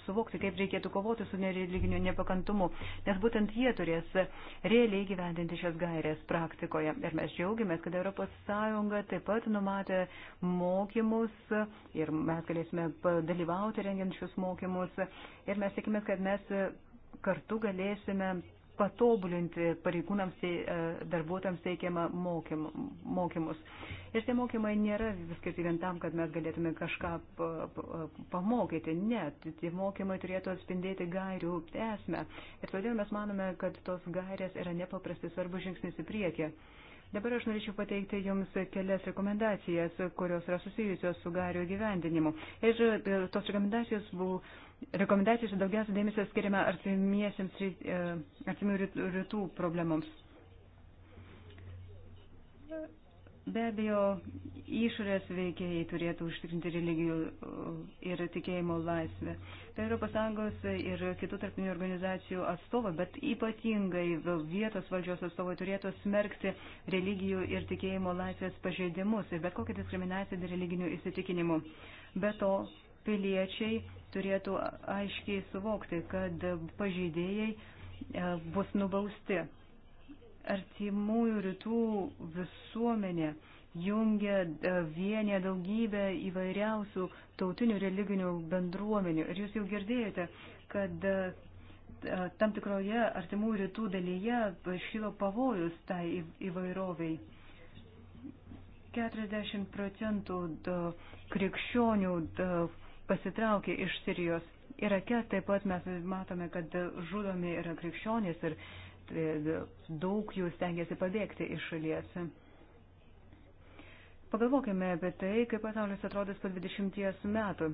suvokti, kaip reikėtų kovoti su nereliginiu religinių nepakantumų, nes būtent jie turės realiai gyvendinti šias gairės praktikoje. Ir mes džiaugiamės, kad ES taip pat numatė mokymus ir mes galėsime dalyvauti rengiant šius mokymus. Ir mes tikimės, kad mes kartu galėsime patobulinti pareigūnams tai, darbuotojams teikiamą mokym, mokymus. Ir tie mokymai nėra skirti vien tam, kad mes galėtume kažką pamokyti. Ne, tie mokymai turėtų atspindėti gairių esmę. Ir todėl mes manome, kad tos gairės yra nepaprastai svarbus žingsnis į priekį. Dabar aš norėčiau pateikti Jums kelias rekomendacijas, kurios yra susijusios su gairių gyvendinimu. Ir e, tos rekomendacijos buvo Rekomendacijose daugiausia dėmesio skiriama artimiesiams e, artimių rytų problemams. Be abejo, išorės veikėjai turėtų užtikrinti religijų e, ir tikėjimo laisvę. Tai ES ir kitų tarpinių organizacijų atstovai, bet ypatingai vietos valdžios atstovai turėtų smerkti religijų ir tikėjimo laisvės pažeidimus ir bet kokią diskriminaciją dėl religinių įsitikinimų. Be to, piliečiai turėtų aiškiai suvokti, kad pažeidėjai e, bus nubausti. Artimųjų rytų visuomenė jungia e, vienė daugybę įvairiausių tautinių religinių bendruomenių. Ir jūs jau girdėjote, kad e, tam tikroje artimųjų rytų dalyje šilo pavojus tai įvairoviai. 40 procentų krikščionių pasitraukė iš Sirijos. Irake taip pat mes matome, kad žudomi yra krikščionys ir e, daug jų stengiasi pabėgti iš šalies. Pagalvokime apie tai, kaip pasaulis atrodys po 20 metų.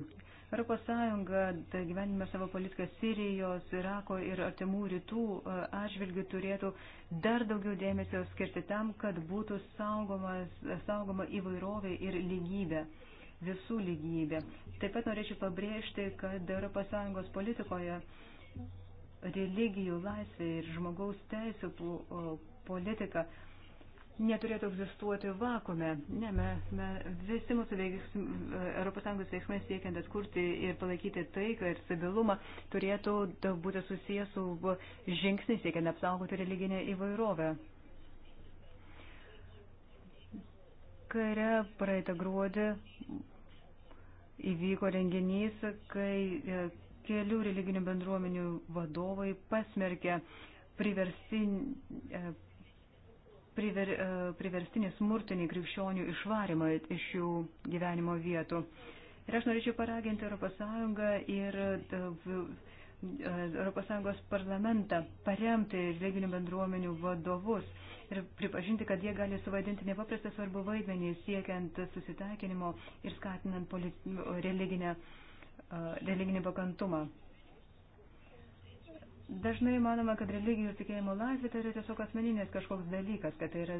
Europos Sąjunga tai gyvenime savo politiką Sirijos, Irako ir artimų rytų e, atžvilgių turėtų dar daugiau dėmesio skirti tam, kad būtų saugomas, saugoma įvairovė ir lygybė visų lygybė. Taip pat norėčiau pabrėžti, kad ES politikoje religijų laisvė ir žmogaus teisų politika neturėtų egzistuoti vakume. Ne, me, me, visi mūsų veiksm, ES veiksmai siekiant atkurti ir palaikyti taiką ir stabilumą turėtų būti susijęs su žingsniais siekiant apsaugoti religinę įvairovę. vakare praeitą gruodį įvyko renginys, kai e, kelių religinių bendruomenių vadovai pasmerkė priversin, e, priver, e, priverstinį smurtinį krikščionių išvarimą iš jų gyvenimo vietų. Ir aš norėčiau paraginti ES ir ES parlamentą paremti religinių bendruomenių vadovus ir pripažinti, kad jie gali suvaidinti nepaprastą svarbu vaidmenį siekiant susitaikinimo ir skatinant religinę, religinį pakantumą. Dažnai manoma, kad religijų tikėjimo laisvė tai yra tiesiog asmeninės kažkoks dalykas, kad tai yra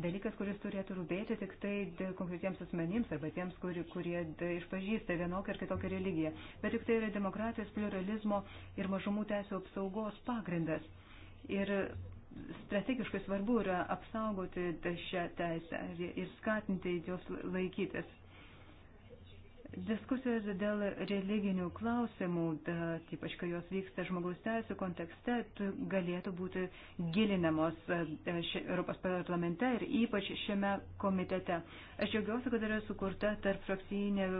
dalykas, kuris turėtų rūpėti tik tai konkretiems asmenims arba tiems, kurie, kurie išpažįsta vienokią ar kitokią religiją. Bet juk tai yra demokratijos, pluralizmo ir mažumų teisų apsaugos pagrindas. Ir strategiškai svarbu yra apsaugoti šią teisę ir skatinti jos laikytis. Diskusijos dėl religinių klausimų, ypač kai jos vyksta žmogaus teisų kontekste, galėtų būti gilinamos e, e, Europos parlamente ir ypač šiame komitete. Aš džiaugiuosi, kad yra sukurta tarp frakcijinė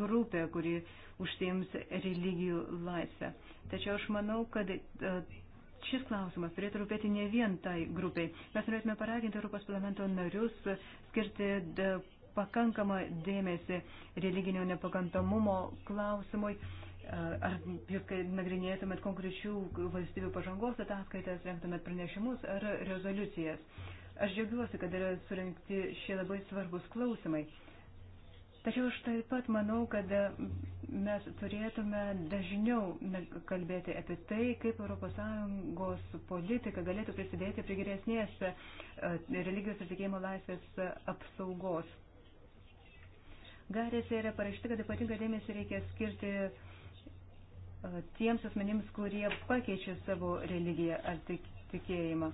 grupė, kuri užsiims religijų laisvę. Tačiau aš manau, kad e, šis klausimas turėtų rūpėti ne vien tai grupiai. Mes norėtume paraginti Europos parlamento narius skirti pakankamą dėmesį religinio nepakantamumo klausimui. Ar jūs nagrinėtumėt konkrečių valstybių pažangos ataskaitas, rengtumėt pranešimus ar rezoliucijas? Aš džiaugiuosi, kad yra surinkti šie labai svarbus klausimai. Tačiau aš taip pat manau, kad mes turėtume dažniau kalbėti apie tai, kaip ES politika galėtų prisidėti prie geresnės e, religijos ir tikėjimo laisvės apsaugos. Garėse yra parašyta, kad ypatingą dėmesį reikia skirti e, tiems asmenims, kurie pakeičia savo religiją ar tikėjimą.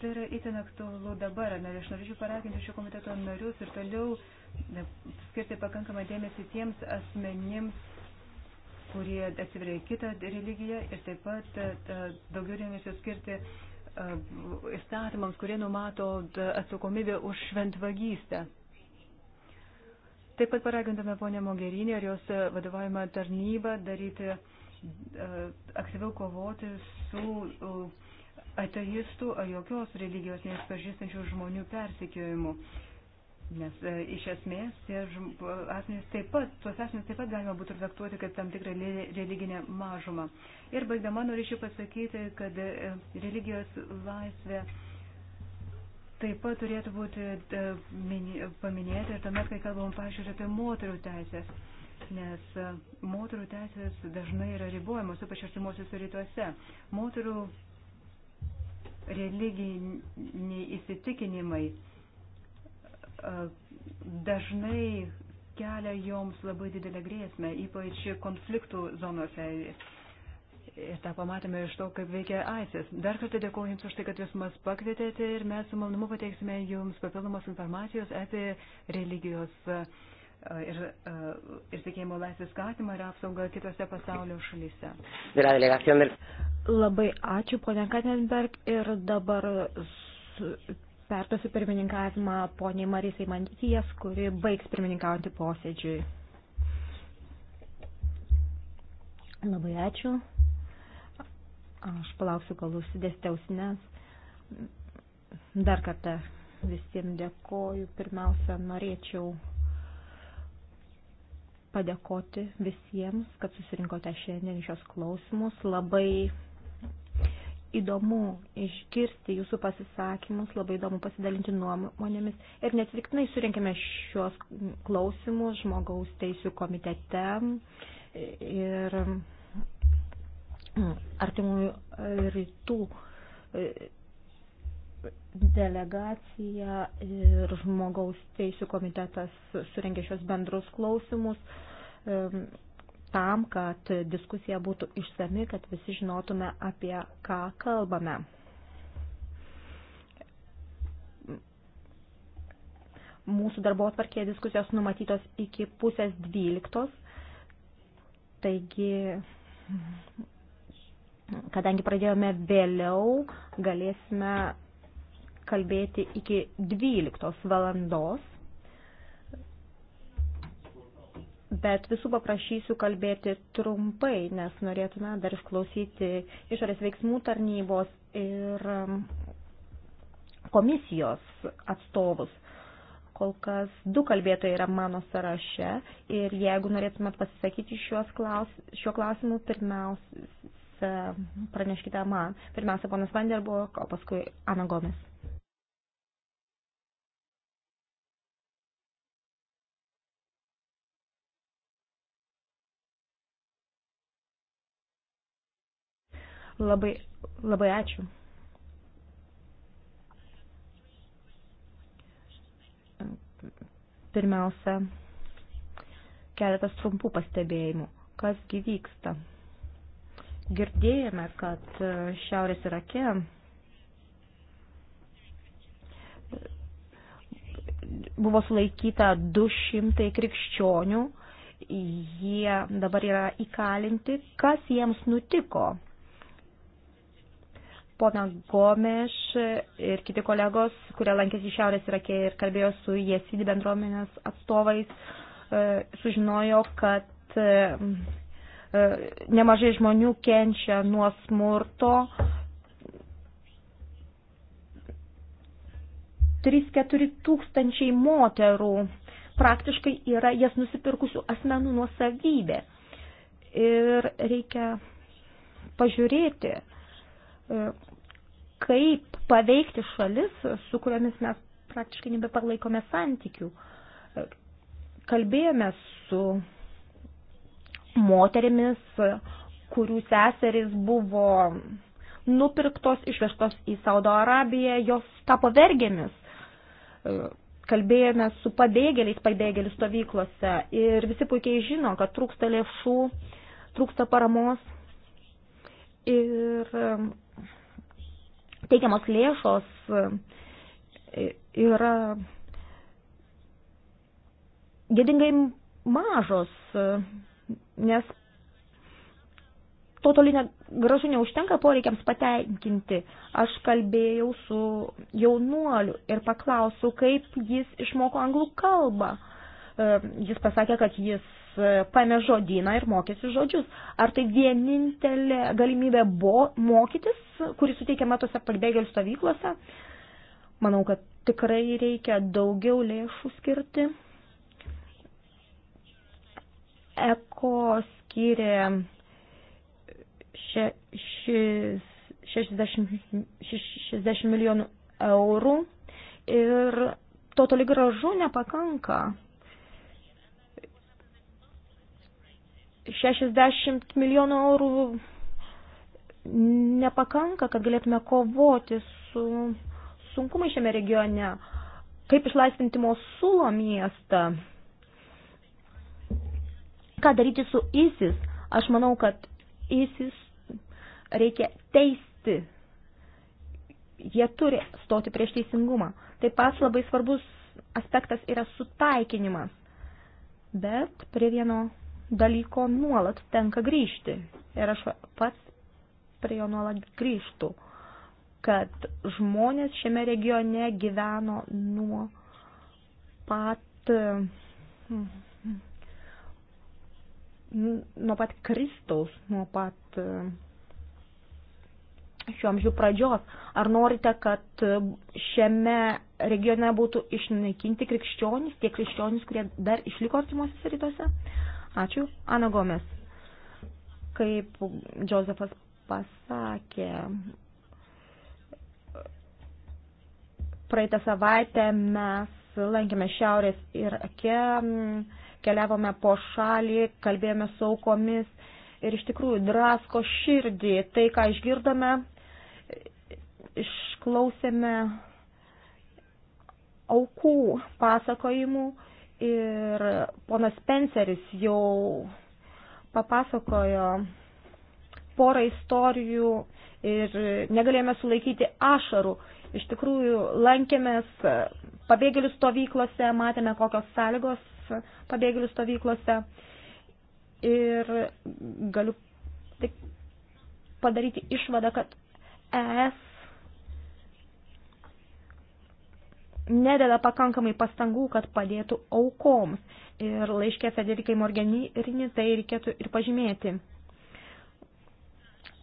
Tai yra itin aktualu dabar. Na, aš norėčiau paraginti šio komiteto narius ir toliau ne, skirti pakankamą dėmesį tiems asmenims, kurie atsiveria kitą religiją ir taip pat ta, e, ta, daugiau dėmesio skirti uh, įstatymams, kurie numato atsakomybę už šventvagystę. Taip pat paragindame ponę Mogerinį ir jos vadovavimą tarnybą daryti, uh, aktyviau kovoti su uh, ateistų, ar jokios religijos neįspažįstančių žmonių persikiojimu. Nes e, iš esmės tie asmenys taip pat, tuos asmenys taip pat galima būtų traktuoti kaip tam tikrą religinę mažumą. Ir baigdama norėčiau pasakyti, kad e, religijos laisvė taip pat turėtų būti e, mini, paminėta ir tuomet, kai kalbam, pažiūrėjau, apie moterų teisės. Nes e, moterų teisės dažnai yra ribojamos, ypač artimuosiuose rytuose. Moterų religiniai įsitikinimai e, dažnai kelia joms labai didelę grėsmę, ypač konfliktų zonose. Ir tą pamatėme iš to, kaip veikia ISIS. Dar kartą dėkuoju Jums už tai, kad Jūs mus pakvietėte ir mes su malonumu pateiksime Jums papildomos informacijos apie religijos uh, E, ir, e, ir tikėjimo laisvės skatimą ir apsaugą kitose pasaulio šalyse. Labai ačiū, ponė Katenberg, ir dabar perduosiu pirmininkavimą poniai Marisai Mandytijas, kuri baigs pirmininkauti posėdžiui. Labai ačiū. Aš palauksiu, kol užsidėsite ausinės. Dar kartą visiems dėkoju. Pirmiausia, norėčiau padėkoti visiems, kad susirinkote šiandien šios klausimus. Labai įdomu išgirsti jūsų pasisakymus, labai įdomu pasidalinti nuomonėmis. Ir neatsitiktinai surinkėme šios klausimus žmogaus teisų komitete ir mm, artimųjų rytų delegacija ir žmogaus teisų komitetas surengė šios bendrus klausimus tam, kad diskusija būtų išsami, kad visi žinotume, apie ką kalbame. Mūsų darbo atvarkėje diskusijos numatytos iki pusės dvyliktos, taigi kadangi pradėjome vėliau, galėsime kalbėti iki 12 valandos, bet visų paprašysiu kalbėti trumpai, nes norėtume dar išklausyti išorės veiksmų tarnybos ir um, komisijos atstovus. Kol kas du kalbėtojai yra mano sąraše ir jeigu norėtumėt pasisakyti klaus, šiuo klausimu, pirmiausia, praneškite man. Pirmiausia, ponas Vanderburg, o paskui Ana Gomes. Labai, labai ačiū. Pirmiausia, keletas trumpų pastebėjimų. Kas gyvyksta? Girdėjome, kad e, Šiaurės Irake buvo sulaikyta 200 krikščionių, jie dabar yra įkalinti. Kas jiems nutiko? Pona Gomeš ir kiti kolegos, kurie lankėsi Šiaurės Irake ir kalbėjo su Jesidį bendruomenės atstovais, e, sužinojo, kad e, e, nemažai žmonių kenčia nuo smurto. 3-4 tūkstančiai moterų praktiškai yra jas nusipirkusių asmenų nuosavybė. Ir reikia pažiūrėti, kaip paveikti šalis, su kuriomis mes praktiškai nebepalaikome santykių. Kalbėjome su moterimis, kurių seserys buvo nupirktos, išvežtos į Saudo Arabiją, jos tapo vergėmis. Kalbėjome su pabėgėliais pabėgėlių stovyklose ir visi puikiai žino, kad trūksta lėšų, trūksta paramos. Ir teikiamos lėšos e, yra gėdingai mažos, e, nes to toli ne, gražu neužtenka poreikiams patenkinti. Aš kalbėjau su jaunuoliu ir paklausiu, kaip jis išmoko anglų kalbą. E, jis pasakė, kad jis e, paėmė žodyną ir mokėsi žodžius. Ar tai vienintelė galimybė buvo mokytis, kuri suteikiama tose pabėgėlių stovyklose? Manau, kad tikrai reikia daugiau lėšų skirti. Eko skyrė še, šis, 60, 60 milijonų eurų ir to toli gražu nepakanka. 60 milijonų eurų nepakanka, kad galėtume kovoti su sunkumai šiame regione. Kaip išlaisvinti Mosulo miestą? Ką daryti su ISIS? Aš manau, kad ISIS reikia teisti. Jie turi stoti prieš teisingumą. Taip pat labai svarbus aspektas yra sutaikinimas. Bet prie vieno dalyko nuolat tenka grįžti. Ir aš pats prie jo nuolat grįžtų, kad žmonės šiame regione gyveno nuo pat, nuo pat Kristaus, nuo pat šiuo amžių pradžios. Ar norite, kad šiame regione būtų išnaikinti krikščionys, tie krikščionys, kurie dar išliko artimuosiuose rytuose? Ačiū, Ana Gomes. Kaip Josefas pasakė, praeitą savaitę mes lankėme Šiaurės Irake, keliavome po šalį, kalbėjome su aukomis ir iš tikrųjų drasko širdį. Tai, ką išgirdome, išklausėme aukų pasakojimų ir ponas Spenceris jau papasakojo porą istorijų ir negalėjome sulaikyti ašarų. Iš tikrųjų, lankėmės pabėgėlių stovyklose, matėme kokios sąlygos pabėgėlių stovyklose ir galiu tik padaryti išvadą, kad ES nededa pakankamai pastangų, kad padėtų aukoms. Ir laiškė Federikai Morgenirini tai reikėtų ir pažymėti.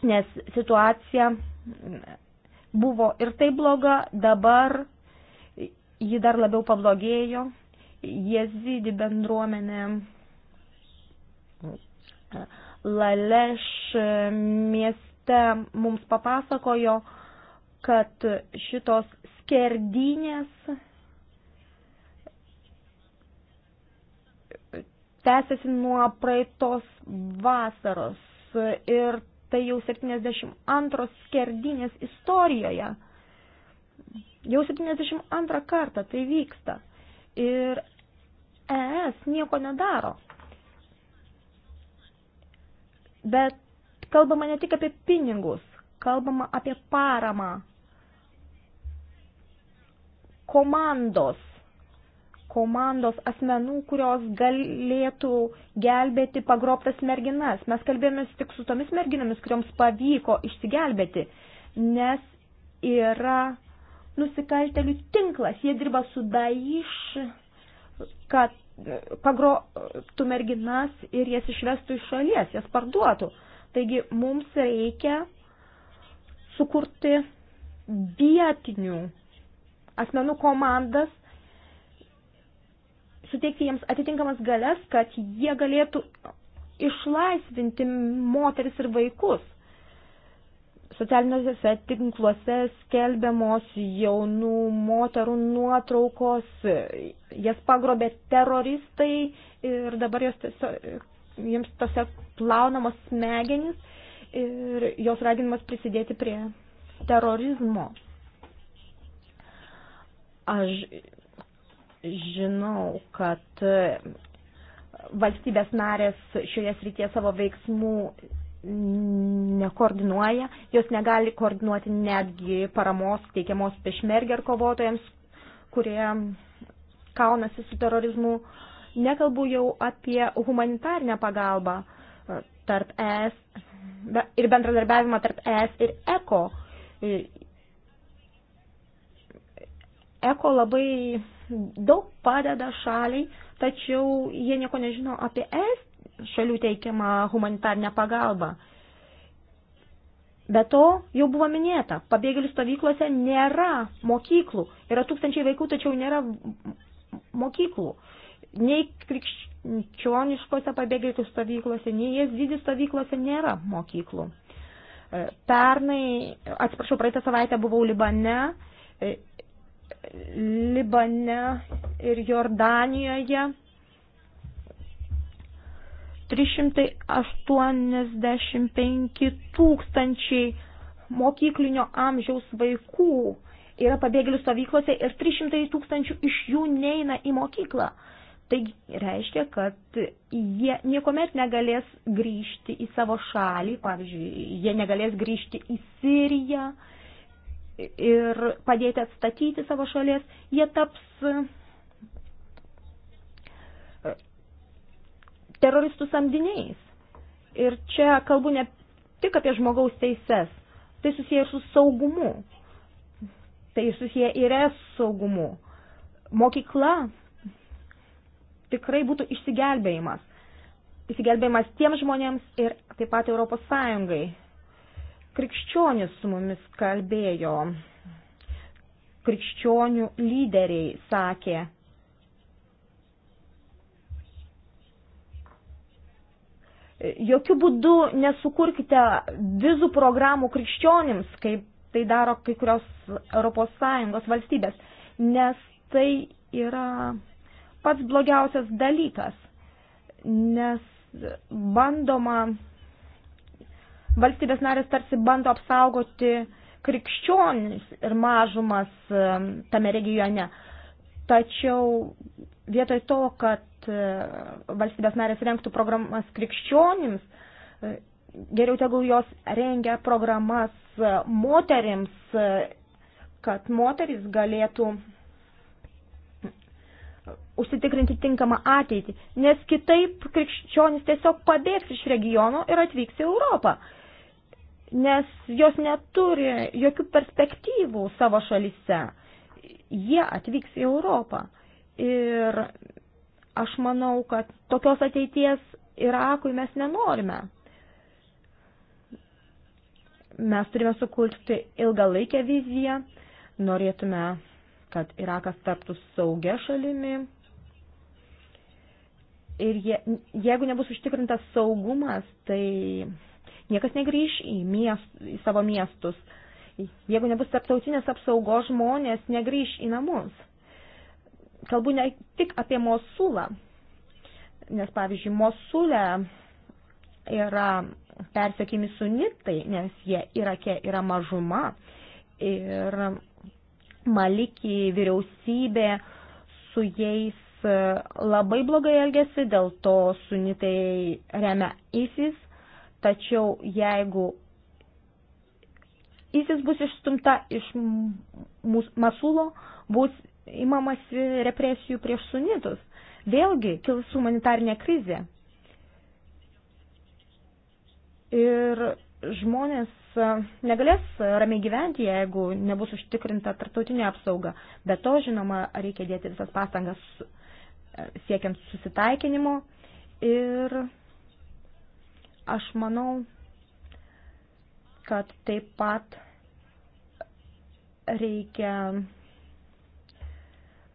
Nes situacija buvo ir tai bloga, dabar ji dar labiau pablogėjo. Jezidi bendruomenė Laleš mieste mums papasakojo, kad šitos skerdynės tęsiasi nuo praeitos vasaros ir tai jau 72 skerdynės istorijoje. Jau 72 kartą tai vyksta. Ir ES nieko nedaro. Bet kalbama ne tik apie pinigus, kalbama apie paramą komandos, komandos asmenų, kurios galėtų gelbėti pagrobtas merginas. Mes kalbėjomės tik su tomis merginomis, kuriuoms pavyko išsigelbėti, nes yra nusikaltelių tinklas, jie dirba su Daiš, kad pagrobtų merginas ir jas išvestų iš šalies, jas parduotų. Taigi mums reikia sukurti vietinių asmenų komandas, suteikti jiems atitinkamas galės, kad jie galėtų išlaisvinti moteris ir vaikus. Socialiniuose tinkluose skelbiamos jaunų moterų nuotraukos, jas pagrobė teroristai ir dabar jos tiesiog, jiems tose plaunamos smegenys ir jos raginimas prisidėti prie terorizmo. Aš žinau, kad e, valstybės narės šioje srityje savo veiksmų nekoordinuoja, jos negali koordinuoti netgi paramos teikiamos pešmerger kovotojams, kurie kaunasi su terorizmu. Nekalbu jau apie humanitarnę pagalbą e, tarp ES ir bendradarbiavimą tarp ES ir ECO. E, Eko labai daug padeda šaliai, tačiau jie nieko nežino apie es šalių teikiamą humanitarnę pagalbą. Be to, jau buvo minėta, pabėgėlių stovyklose nėra mokyklų. Yra tūkstančiai vaikų, tačiau nėra mokyklų. Nei krikščioniškose pabėgėlių stovyklose, nei jezidų stovyklose nėra mokyklų. E, pernai, atsiprašau, praeitą savaitę buvau Libane e, Libane ir Jordanijoje. 385 tūkstančiai mokyklinio amžiaus vaikų yra pabėgėlių stovyklose ir 300 tūkstančių iš jų neina į mokyklą. Tai reiškia, kad jie niekuomet negalės grįžti į savo šalį, pavyzdžiui, jie negalės grįžti į Siriją, ir padėti atstatyti savo šalies, jie taps e, teroristų samdiniais. Ir čia kalbu ne tik apie žmogaus teises, tai susiję ir su saugumu, tai susiję ir es saugumu. Mokykla tikrai būtų išsigelbėjimas. Išsigelbėjimas tiems žmonėms ir taip pat Europos Sąjungai krikščionis su mumis kalbėjo, krikščionių lyderiai sakė, Jokių būdų nesukurkite vizų programų krikščionims, kaip tai daro kai kurios ES valstybės, nes tai yra pats blogiausias dalykas, nes bandoma valstybės narės tarsi bando apsaugoti krikščionis ir mažumas tame regione. Tačiau vietoj to, kad e, valstybės narės renktų programas krikščionims, e, geriau tegul jos rengia programas e, moterims, kad moteris galėtų užsitikrinti tinkamą ateitį, nes kitaip krikščionis tiesiog pabėgs iš regiono ir atvyks į Europą nes jos neturi jokių perspektyvų savo šalyse. Jie atvyks į Europą. Ir aš manau, kad tokios ateities Irakui mes nenorime. Mes turime sukurti ilgalaikę viziją, norėtume, kad Irakas taptų saugia šalimi. Ir je, jeigu nebus užtikrintas saugumas, tai Niekas negrįž į, miest, į savo miestus. Jeigu nebus tarptautinės apsaugos, žmonės negrįž į namus. Kalbu ne tik apie Mosulą, nes pavyzdžiui, Mosulė yra persekimi sunitai, nes jie Irake yra mažuma. Ir Maliki vyriausybė su jais labai blogai elgesi, dėl to sunitai remia ISIS. Tačiau jeigu ISIS bus išstumta iš Masulo, bus imamasi represijų prieš sunitus. Vėlgi kils humanitarinė krizė. Ir žmonės e, negalės ramiai gyventi, jeigu nebus užtikrinta tartautinė apsauga. Be to, žinoma, reikia dėti visas pastangas e, siekiant susitaikinimo ir Aš manau, kad taip pat reikia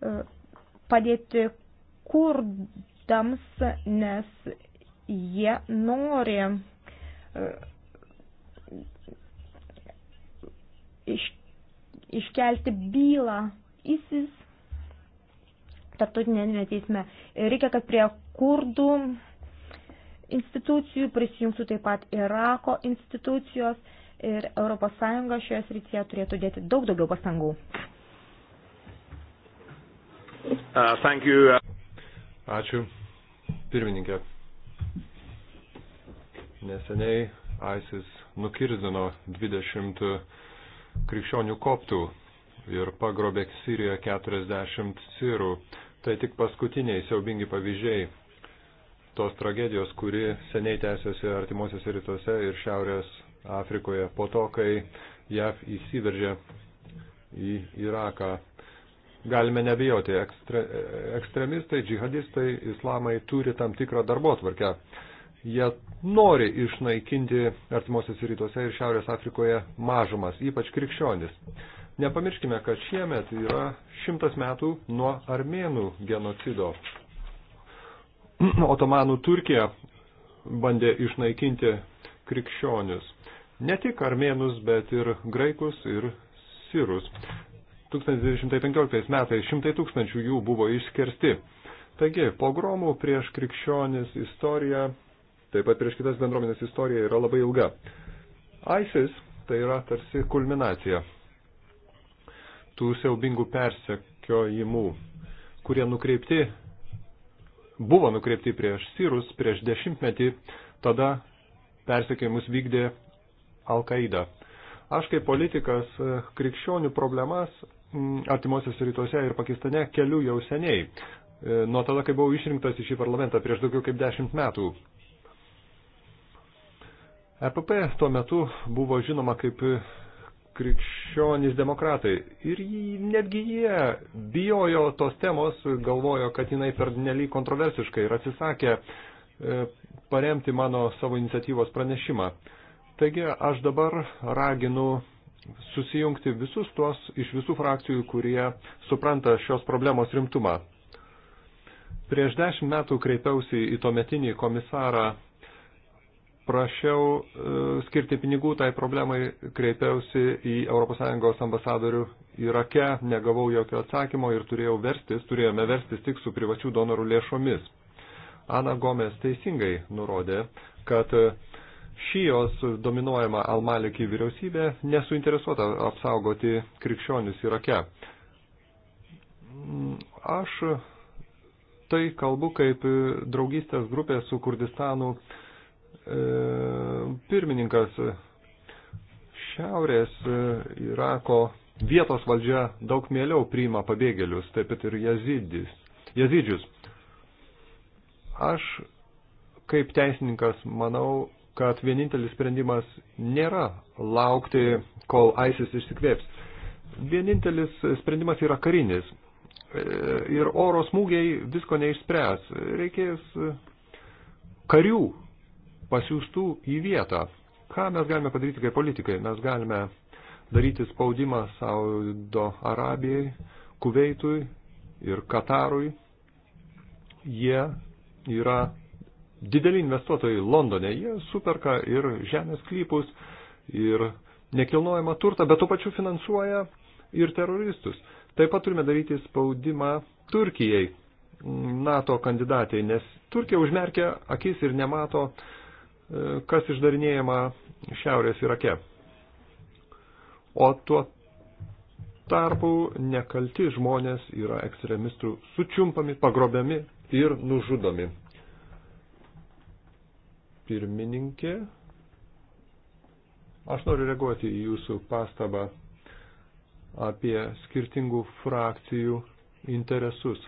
e, padėti kurdams, nes jie nori e, iš, iškelti bylą įsis tarptautinėme teisme. Reikia, kad prie kurdų institucijų, prisijungtų taip pat Irako institucijos ir ES šioje srityje turėtų dėti daug daugiau pastangų. Uh, Ačiū, pirmininkė. Neseniai ISIS nukirzino 20 krikščionių koptų ir pagrobė Sirijoje 40 sirų. Tai tik paskutiniai siaubingi pavyzdžiai tos tragedijos, kuri seniai tęsiasi artimuosiuose rytuose ir Šiaurės Afrikoje po to, kai JAV įsiveržė į Iraką. Galime nebijoti, ekstre, ekstremistai, džihadistai, islamai turi tam tikrą darbo tvarkę. Jie nori išnaikinti artimuosiuose rytuose ir Šiaurės Afrikoje mažumas, ypač krikščionis. Nepamirškime, kad šiemet yra šimtas metų nuo armėnų genocido otomanų Turkija bandė išnaikinti krikščionius. Ne tik armėnus, bet ir graikus ir sirus. 1915 metais šimtai tūkstančių jų buvo išskersti. Taigi, pogromų prieš krikščionis istorija, taip pat prieš kitas bendruomenės istorija yra labai ilga. ISIS tai yra tarsi kulminacija tų siaubingų persekiojimų, kurie nukreipti buvo nukreipti prieš Sirus prieš dešimtmetį, tada persekėjimus vykdė Al-Qaida. Aš kaip politikas e, krikščionių problemas artimuosios rytuose ir Pakistane keliu jau seniai. E, nuo tada, kai buvau išrinktas į šį parlamentą prieš daugiau kaip dešimt metų. EPP tuo metu buvo žinoma kaip krikščionys demokratai. Ir netgi jie bijojo tos temos, galvojo, kad jinai per nelį kontroversiškai ir atsisakė e, paremti mano savo iniciatyvos pranešimą. Taigi aš dabar raginu susijungti visus tuos iš visų frakcijų, kurie supranta šios problemos rimtumą. Prieš dešimt metų kreipiausi į tuometinį komisarą prašiau e, skirti pinigų, tai problemai kreipiausi į ES ambasadorių Irake, negavau jokio atsakymo ir turėjau verstis, turėjome verstis tik su privačių donorų lėšomis. Ana Gomes teisingai nurodė, kad šijos dominuojama Almalikį vyriausybė nesuinteresuota apsaugoti krikščionius Irake. Mm, aš tai kalbu kaip draugystės grupė su Kurdistanu uh, E, pirmininkas e, Šiaurės e, Irako vietos valdžia daug mieliau priima pabėgėlius, taip pat ir jazidis, jazidžius. Aš kaip teisininkas manau, kad vienintelis sprendimas nėra laukti, kol ISIS išsikvėps. Vienintelis sprendimas yra karinis. Ir oro smūgiai visko neišspręs. Reikės karių pasiūstų į vietą. Ką mes galime padaryti kaip politikai? Mes galime daryti spaudimą Saudo Arabijai, Kuveitui ir Katarui. Jie yra dideli investuotojai Londone. Jie superka ir žemės klypus, ir nekilnojama turta, bet to pačiu finansuoja ir teroristus. Taip pat turime daryti spaudimą Turkijai, NATO kandidatai, nes Turkija užmerkia akis ir nemato kas išdarinėjama šiaurės Irake. O tuo tarpu nekalti žmonės yra ekstremistų sučiumpami, pagrobiami ir nužudomi. Pirmininkė, aš noriu reaguoti į jūsų pastabą apie skirtingų frakcijų interesus.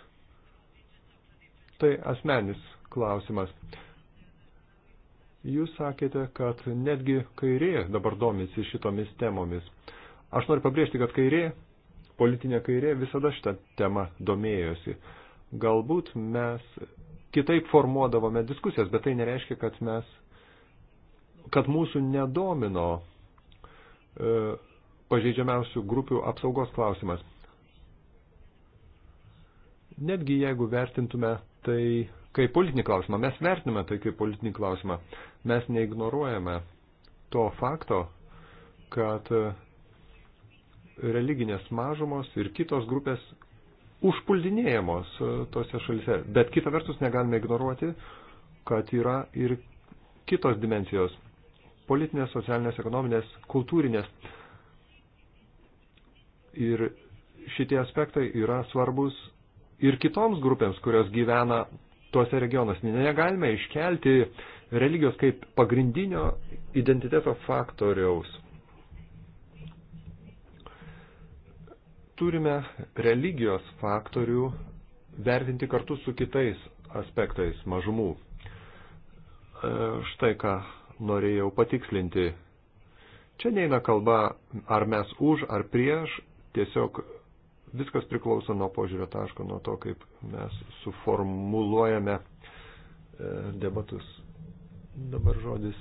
Tai asmenis klausimas. Jūs sakėte, kad netgi kairė dabar domisi šitomis temomis. Aš noriu pabrėžti, kad kairė, politinė kairė visada šitą temą domėjosi. Galbūt mes kitaip formuodavome diskusijas, bet tai nereiškia, kad mes, kad mūsų nedomino e, pažeidžiamiausių grupių apsaugos klausimas. Netgi jeigu vertintume tai kaip politinį klausimą, mes vertiname tai kaip politinį klausimą, Mes neignoruojame to fakto, kad religinės mažumos ir kitos grupės užpuldinėjamos e, tose šalise. Bet kita vertus negalime ignoruoti, kad yra ir kitos dimensijos – politinės, socialinės, ekonominės, kultūrinės. Ir šitie aspektai yra svarbus ir kitoms grupėms, kurios gyvena tuose regionuose. Negalime iškelti uh, religijos kaip pagrindinio identiteto faktoriaus. Turime religijos faktorių vertinti kartu su kitais aspektais mažumų. E, štai ką norėjau patikslinti. Čia neina kalba, ar mes už, ar prieš, tiesiog viskas priklauso nuo požiūrio taško, nuo to, kaip mes suformuluojame e, debatus. Dabar žodis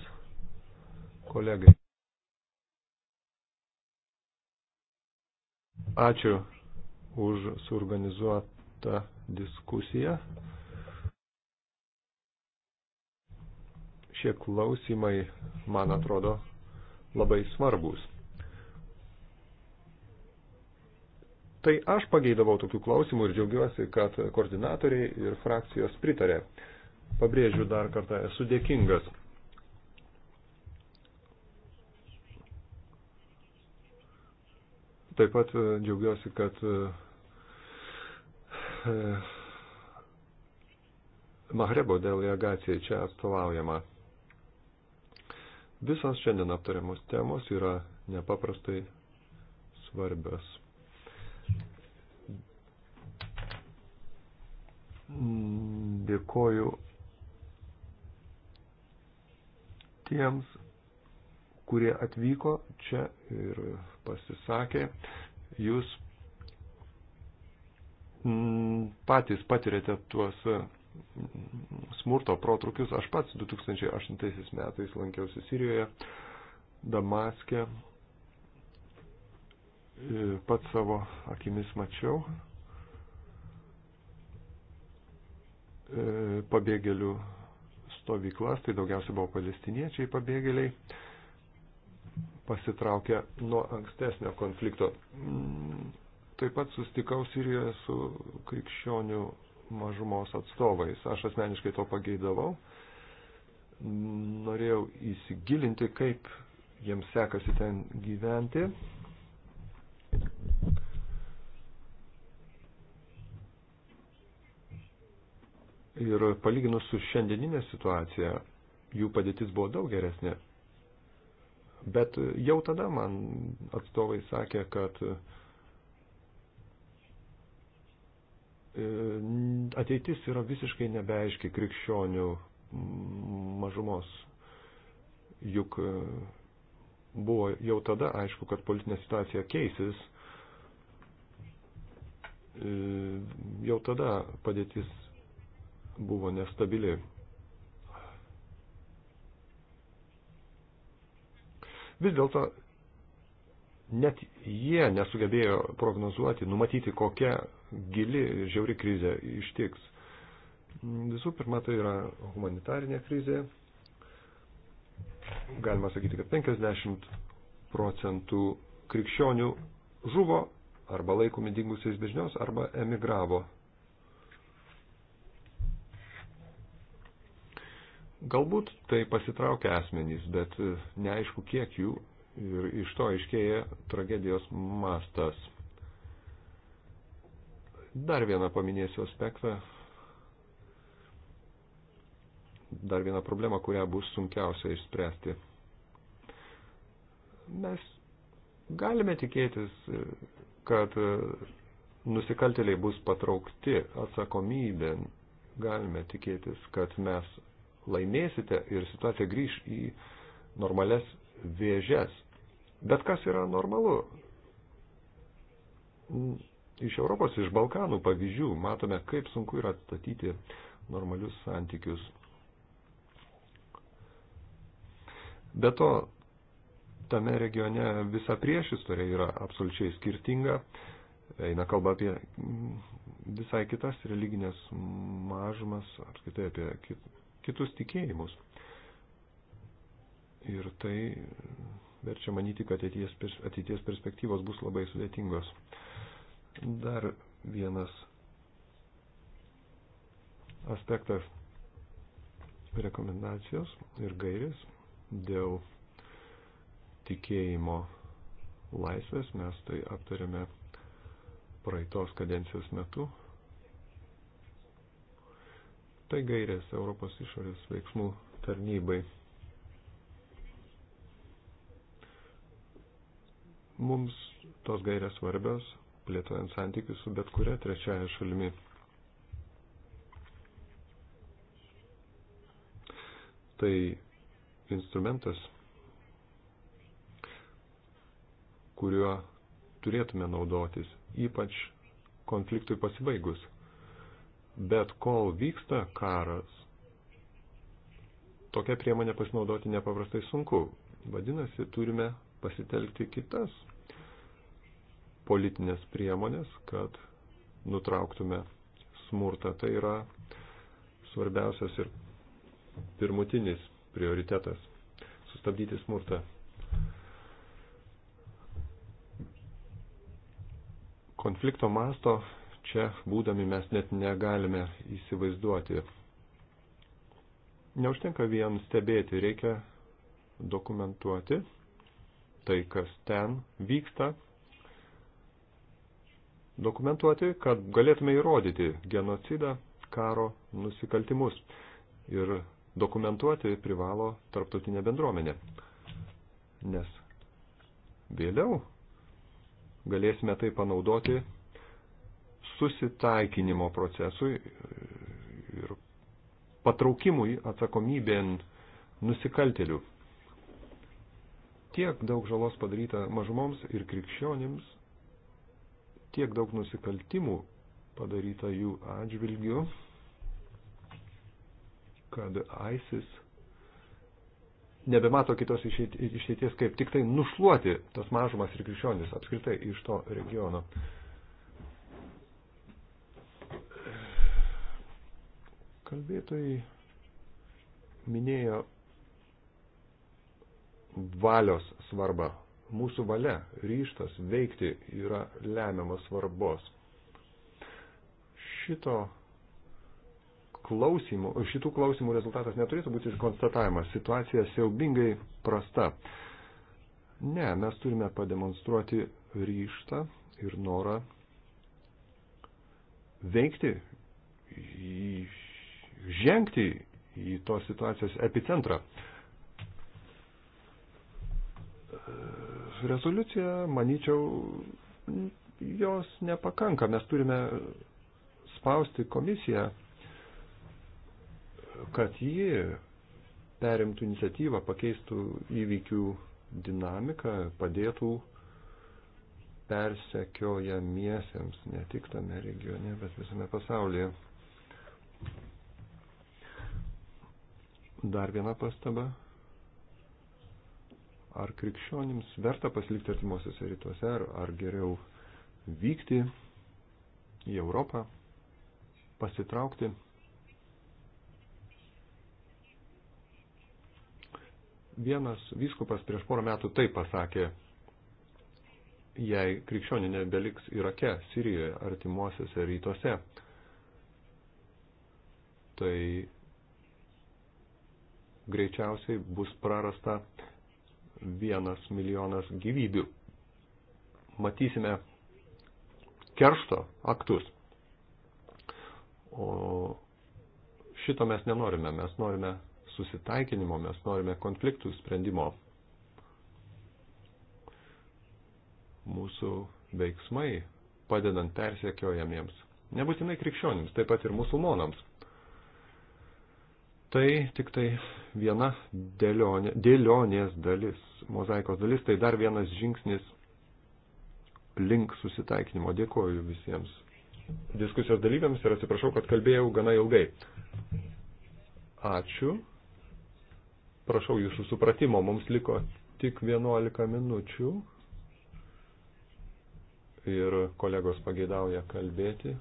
kolegai. Ačiū už suorganizuotą diskusiją. Šie klausimai, man atrodo, labai svarbus. Tai aš pageidavau tokių klausimų ir džiaugiuosi, kad koordinatoriai ir frakcijos pritarė. Pabrėžiu dar kartą, esu dėkingas. Taip pat e, džiaugiuosi, kad e, e, Mahrebo delegacija čia atstovaujama. Visos šiandien aptariamos temos yra nepaprastai svarbios. Dėkoju tiems, kurie atvyko čia ir pasisakė. Jūs mm, patys patirėte tuos mm, smurto protrukius. Aš pats 2008 metais lankiausi Sirijoje, Damaskė. Pats savo akimis mačiau e, pabėgėlių stovyklas, tai daugiausia buvo palestiniečiai pabėgėliai, pasitraukė nuo ankstesnio konflikto. Mm, taip pat sustikau Sirijoje su krikščionių mažumos atstovais. Aš asmeniškai to pageidavau. Norėjau įsigilinti, kaip jiems sekasi ten gyventi. Ir palyginus su šiandieninė situacija, jų padėtis buvo daug geresnė. Bet jau tada man atstovai sakė, kad e, ateitis yra visiškai nebeaiški krikščionių mažumos. Juk e, buvo jau tada aišku, kad politinė situacija keisis. E, jau tada padėtis buvo nestabili. Vis dėlto net jie nesugebėjo prognozuoti, numatyti, kokia gili ir žiauri krizė ištiks. Visų pirma, tai yra humanitarinė krizė. Galima sakyti, kad 50 procentų krikščionių žuvo arba laikomi dingusiais bežnios, arba emigravo Galbūt tai pasitraukia asmenys, bet e, neaišku, kiek jų ir iš to aiškėja tragedijos mastas. Dar vieną paminėsiu aspektą, dar vieną problemą, kurią bus sunkiausia išspręsti. Mes galime tikėtis, e, kad e, nusikaltėliai bus patraukti atsakomybėn, galime tikėtis, kad mes laimėsite ir situacija grįž į normales vėžes. Bet kas yra normalu? Mm, iš Europos, iš Balkanų pavyzdžių matome, kaip sunku yra atstatyti normalius santykius. Be to, tame regione visa priešistorė yra absoliučiai skirtinga. Eina kalba apie mm, visai kitas religinės mažumas, apskaitai apie kit, kitus tikėjimus. Ir tai verčia manyti, kad ateities, ateities perspektyvos bus labai sudėtingos. Dar vienas aspektas rekomendacijos ir gairės dėl tikėjimo laisvės. Mes tai aptarėme praeitos kadencijos metu Tai gairės Europos išorės veiksmų tarnybai. Mums tos gairės svarbios, plėtojant santykius su bet kuria trečiaja šalimi. Tai instrumentas, kuriuo turėtume naudotis, ypač konfliktui pasibaigus. Bet kol vyksta karas, tokia priemonė pasinaudoti nepaprastai sunku. Vadinasi, turime pasitelkti kitas politinės priemonės, kad nutrauktume smurtą. Tai yra svarbiausias ir pirmutinis prioritetas – sustabdyti smurtą. Konflikto masto čia būdami mes net negalime įsivaizduoti. Neužtenka vien stebėti, reikia dokumentuoti tai, kas ten vyksta, dokumentuoti, kad galėtume įrodyti genocidą, karo nusikaltimus ir dokumentuoti privalo tarptautinė bendruomenė. Nes vėliau galėsime tai panaudoti susitaikinimo procesui ir patraukimui atsakomybėn nusikaltelių. Tiek daug žalos padaryta mažumoms ir krikščionims, tiek daug nusikaltimų padaryta jų atžvilgiu, kad ISIS nebemato kitos išeities, kaip tik tai nušluoti tas mažumas ir krikščionis apskritai iš to regiono. Kalbėtojai minėjo valios svarbą. Mūsų valia, ryštas veikti yra lemiamas svarbos. Šito klausimų, šitų klausimų rezultatas neturėtų būti konstatavimas. Situacija siaubingai prasta. Ne, mes turime pademonstruoti ryštą ir norą veikti žengti į tos situacijos epicentrą. Rezoliucija, manyčiau, jos nepakanka. Mes turime spausti komisiją, kad ji perimtų iniciatyvą, pakeistų įvykių dinamiką, padėtų persekiojamiesiems ne tik tame regione, bet visame pasaulyje. Dar viena pastaba. Ar krikščionims verta pasilikti artimuosiuose rytuose, ar, ar geriau vykti į Europą, pasitraukti? Vienas vyskupas prieš porą metų taip pasakė, jei krikščionė nebeliks Irake, Sirijoje, artimuosiuose rytuose, tai greičiausiai bus prarasta vienas milijonas gyvybių. Matysime keršto aktus. O šito mes nenorime. Mes norime susitaikinimo, mes norime konfliktų sprendimo. Mūsų veiksmai padedant persiekiojamiems, nebūtinai krikščionims, taip pat ir musulmonams Tai tik tai viena dėlionė, dėlionės dalis, mozaikos dalis, tai dar vienas žingsnis link susitaikinimo. Dėkoju visiems diskusijos dalyviams ir atsiprašau, kad kalbėjau gana ilgai. Ačiū. Prašau jūsų supratimo, mums liko tik 11 minučių ir kolegos pageidauja kalbėti.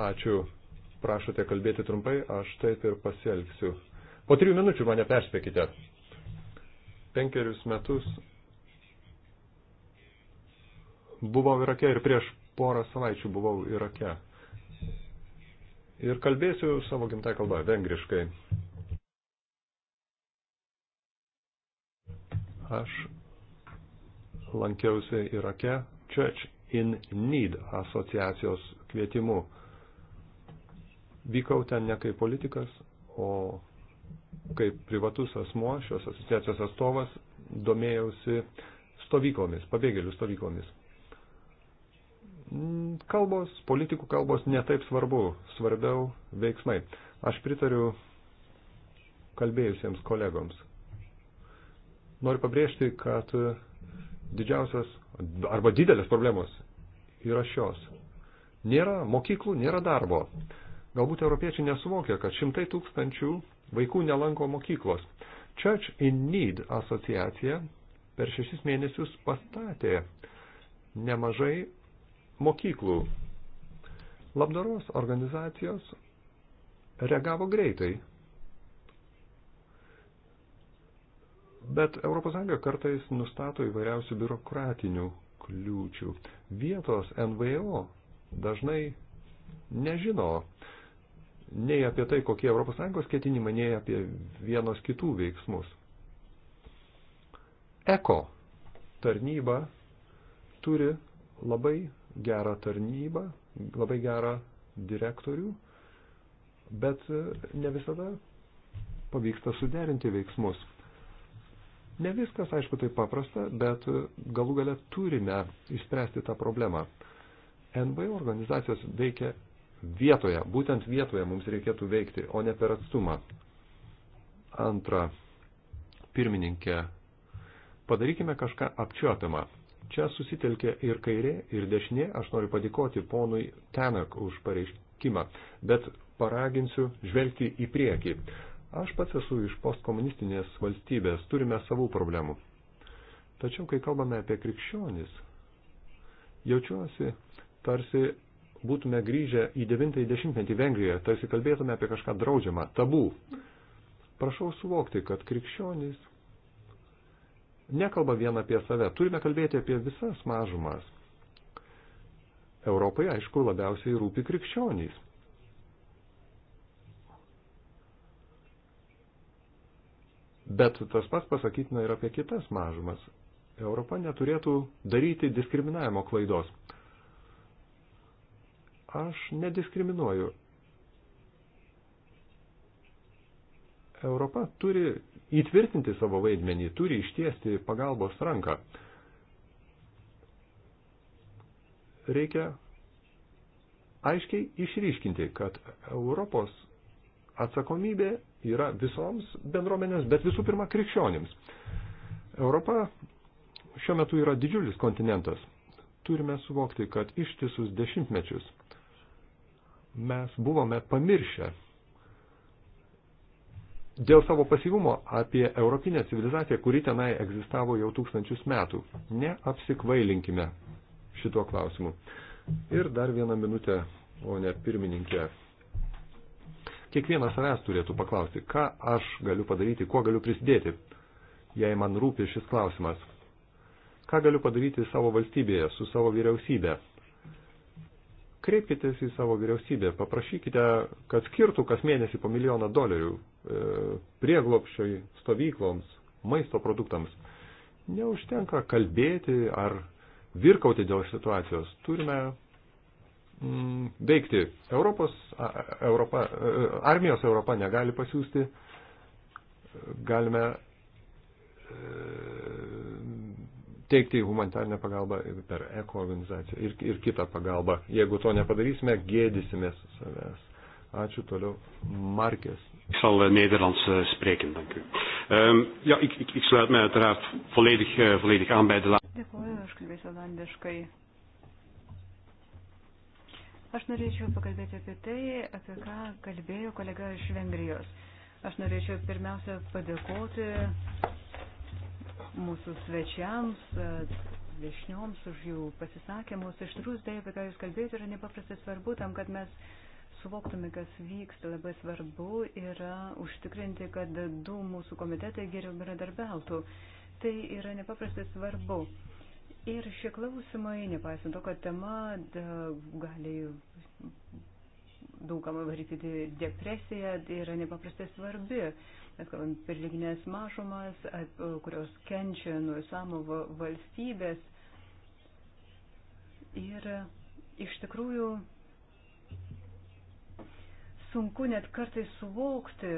Ačiū. Prašote kalbėti trumpai, aš taip ir pasielgsiu. Po trijų minučių mane perspėkite. Penkerius metus buvau Irake ir prieš porą savaičių buvau Irake. Ir kalbėsiu savo gimtąją kalbą, vengriškai. Aš lankiausi Irake Church in Need asociacijos kvietimu Vykau ten ne kaip politikas, o kaip privatus asmuo, šios asociacijos atstovas, domėjausi stovyklomis, pabėgėlių stovyklomis. Mm, kalbos, politikų kalbos netaip svarbu, svarbiau veiksmai. Aš pritariu kalbėjusiems kolegoms. Noriu pabrėžti, kad didžiausios arba didelės problemos yra šios. Nėra mokyklų, nėra darbo. Galbūt europiečiai nesuvokia, kad šimtai tūkstančių vaikų nelanko mokyklos. Church in Need asociacija per šešis mėnesius pastatė nemažai mokyklų. Labdaros organizacijos reagavo greitai. Bet ES kartais nustato įvairiausių biurokratinių kliūčių. Vietos NVO dažnai nežino, nei apie tai, kokie ES ketinimai, nei apie vienos kitų veiksmus. Eko tarnyba turi labai gerą tarnybą, labai gerą direktorių, bet ne visada pavyksta suderinti veiksmus. Ne viskas, aišku, taip paprasta, bet galų gale turime išspręsti tą problemą. NVO organizacijos veikia vietoje, būtent vietoje mums reikėtų veikti, o ne per atstumą. Antra, pirmininkė, padarykime kažką apčiuopiamą. Čia susitelkė ir kairė, ir dešinė. Aš noriu padėkoti ponui Tenak už pareiškimą, bet paraginsiu žvelgti į priekį. Aš pats esu iš postkomunistinės valstybės, turime savų problemų. Tačiau, kai kalbame apie krikščionis, jaučiuosi tarsi būtume grįžę į 90-metį Vengrijoje, tarsi kalbėtume apie kažką draudžiamą, tabų. Prašau suvokti, kad krikščionys nekalba vien apie save, turime kalbėti apie visas mažumas. Europai, aišku, labiausiai rūpi krikščionys. Bet tas pats pasakytina ir apie kitas mažumas. Europa neturėtų daryti diskriminavimo klaidos. Aš nediskriminuoju. Europa turi įtvirtinti savo vaidmenį, turi ištiesti pagalbos ranką. Reikia aiškiai išryškinti, kad Europos atsakomybė yra visoms bendruomenėms, bet visų pirma krikščionims. Europa šiuo metu yra didžiulis kontinentas. Turime suvokti, kad ištisus dešimtmečius mes buvome pamiršę dėl savo pasyvumo apie europinę civilizaciją, kuri tenai egzistavo jau tūkstančius metų. Neapsikvailinkime šituo klausimu. Ir dar vieną minutę, o ne pirmininkė. Kiekvienas savęs turėtų paklausti, ką aš galiu padaryti, kuo galiu prisidėti, jei man rūpi šis klausimas. Ką galiu padaryti savo valstybėje, su savo vyriausybė, kreipkitės į savo vyriausybę, paprašykite, kad skirtų kas mėnesį po milijoną dolerių e, prieglopščiai stovykloms, maisto produktams. Neužtenka kalbėti ar virkauti dėl situacijos. Turime mm, veikti. Europos, Europa, e, armijos Europa negali pasiūsti. Galime e, teikti humanitarinę pagalbą per eko organizaciją ir, ir kitą pagalbą. Jeigu to nepadarysime, gėdysimės savęs. Ačiū toliau. Markės. Ik zal uh, Nederlands uh, spreken, dank u. Um, ja, ik, ik, ik sluit mij uiteraard volledig, uh, volledig aan bij de laatste. Dėkuoju, aš kalbėsiu olandiškai. Aš norėčiau pakalbėti apie tai, apie ką kalbėjo kolega iš Vengrijos. Aš norėčiau pirmiausia padėkoti mūsų svečiams, e, viešnioms už jų pasisakymus. Iš tikrųjų, tai, apie ką jūs kalbėjote, yra nepaprastai svarbu tam, kad mes suvoktume, kas vyksta. Labai svarbu yra užtikrinti, kad du mūsų komitetai geriau bendradarbiautų. Tai yra nepaprastai svarbu. Ir šie klausimai, nepaisant to, kad tema da, gali daugam varyti depresiją, tai yra nepaprastai svarbi. Mes kalbame apie religinės mažumas, kurios kenčia nuo islamo valstybės. Ir e, iš tikrųjų sunku net kartais suvokti,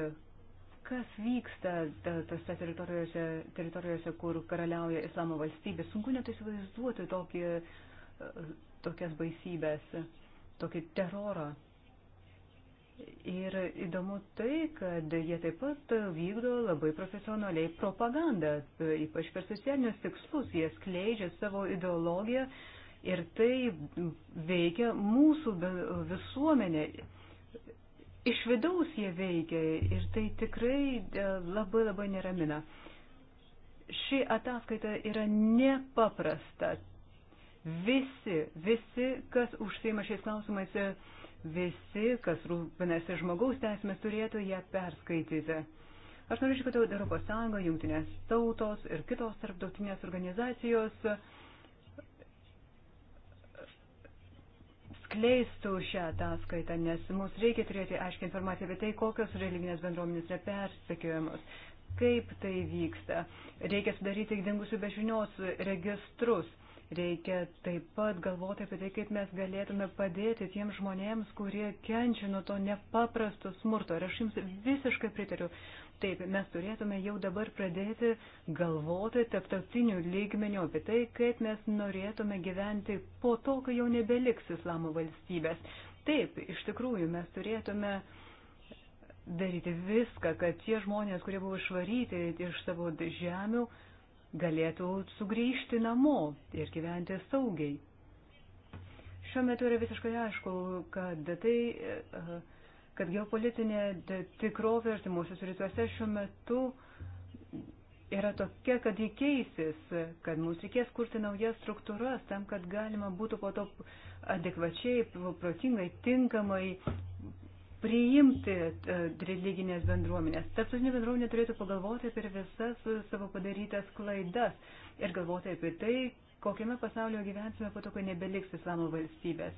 kas vyksta tose teritorijose, teritorijose, kur karaliauja islamo valstybė. Sunku net įsivaizduoti tokį, e, tokias baisybės, tokį terorą. Ir įdomu tai, kad jie taip pat vykdo labai profesionaliai propagandą, ypač per socialinius tikslus, jie skleidžia savo ideologiją ir tai veikia mūsų visuomenė. Iš vidaus jie veikia ir tai tikrai e, labai labai neramina. Ši ataskaita yra nepaprasta. Visi, visi, kas užsima šiais klausimais, e, visi, kas rūpinasi žmogaus teisėmis, turėtų ją perskaityti. Aš norėčiau, kad Europos Sąjunga, jungtinės tautos ir kitos tarptautinės organizacijos skleistų šią ataskaitą, nes mums reikia turėti aiškiai informaciją apie tai, kokios religinės bendruomenės yra persekiojamos, kaip tai vyksta. Reikia sudaryti dingusių bežinios registrus. Reikia taip pat galvoti apie tai, kaip mes galėtume padėti tiems žmonėms, kurie kenčia nuo to nepaprasto smurto. Ir aš jums visiškai pritariu. Taip, mes turėtume jau dabar pradėti galvoti taptautinių lygmenių apie tai, kaip mes norėtume gyventi po to, kai jau nebeliks islamo valstybės. Taip, iš tikrųjų, mes turėtume daryti viską, kad tie žmonės, kurie buvo išvaryti iš savo žemių, galėtų sugrįžti namo ir gyventi saugiai. Šiuo metu yra visiškai aišku, kad tai, kad geopolitinė tikrovė artimuosius rytuose šiuo metu yra tokia, kad jį keisis, kad mums reikės kurti naujas struktūras tam, kad galima būtų po to adekvačiai, protingai, tinkamai priimti e, religinės bendruomenės. Tarptautinė bendruomenė turėtų pagalvoti apie visas savo padarytas klaidas ir galvoti apie tai, kokiame pasaulio gyvensime po to, kai nebeliks islamo valstybės.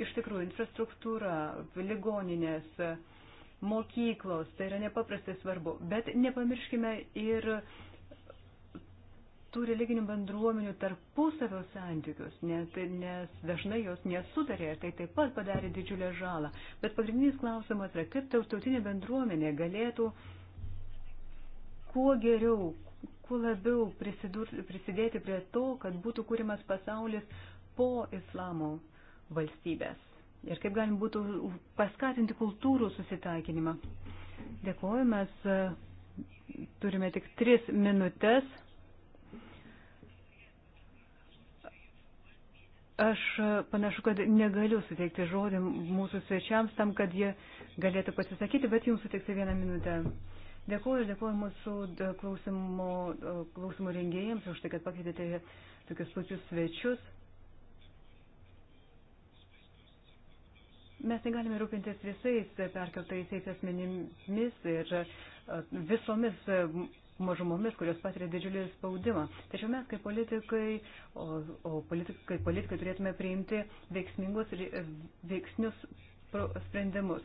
Iš tikrųjų, infrastruktūra, ligoninės, mokyklos, tai yra nepaprastai svarbu. Bet nepamirškime ir uh, tų religinių bendruomenių tarpusavio santykius, nes, nes dažnai jos nesutarė ir tai taip pat padarė didžiulę žalą. Bet pagrindinis klausimas yra, kaip tautinė bendruomenė galėtų kuo geriau, kuo labiau prisidėti prie to, kad būtų kūrimas pasaulis po islamo valstybės. Ir kaip galim būtų paskatinti kultūrų susitaikinimą. Dėkuoju, mes e, turime tik tris minutės. aš e, panašu, kad negaliu suteikti žodį mūsų svečiams tam, kad jie galėtų pasisakyti, bet jums suteiksiu vieną minutę. Dėkuoju, dėkuoju mūsų klausimų, e, klausimų rengėjams už tai, kad pakvietėte tokius puikius svečius. Mes negalime rūpintis visais perkeltaisiais asmenimis ir e, visomis mažumomis, kurios patiria didžiulį spaudimą. Tačiau mes kaip politikai, o, o politikai, kaip politikai turėtume priimti veiksmingus ir e, veiksnius sprendimus.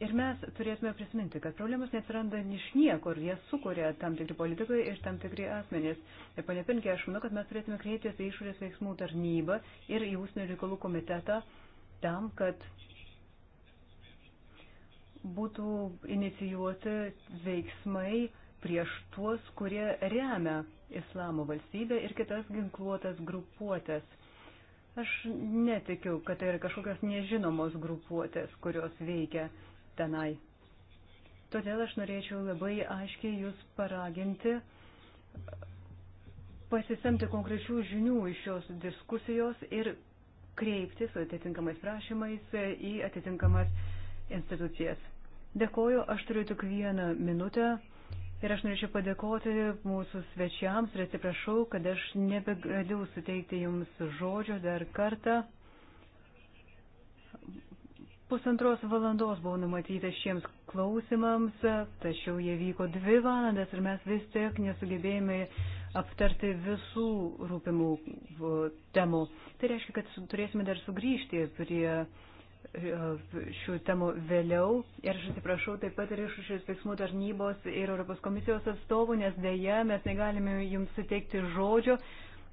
Ir mes turėtume prisiminti, kad problemas neatsiranda iš niekur, jas sukuria tam tikri politikai ir tam tikri asmenys. Ir pane Pinkė, aš manau, kad mes turėtume kreiptis į išorės veiksmų tarnybą ir į ūsinių reikalų komitetą tam, kad būtų inicijuoti veiksmai, prieš tuos, kurie remia Islamo valstybę ir kitas ginkluotas grupuotės. Aš netikiu, kad tai yra kažkokios nežinomos grupuotės, kurios veikia tenai. Todėl aš norėčiau labai aiškiai jūs paraginti pasisemti konkrečių žinių iš šios diskusijos ir kreiptis su atitinkamais prašymais į atitinkamas institucijas. Dėkoju, aš turiu tik vieną minutę Ir aš norėčiau padėkoti mūsų svečiams ir atsiprašau, kad aš nebegaliu suteikti jums žodžio dar kartą. Pusantros valandos buvo numatyta šiems klausimams, tačiau jie vyko dvi valandas ir mes vis tiek nesugebėjome aptarti visų rūpimų temų. Tai reiškia, kad turėsime dar sugrįžti prie šių temų vėliau. Ir aš atsiprašau taip pat ir iš šios veiksmų tarnybos ir Europos komisijos atstovų, nes dėja mes negalime jums suteikti žodžio.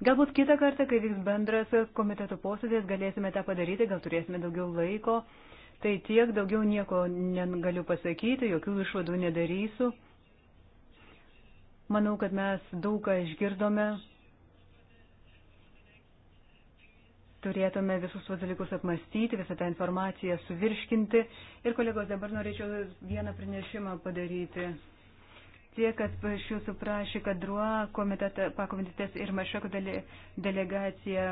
Galbūt kitą kartą, kai vyks bendras komiteto posėdės, galėsime tą padaryti, gal turėsime daugiau laiko. Tai tiek, daugiau nieko negaliu pasakyti, jokių išvadų nedarysiu. Manau, kad mes daug ką išgirdome, turėtume visus tuos dalykus apmastyti, visą tą informaciją suvirškinti. Ir kolegos, dabar norėčiau vieną pranešimą padaryti. Tie, kas iš jūsų prašė, kad DRUA pakomitės ir Mašako dele, delegacija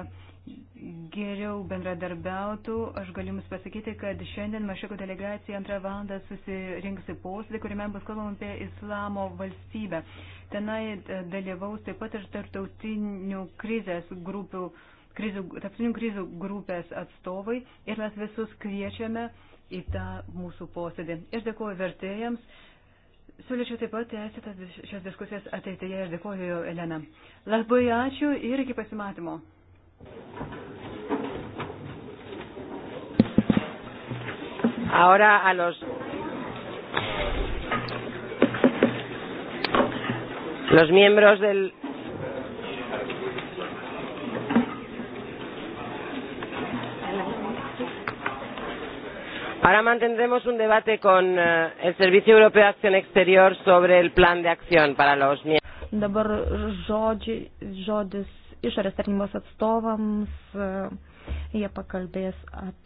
geriau bendradarbiautų, aš galiu Jums pasakyti, kad šiandien Mašako delegacija antrą valandą susirinksi posėdį, kuriame bus kalbama apie islamo valstybę. Tenai dalyvaus taip pat ir tarptautinių krizės grupių uh, krizių, tapsinių krizių grupės atstovai ir mes visus kviečiame į tą mūsų posėdį. Ir dėkuoju vertėjams. Siūlyčiau taip pat tęsti šios diskusijas ateityje ir dėkuoju Elena. Labai ačiū ir iki pasimatymo. Ahora a los los miembros del Ahora mantendremos un debate con eh, el Servicio Europeo de Acción Exterior sobre el plan de acción para los Dabar žodži, žodis išorės tarnybos atstovams, eh, jie pakalbės apie.